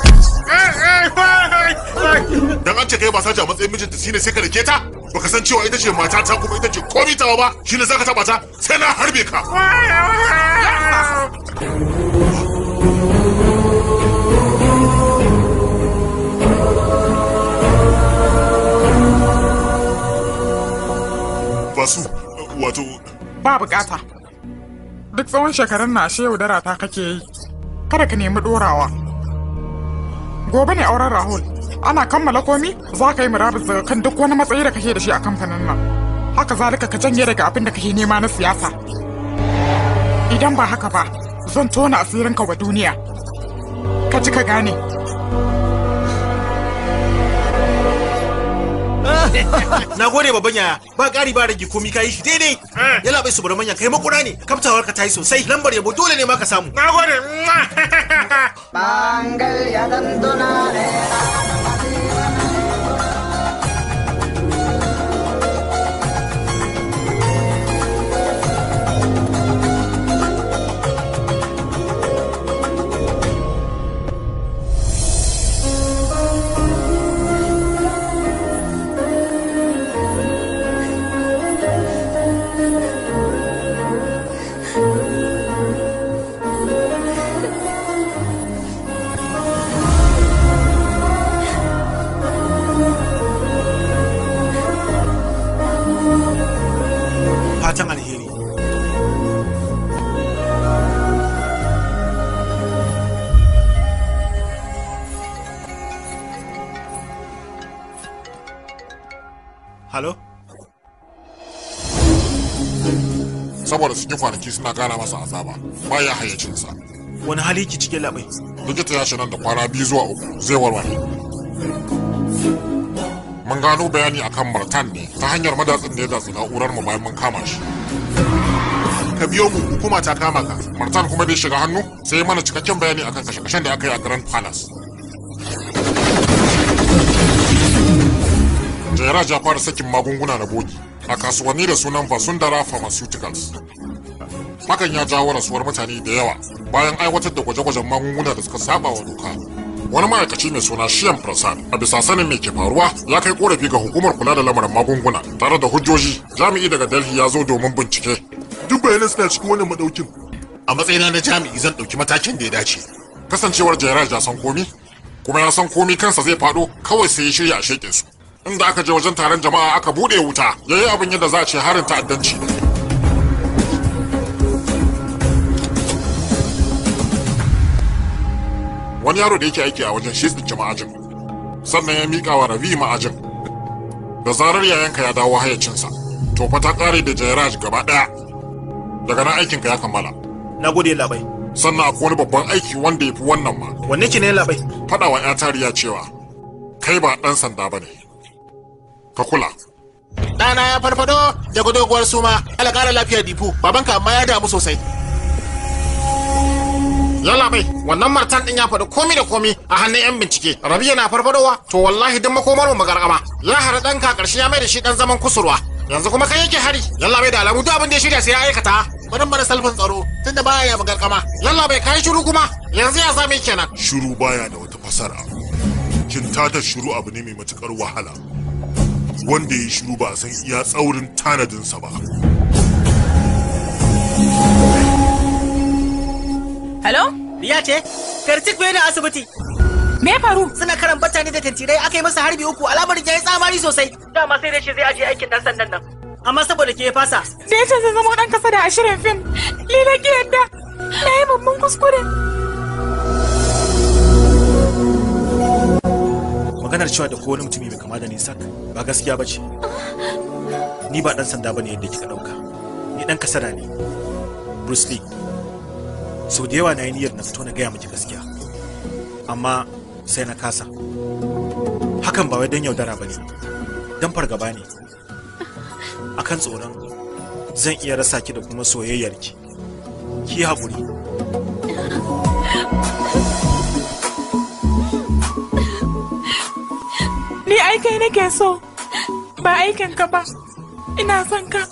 Dan an ce kai ba sa a matsayin mijinta shine sai ka rike ta? Baka san cewa ita ce mata ta kuma ita ce komai tawa ba shine zaka taba ta sai na harbe ka. Basu wato ba bukata. Duk tsawon shekarun na yaudara ta kake yi. Kada ka nemi dorawa. gobe ne auren rahul ana kammala komi za ka yi murabus daga kan duk wani matsayi da kake da shi a kamfanin nan haka zalika ka janye daga abin da kake nema na siyasa idan ba haka ba zan tona asirinka wa duniya ka ci ka gane Na gode babban yaya, ba ƙari ba rage komi kayi shi daidai. Eh. su bai manya kai makura ne, kaftawar ka tayi sosai, lambar yabo dole ne ma ka samu. Na gode. Bangal ya danduna ne. saboda sun yi kwanaki suna gana masa azaba baya hayyacinsa wani hali ki cike labai likita ya nan da kwana biyu zuwa uku zai warware mun gano bayani akan martan ne ta hanyar madatsin da ya datsi na'urar mu bayan mun kama shi ka biyo mu hukuma ta kama ka martan kuma bai shiga hannu sai ya mana cikakken bayani akan kashe-kashen da aka yi a grand palace jairaj ya fara sakin magunguna na bogi a kasuwanni da sunan Vasundara Pharmaceuticals. Hakan ya jawo rasuwar mutane da yawa bayan aiwatar da gwaje-gwajen magunguna da suka saba wa doka. Wani ma'aikaci mai suna Shiyan Prasad a bisa sanin mai ke faruwa ya kai korafi ga hukumar kula da lamarin magunguna tare da hujjoji jami'i daga Delhi ya zo domin bincike. Duk bayanan suna cikin wannan madaukin. A matsayina na jami'i zan ɗauki matakin da ya dace. Kasancewar Jairaj ya san komi kuma ya san komi kansa zai faɗo kawai sai ya shirya a su. inda aka je wajen taron jama'a aka bude wuta yayi abin yadda za a ce harin ta'addanci wani yaro da yake aiki a wajen shi tsinci ma'ajin sannan ya miƙa wa ravi ma'ajin da zarar yayanka ya dawo hayacinsa to fa ta ƙare da jairaj gaba ɗaya daga nan aikinka ya kammala na gode labai sannan akwai wani babban aiki wanda ya fi wannan ma wanne ki ne labai faɗa wa 'ya tariya cewa kai ba ɗan sanda ba ne ka kula ɗana ya farfado daga doguwar suma ala ƙara lafiyar difu babanka amma ya damu sosai yalla bai wannan martan ɗin ya faɗi komi da komi a hannun yan bincike rabi yana farfadowa to wallahi don makomar mu magargama ya hara ɗanka ƙarshe ya mai da shi ɗan zaman kusurwa yanzu kuma kai yake hari yalla bai da alamu duk abin da ya shirya sai ya aikata bari mara salfin tsaro tunda baya ya magargama yalla bai kai shiru kuma yanzu ya sami kenan shiru baya da wata fasara kintatar shiru abu ne mai matukar wahala wanda ya shiru ba san iya tsaurin tanadinsa ba Hello? Riya ce? Kartik bai na asibiti. Me faru? Suna karan ne da tantirai aka yi masa harbi uku alamar ya yi tsamari sosai. Dama sai dai shi zai ajiye aikin dan sandan nan. Amma saboda ke fasa. Da ya canza zai zama dan kasa da ashirin fim. Lila ki yadda. Na yi babban kuskure. Maganar cewa da kowane mutumi bai kama da nisak ba gaskiya ba ce ni ba dan sanda bane yadda kika dauka ni dan kasada ne Bruce Lee sau da yawa na yi niyyar na fito na gaya miki gaskiya amma sai na kasa hakan ba wai dan yaudara bane dan fargaba ne akan tsoron zan iya rasa ki da kuma soyayyar ki haƙuri kai nake so ba aikin ka ba ina son ka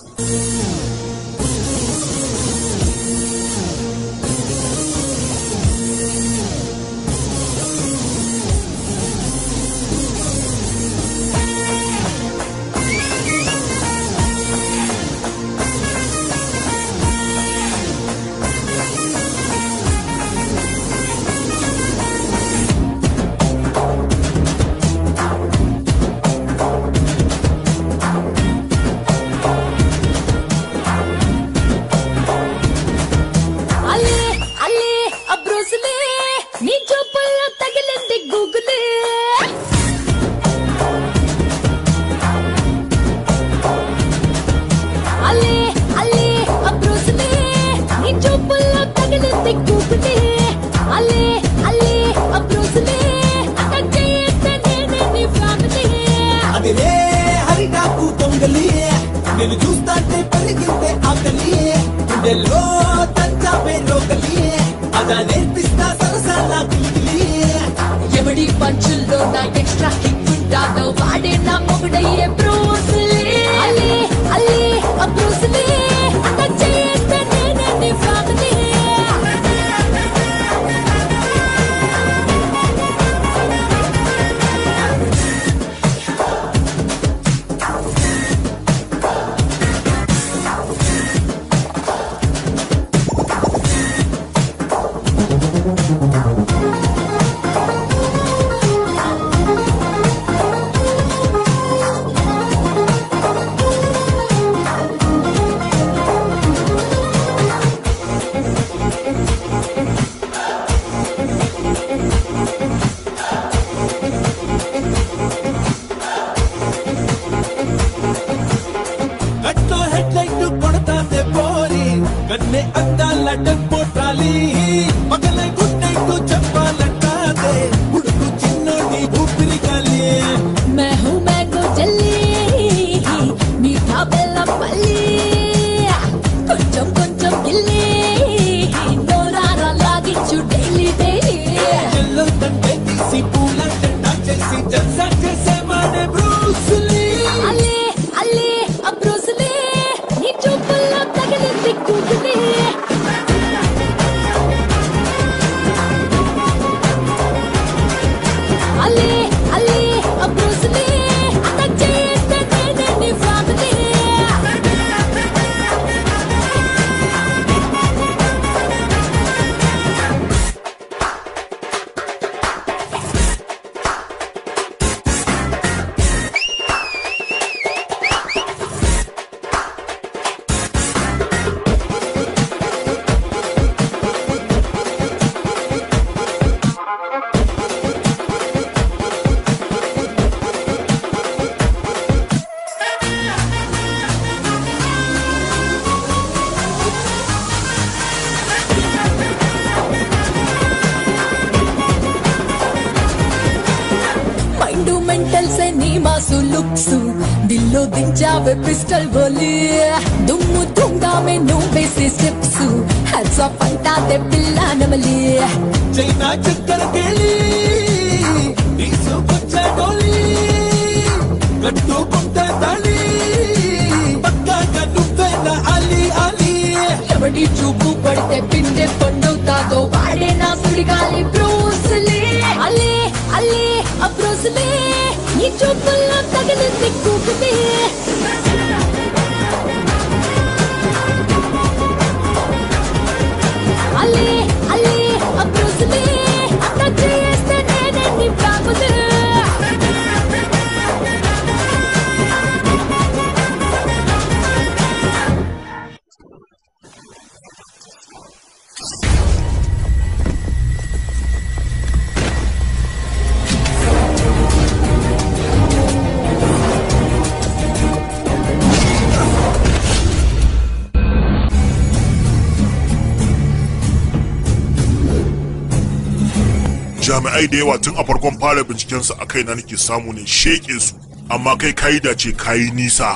yawa tun a farkon fara binciken su akai na nake samu ne sheke su amma kai kayi dace kayi nisa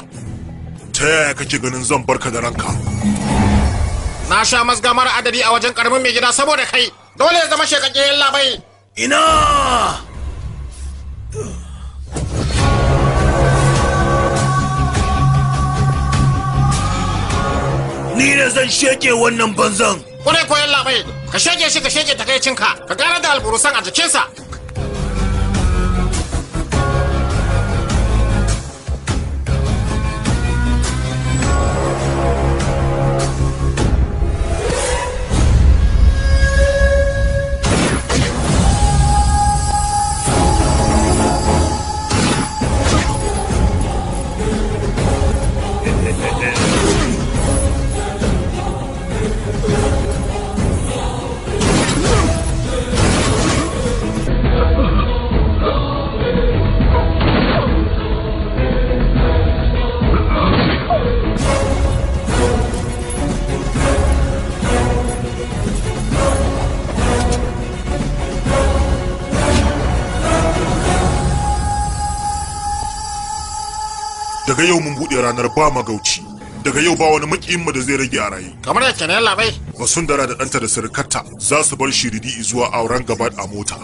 ta yaya kake ganin zan barka da ranka na sha mazga mara adadi a wajen karamin mai gida saboda kai dole ya zama shekakkiyen labai ina ni ne zan sheke wannan banzan Kuna koyon labai ka shege shi ka shege takaicinka ka gara da alburusan a jikinsa buɗe ranar ba magauci daga yau ba wani makiyin mu da zai rage a raye kamar yake ne bai basundara da ɗanta da sirkarta za su bar shiridi zuwa auren gaba a mota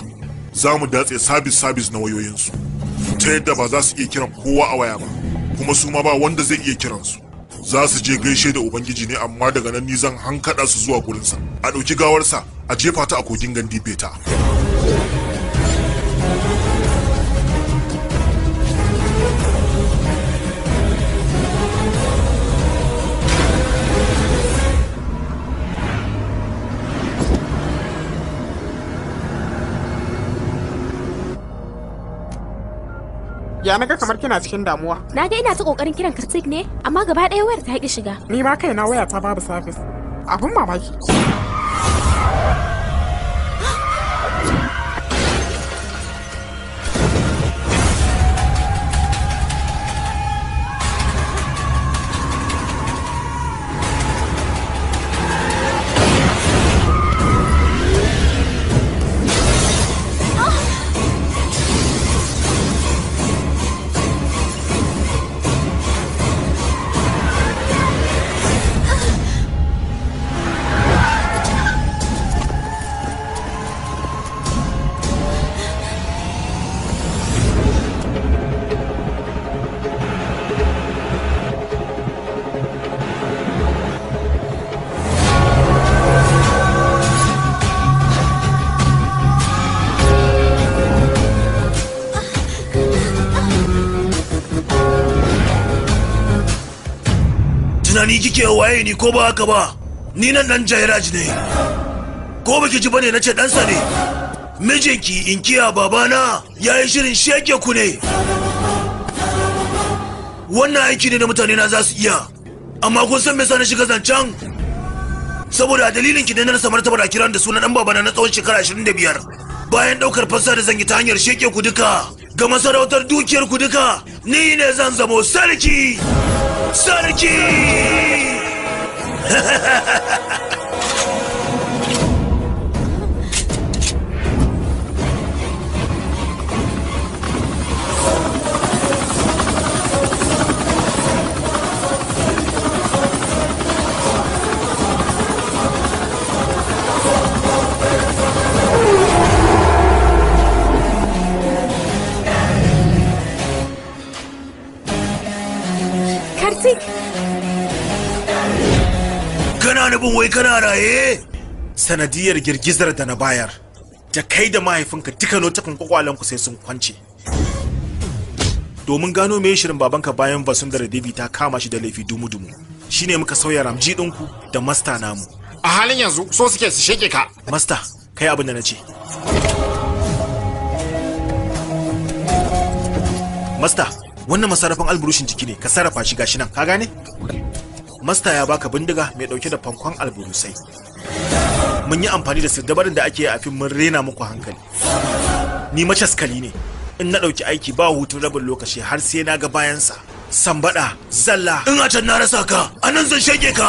za mu datse sabis sabis na wayoyinsu ta yadda ba za su iya kiran kowa a waya ba kuma su ma ba wanda zai iya kiransu za su je gaishe da ubangiji ne amma daga nan ni zan hankaɗa su zuwa gurinsa a ɗauki gawarsa a jefa ta a kogin gandi beta Ya naga kamar kina cikin damuwa. Na ga ina ta kokarin kiran ka ne, amma gaba ɗaya wayar ta haƙi shiga. Ni ma kaina waya ta babu service. Abun mamaki. Ni kike waye ni ko ba haka ba ni nan dan jairaj ne ko baki ji bane nace dansa ne mijinki inkiya babana ya yi shirin sheke ku ne wannan aiki ne da mutane na za su iya amma kun san me sa na shiga zancen saboda a dalilin ki ne na samar ta kiran da sunan dan babana na tsawon shekara 25 bayan daukar fasa da zangi ta hanyar sheke ku duka ga masarautar dukiyar ku duka ni ne zan zamo sarki Sonic! kana bin wai kana raye sanadiyar girgizar da na bayar da kai da mahaifinka duka notukan ku sai sun kwance domin gano me shirin babanka bayan da radebi ta kama shi da laifi dumu-dumu shine muka sauya ramji ɗinku da masta namu a halin yanzu so suke su sheke ka masta kai abin da na ce masta wannan masarafin alburushin jiki ne ka sarrafa shi gashi nan ka gane masta ya baka bindiga mai dauke da fankon alburusai mun yi amfani da sirdabarin da ake a fim mun rena muku hankali ni macaskali ne in na dauki aiki ba hutun rabin lokaci har sai na ga bayansa sambada zalla in a can na rasa ka anan zan shege ka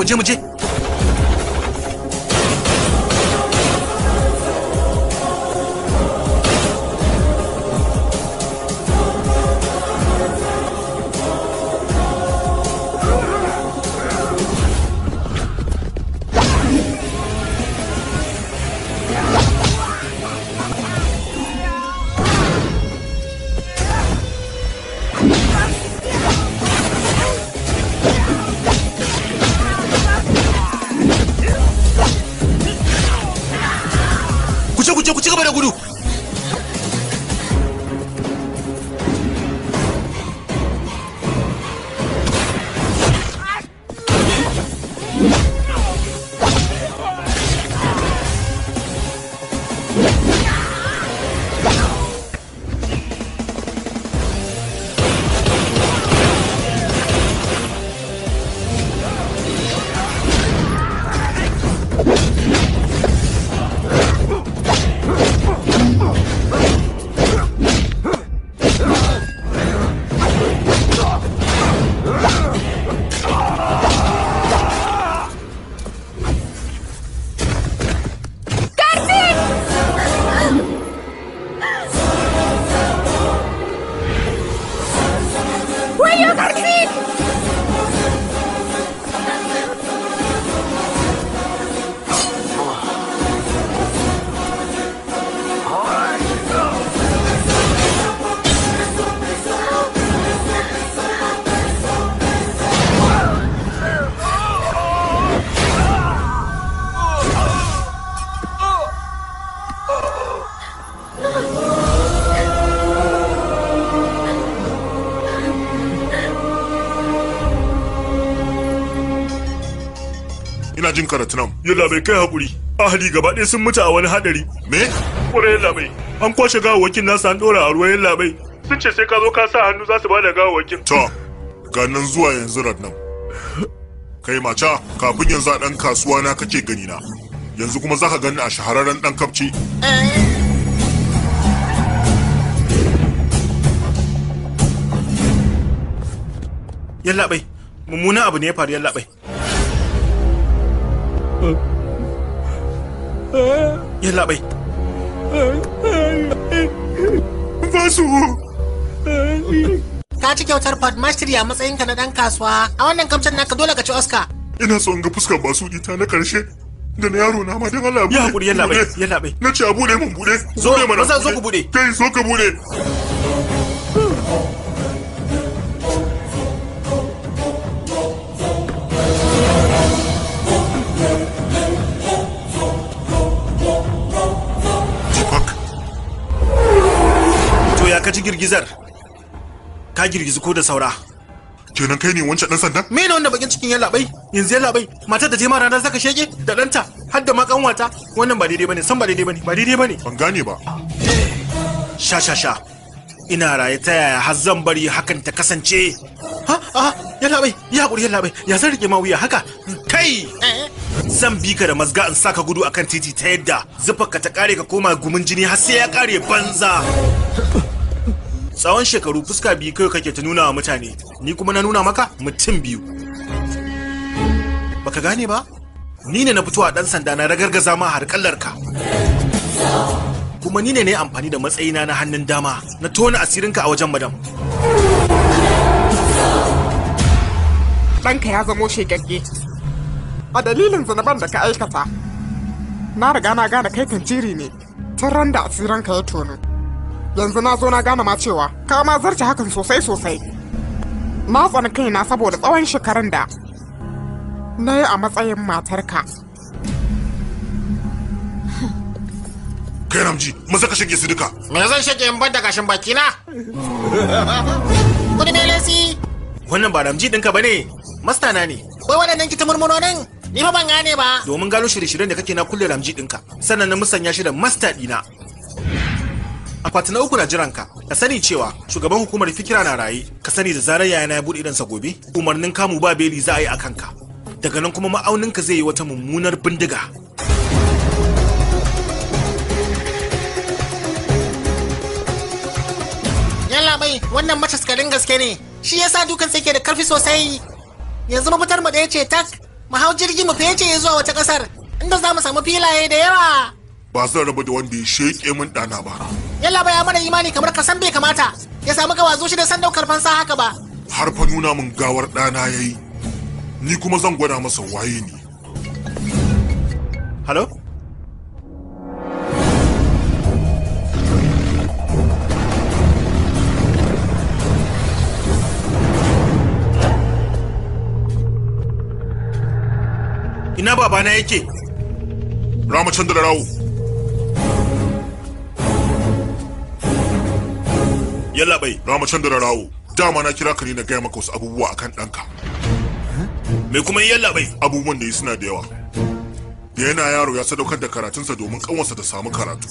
je mu je ina jin karatunam yalla bai kai hakuri ahli gaba ɗaya sun mutu a wani hadari me kure yalla bai an kwashe gawawwakin nasa an dora a ruwa yalla bai sun ce sai ka zo ka sa hannu za su bada gawawwakin to ga nan zuwa yanzu ratnam kai maca kafin yanzu a ɗan kasuwa na kake gani na yanzu kuma zaka gani a shahararren ɗan kafci yallaɓai mummunan abu ne ya faru yallaɓai tabbatar Podmaster a matsayinka na ɗan kasuwa a wannan kamcin naka dole ka ci Oscar. Ina son ga fuskar basu ita na karshe da na yaro na ma dan Allah bude. Ya hakuri yalla bai yalla bai. Na ce a bude mun bude. Zo mana. Zo ku bude. Kai zo ka bude. ya kaci girgizar ta girgizi ko da saura kenan kai ne wancan dan sandan me ne wanda bakin cikin ya labai yanzu ya labai matar da jema rana zaka shege da danta har da ma kanwata wannan ba daidai bane san ba daidai bane ba daidai bane ban gane ba sha sha sha ina raye ta yaya har zan bari hakan ta kasance ha ha ya labai ya hakuri ya labai ya san rike ma wuya haka kai zan bi ka da mazga in saka gudu akan titi ta yadda zufarka ta kare ka koma gumin jini har sai ya kare banza tsawon shekaru fuska biyu kai kake ta nuna wa mutane ni kuma na nuna maka mutum biyu baka gane ba ni ne na fito a dan sanda na ragargaza ma har ka kuma ni ne na amfani da matsayina na hannun dama na tona asirinka a wajen madam ɗanka ya zamo shegagge a dalilin zanaban da ka aikata na riga na gane kai kan jiri ne tun ran da asiranka ya tono yanzu na zo na gane ma cewa ka ma zarce hakan sosai sosai na tsani kaina saboda tsawon shekarun da na yi a matsayin matarka kai ramji maza ka shige su duka me zan shige in bar da gashin baki na kudi ne lesi wannan ba ramji dinka ba ne masta na ne kai waɗannan kita nan ni fa ban gane ba domin gano shirye-shiryen da kake na kulle ramji dinka, sannan na musanya shi da masta dina. akwatin uku na jiran ka ka sani cewa shugaban hukumar fikira na raye ka sani da zarar yayana ya buɗe idansa gobe umarnin kamu ba beli za a yi a kanka daga nan kuma ma'aunin ka zai yi wata mummunar bindiga yalla bai wannan mataskarin gaske ne shi yasa dukan sai ke da karfi sosai yanzu mafitar mu ɗaya ce tak mu hau jirgi mu fece zuwa wata ƙasar inda za mu samu filaye da yawa ba zan raba da wanda ya sheƙe min ɗana ba. Yalla ba ya mana imani kamar ka san bai kamata ya samu ka wazo shi da sandaukar fansa haka ba. Har fa nuna min gawar ɗana ya yi, ni kuma zan gwada masa waye ne. Halo? Ina babana yake? Ramachandra Rao. yalla bai na da rawo dama na kira ka ne na gaya maka wasu abubuwa akan ɗanka me kuma yalla bai abubuwan da yi suna da yawa da yana yaro ya sadaukar da karatunsa domin kanwarsa ta samu karatu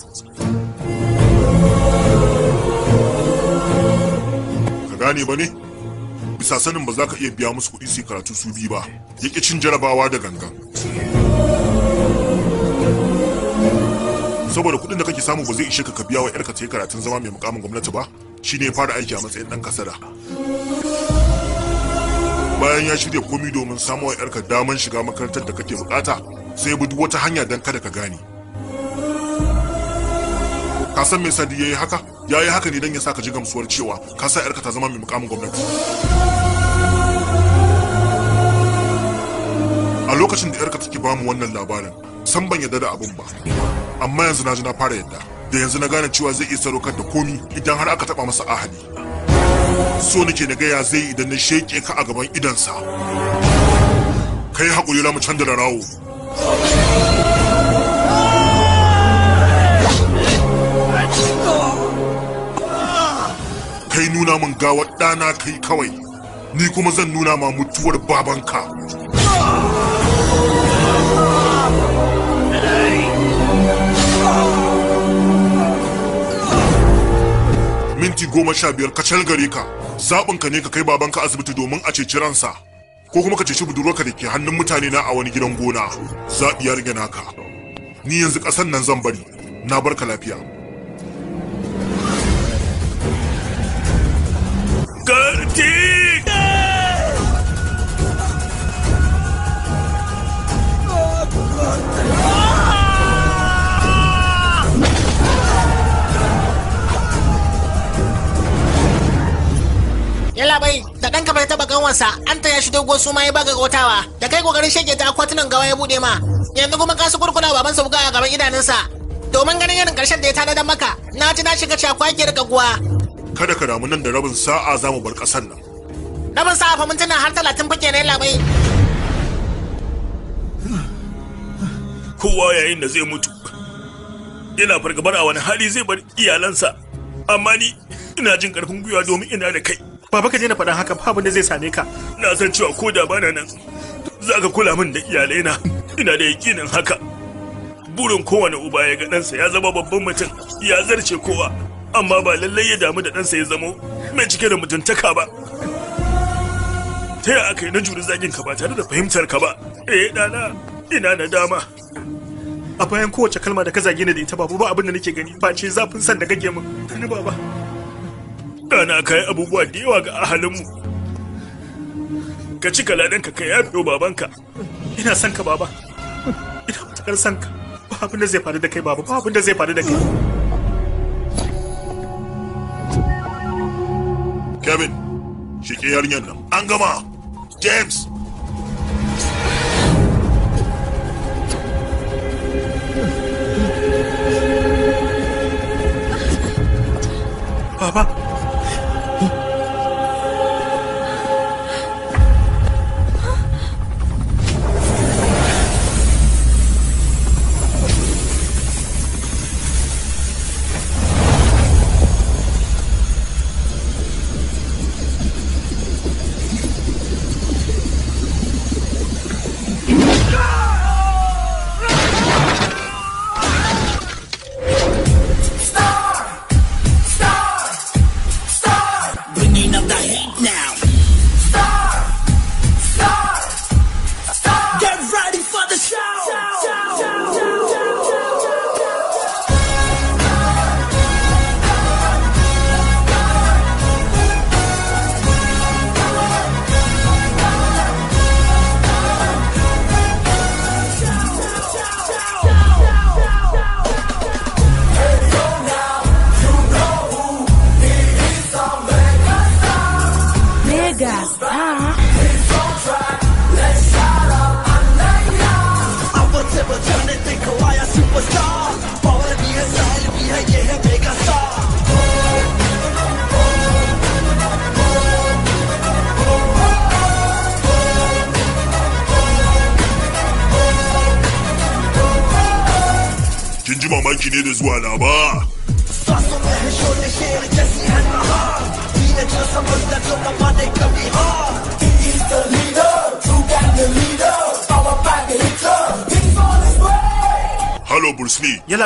ka gane ba ne bisa sanin ba za ka iya biya musu kuɗi su karatu su bi ba ya cin jarabawa da gangan saboda kuɗin da kake samu ba zai ishe ka ka biya wa 'yarka ta yi karatun zama mai mukamin gwamnati ba shi ne fara aiki a matsayin ɗan kasada bayan ya shirya komi domin samun wa yarka daman shiga makarantar da kake bukata sai bi wata hanya don kada ka gane ka san me yasa ya yi haka ya yi haka ne don ya sa ka ji gamsuwar cewa ka sa yarka ta zama mai mukamin gwamnati a lokacin da yarka take bamu wannan labarin san ban yadda da abin ba amma yanzu na ji na fara yadda da yanzu na gane cewa zai iya sadaukar da komi idan har aka taba masa ahali so nake na gaya zai idan na sheke ka a gaban idansa kai haƙuri lamu canza da rawo kai nuna min gawar ɗana kai kawai ni kuma zan nuna ma mutuwar babanka minti goma sha biyar ka gare ka zaɓinka ne ka kai babanka asibiti domin a ceci ransa ko kuma ka ceci budurwarka da ke hannun mutane na a wani gidan gona zaɓi ya rage naka ni yanzu ƙasar nan zan bari na bar ka lafiya Gertie! bai da dan kamar taba ganwansa an taya shi dogo su ma ya baga gotawa da kai kokarin shege ta akwatunan gawa ya bude ma yanzu kuma kasu kurkuna baban sa buga a gaban idanunsa domin ganin irin karshen da ya tada da maka na ji na shiga cewa kwaki rika guwa kada ka damu nan da rabin sa'a zamu bar kasar nan rabin sa'a fa mintuna har talatin fike ne labai kowa yayin da zai mutu yana fargabar a wani hali zai bar iyalansa amma ni ina jin karfin gwiwa domin ina da kai baba ka daina faɗan haka babu da zai same ka na san cewa ko da bana nan za ka kula min da iyalaina ina da yakinin haka burin kowane uba ya ga ɗansa ya zama babban mutum ya zarce kowa amma ba lallai ya damu da ɗansa ya zamo mai cike da mutuntaka ba ta yaya aka yi na juri zagin ka ba tare da fahimtar ka ba eh ɗana ina na dama a bayan kowace kalma da ka zage ni da ita babu ba abin da nake gani ce zafin san da kake min ni baba da na kai abubuwa da yawa ga ahalinmu ka ci kaladanka ka yafe babanka ina son ka baba ina matakar son ka ba abin da zai faru da kai baba ba abin da zai faru da kai kevin shi ke yarinyar nan an gama james Baba,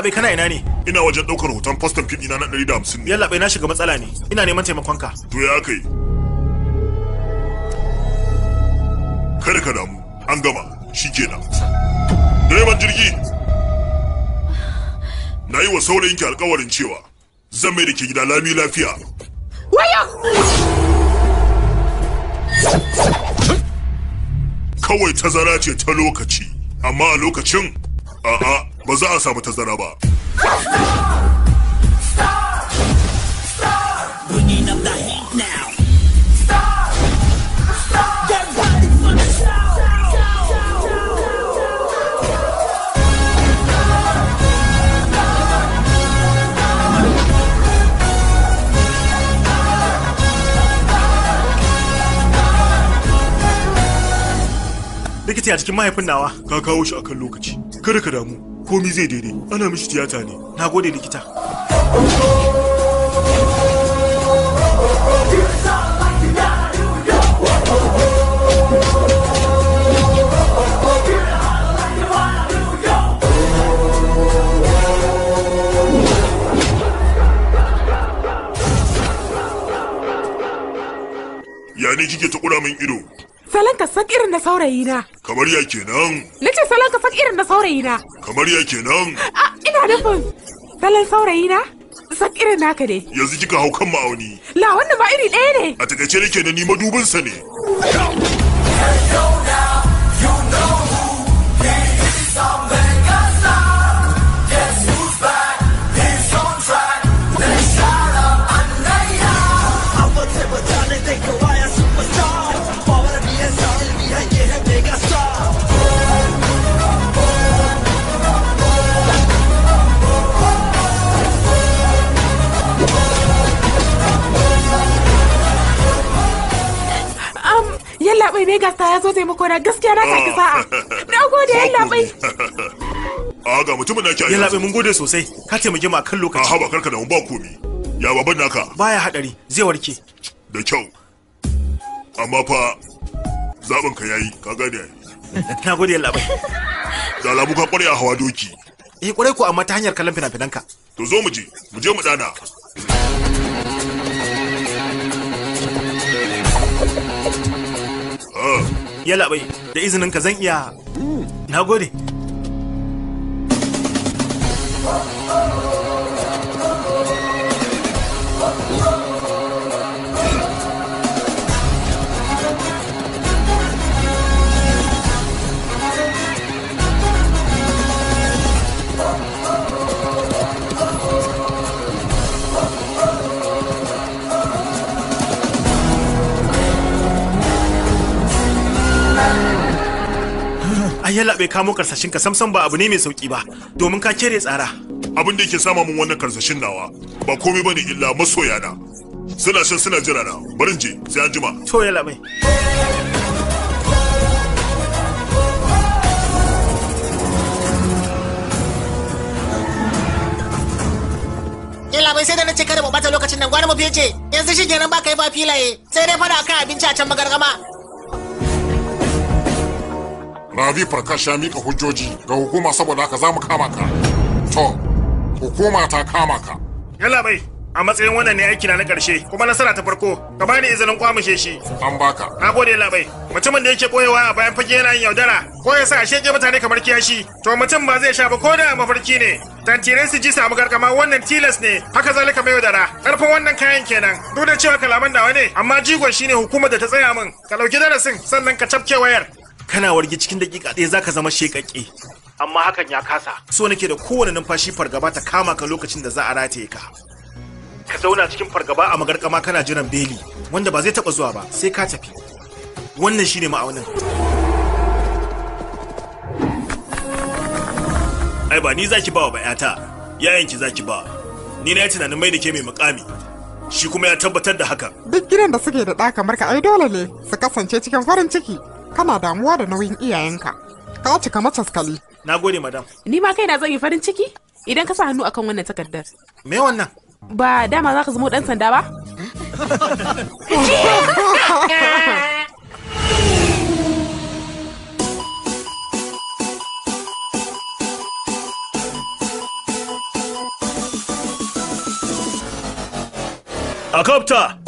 labe kana ina ne ina wajen daukar hoton fostan fim na 150 ne Ya labe na shiga matsala ne ina neman taimakon ka to ya kai kada ka damu an gama shikenan direban jirgi na yi wa saurayinki alkawarin cewa zan mai da ke gida lami lafiya waya kawai tazara ce ta lokaci amma a lokacin a'a ba za a samu tazara ba likita ya cikin mahaifin nawa ka kawo shi akan lokaci kada ka damu komi zai daidai ana mishi tiyata ne na gode likita ya ne kike ta kura min ido salon ka sak irin na saurayi na kamar ya kenan nace salon ka sak irin na saurayi na Kamar ya kenan. Ina nufin salon saurayi na? San irin naka ne. Yanzu kika hau kan ma'auni. La wannan ba iri ɗaya ne. A takaice nake na ni sa ne. gasta ya zo muku na gaskiya na saki sa'a. Na gode ya bai. A ga mutumin na kiyaye. Ya bai mun gode sosai. Ka ce mu akan lokaci. A haba karka da mun ba komi. Ya baban naka. Baya hadari, zai warke. Da kyau. Amma fa zaɓin ka yayi, ka gane. Na gode ya bai. Da labu ka kware a hawa doki. Eh kwarai ko amma ta hanyar kallon fina-finanka. To zo mu je, mu je mu dana. yala bai, da izinin ka zan iya. Na gode. yallaɓe bai kamo karsashin ka samsam ba abu ne mai sauki ba domin ka kere tsara abin da yake sama mun wannan karsashin nawa ba komai bane illa masoya na suna shan suna jira na barin je sai an jima to ya laɓe. yalla bai sai da na ce kada mu bata lokacin nan gwani mu fice yanzu shi kenan ba kai ba filaye sai dai fada akan abinci a can magargama rabi prakash ya mika hujjoji ga hukuma saboda haka za kama ka to hukuma ta kama ka yalla bai a matsayin wannan ne aiki na karshe kuma nasara ta farko ka bani izinin kwamishe shi an baka na gode labai mutumin da yake koyewa a bayan fage yana yin yaudara ko ya sa shege mutane kamar kiyashi to mutum ba zai sha ba ko da mafarki ne tantirai su ji samu garkama wannan tilas ne haka zalika mai yaudara karfin wannan kayan kenan duk da cewa kalaman dawa ne amma jigon shine hukumar da ta tsaya min ka dauki darasin sannan ka cafke wayar kana warge cikin dakika ɗaya zaka zama shekakke amma hakan ya kasa so nake da kowane numfashi fargaba ta kama ka lokacin da za a rataye ka ka zauna cikin fargaba a magarkama kana jiran beli wanda ba zai taba zuwa ba sai ka tafi wannan shine ma'aunin ai ba ni zaki bawa ba yata yayanki zaki ba ni na yi tunanin mai da ke mai mukami shi kuma ya tabbatar da hakan duk gidan da suke da ɗa kamar ka ai dole ne su kasance cikin farin ciki kana damuwa da nauyin iyayenka ka cika mataskali na gode madam ni ma kaina zan yi farin ciki idan ka sa hannu akan wannan takardar me wannan ba dama za ka zama dan sanda ba A Kafta.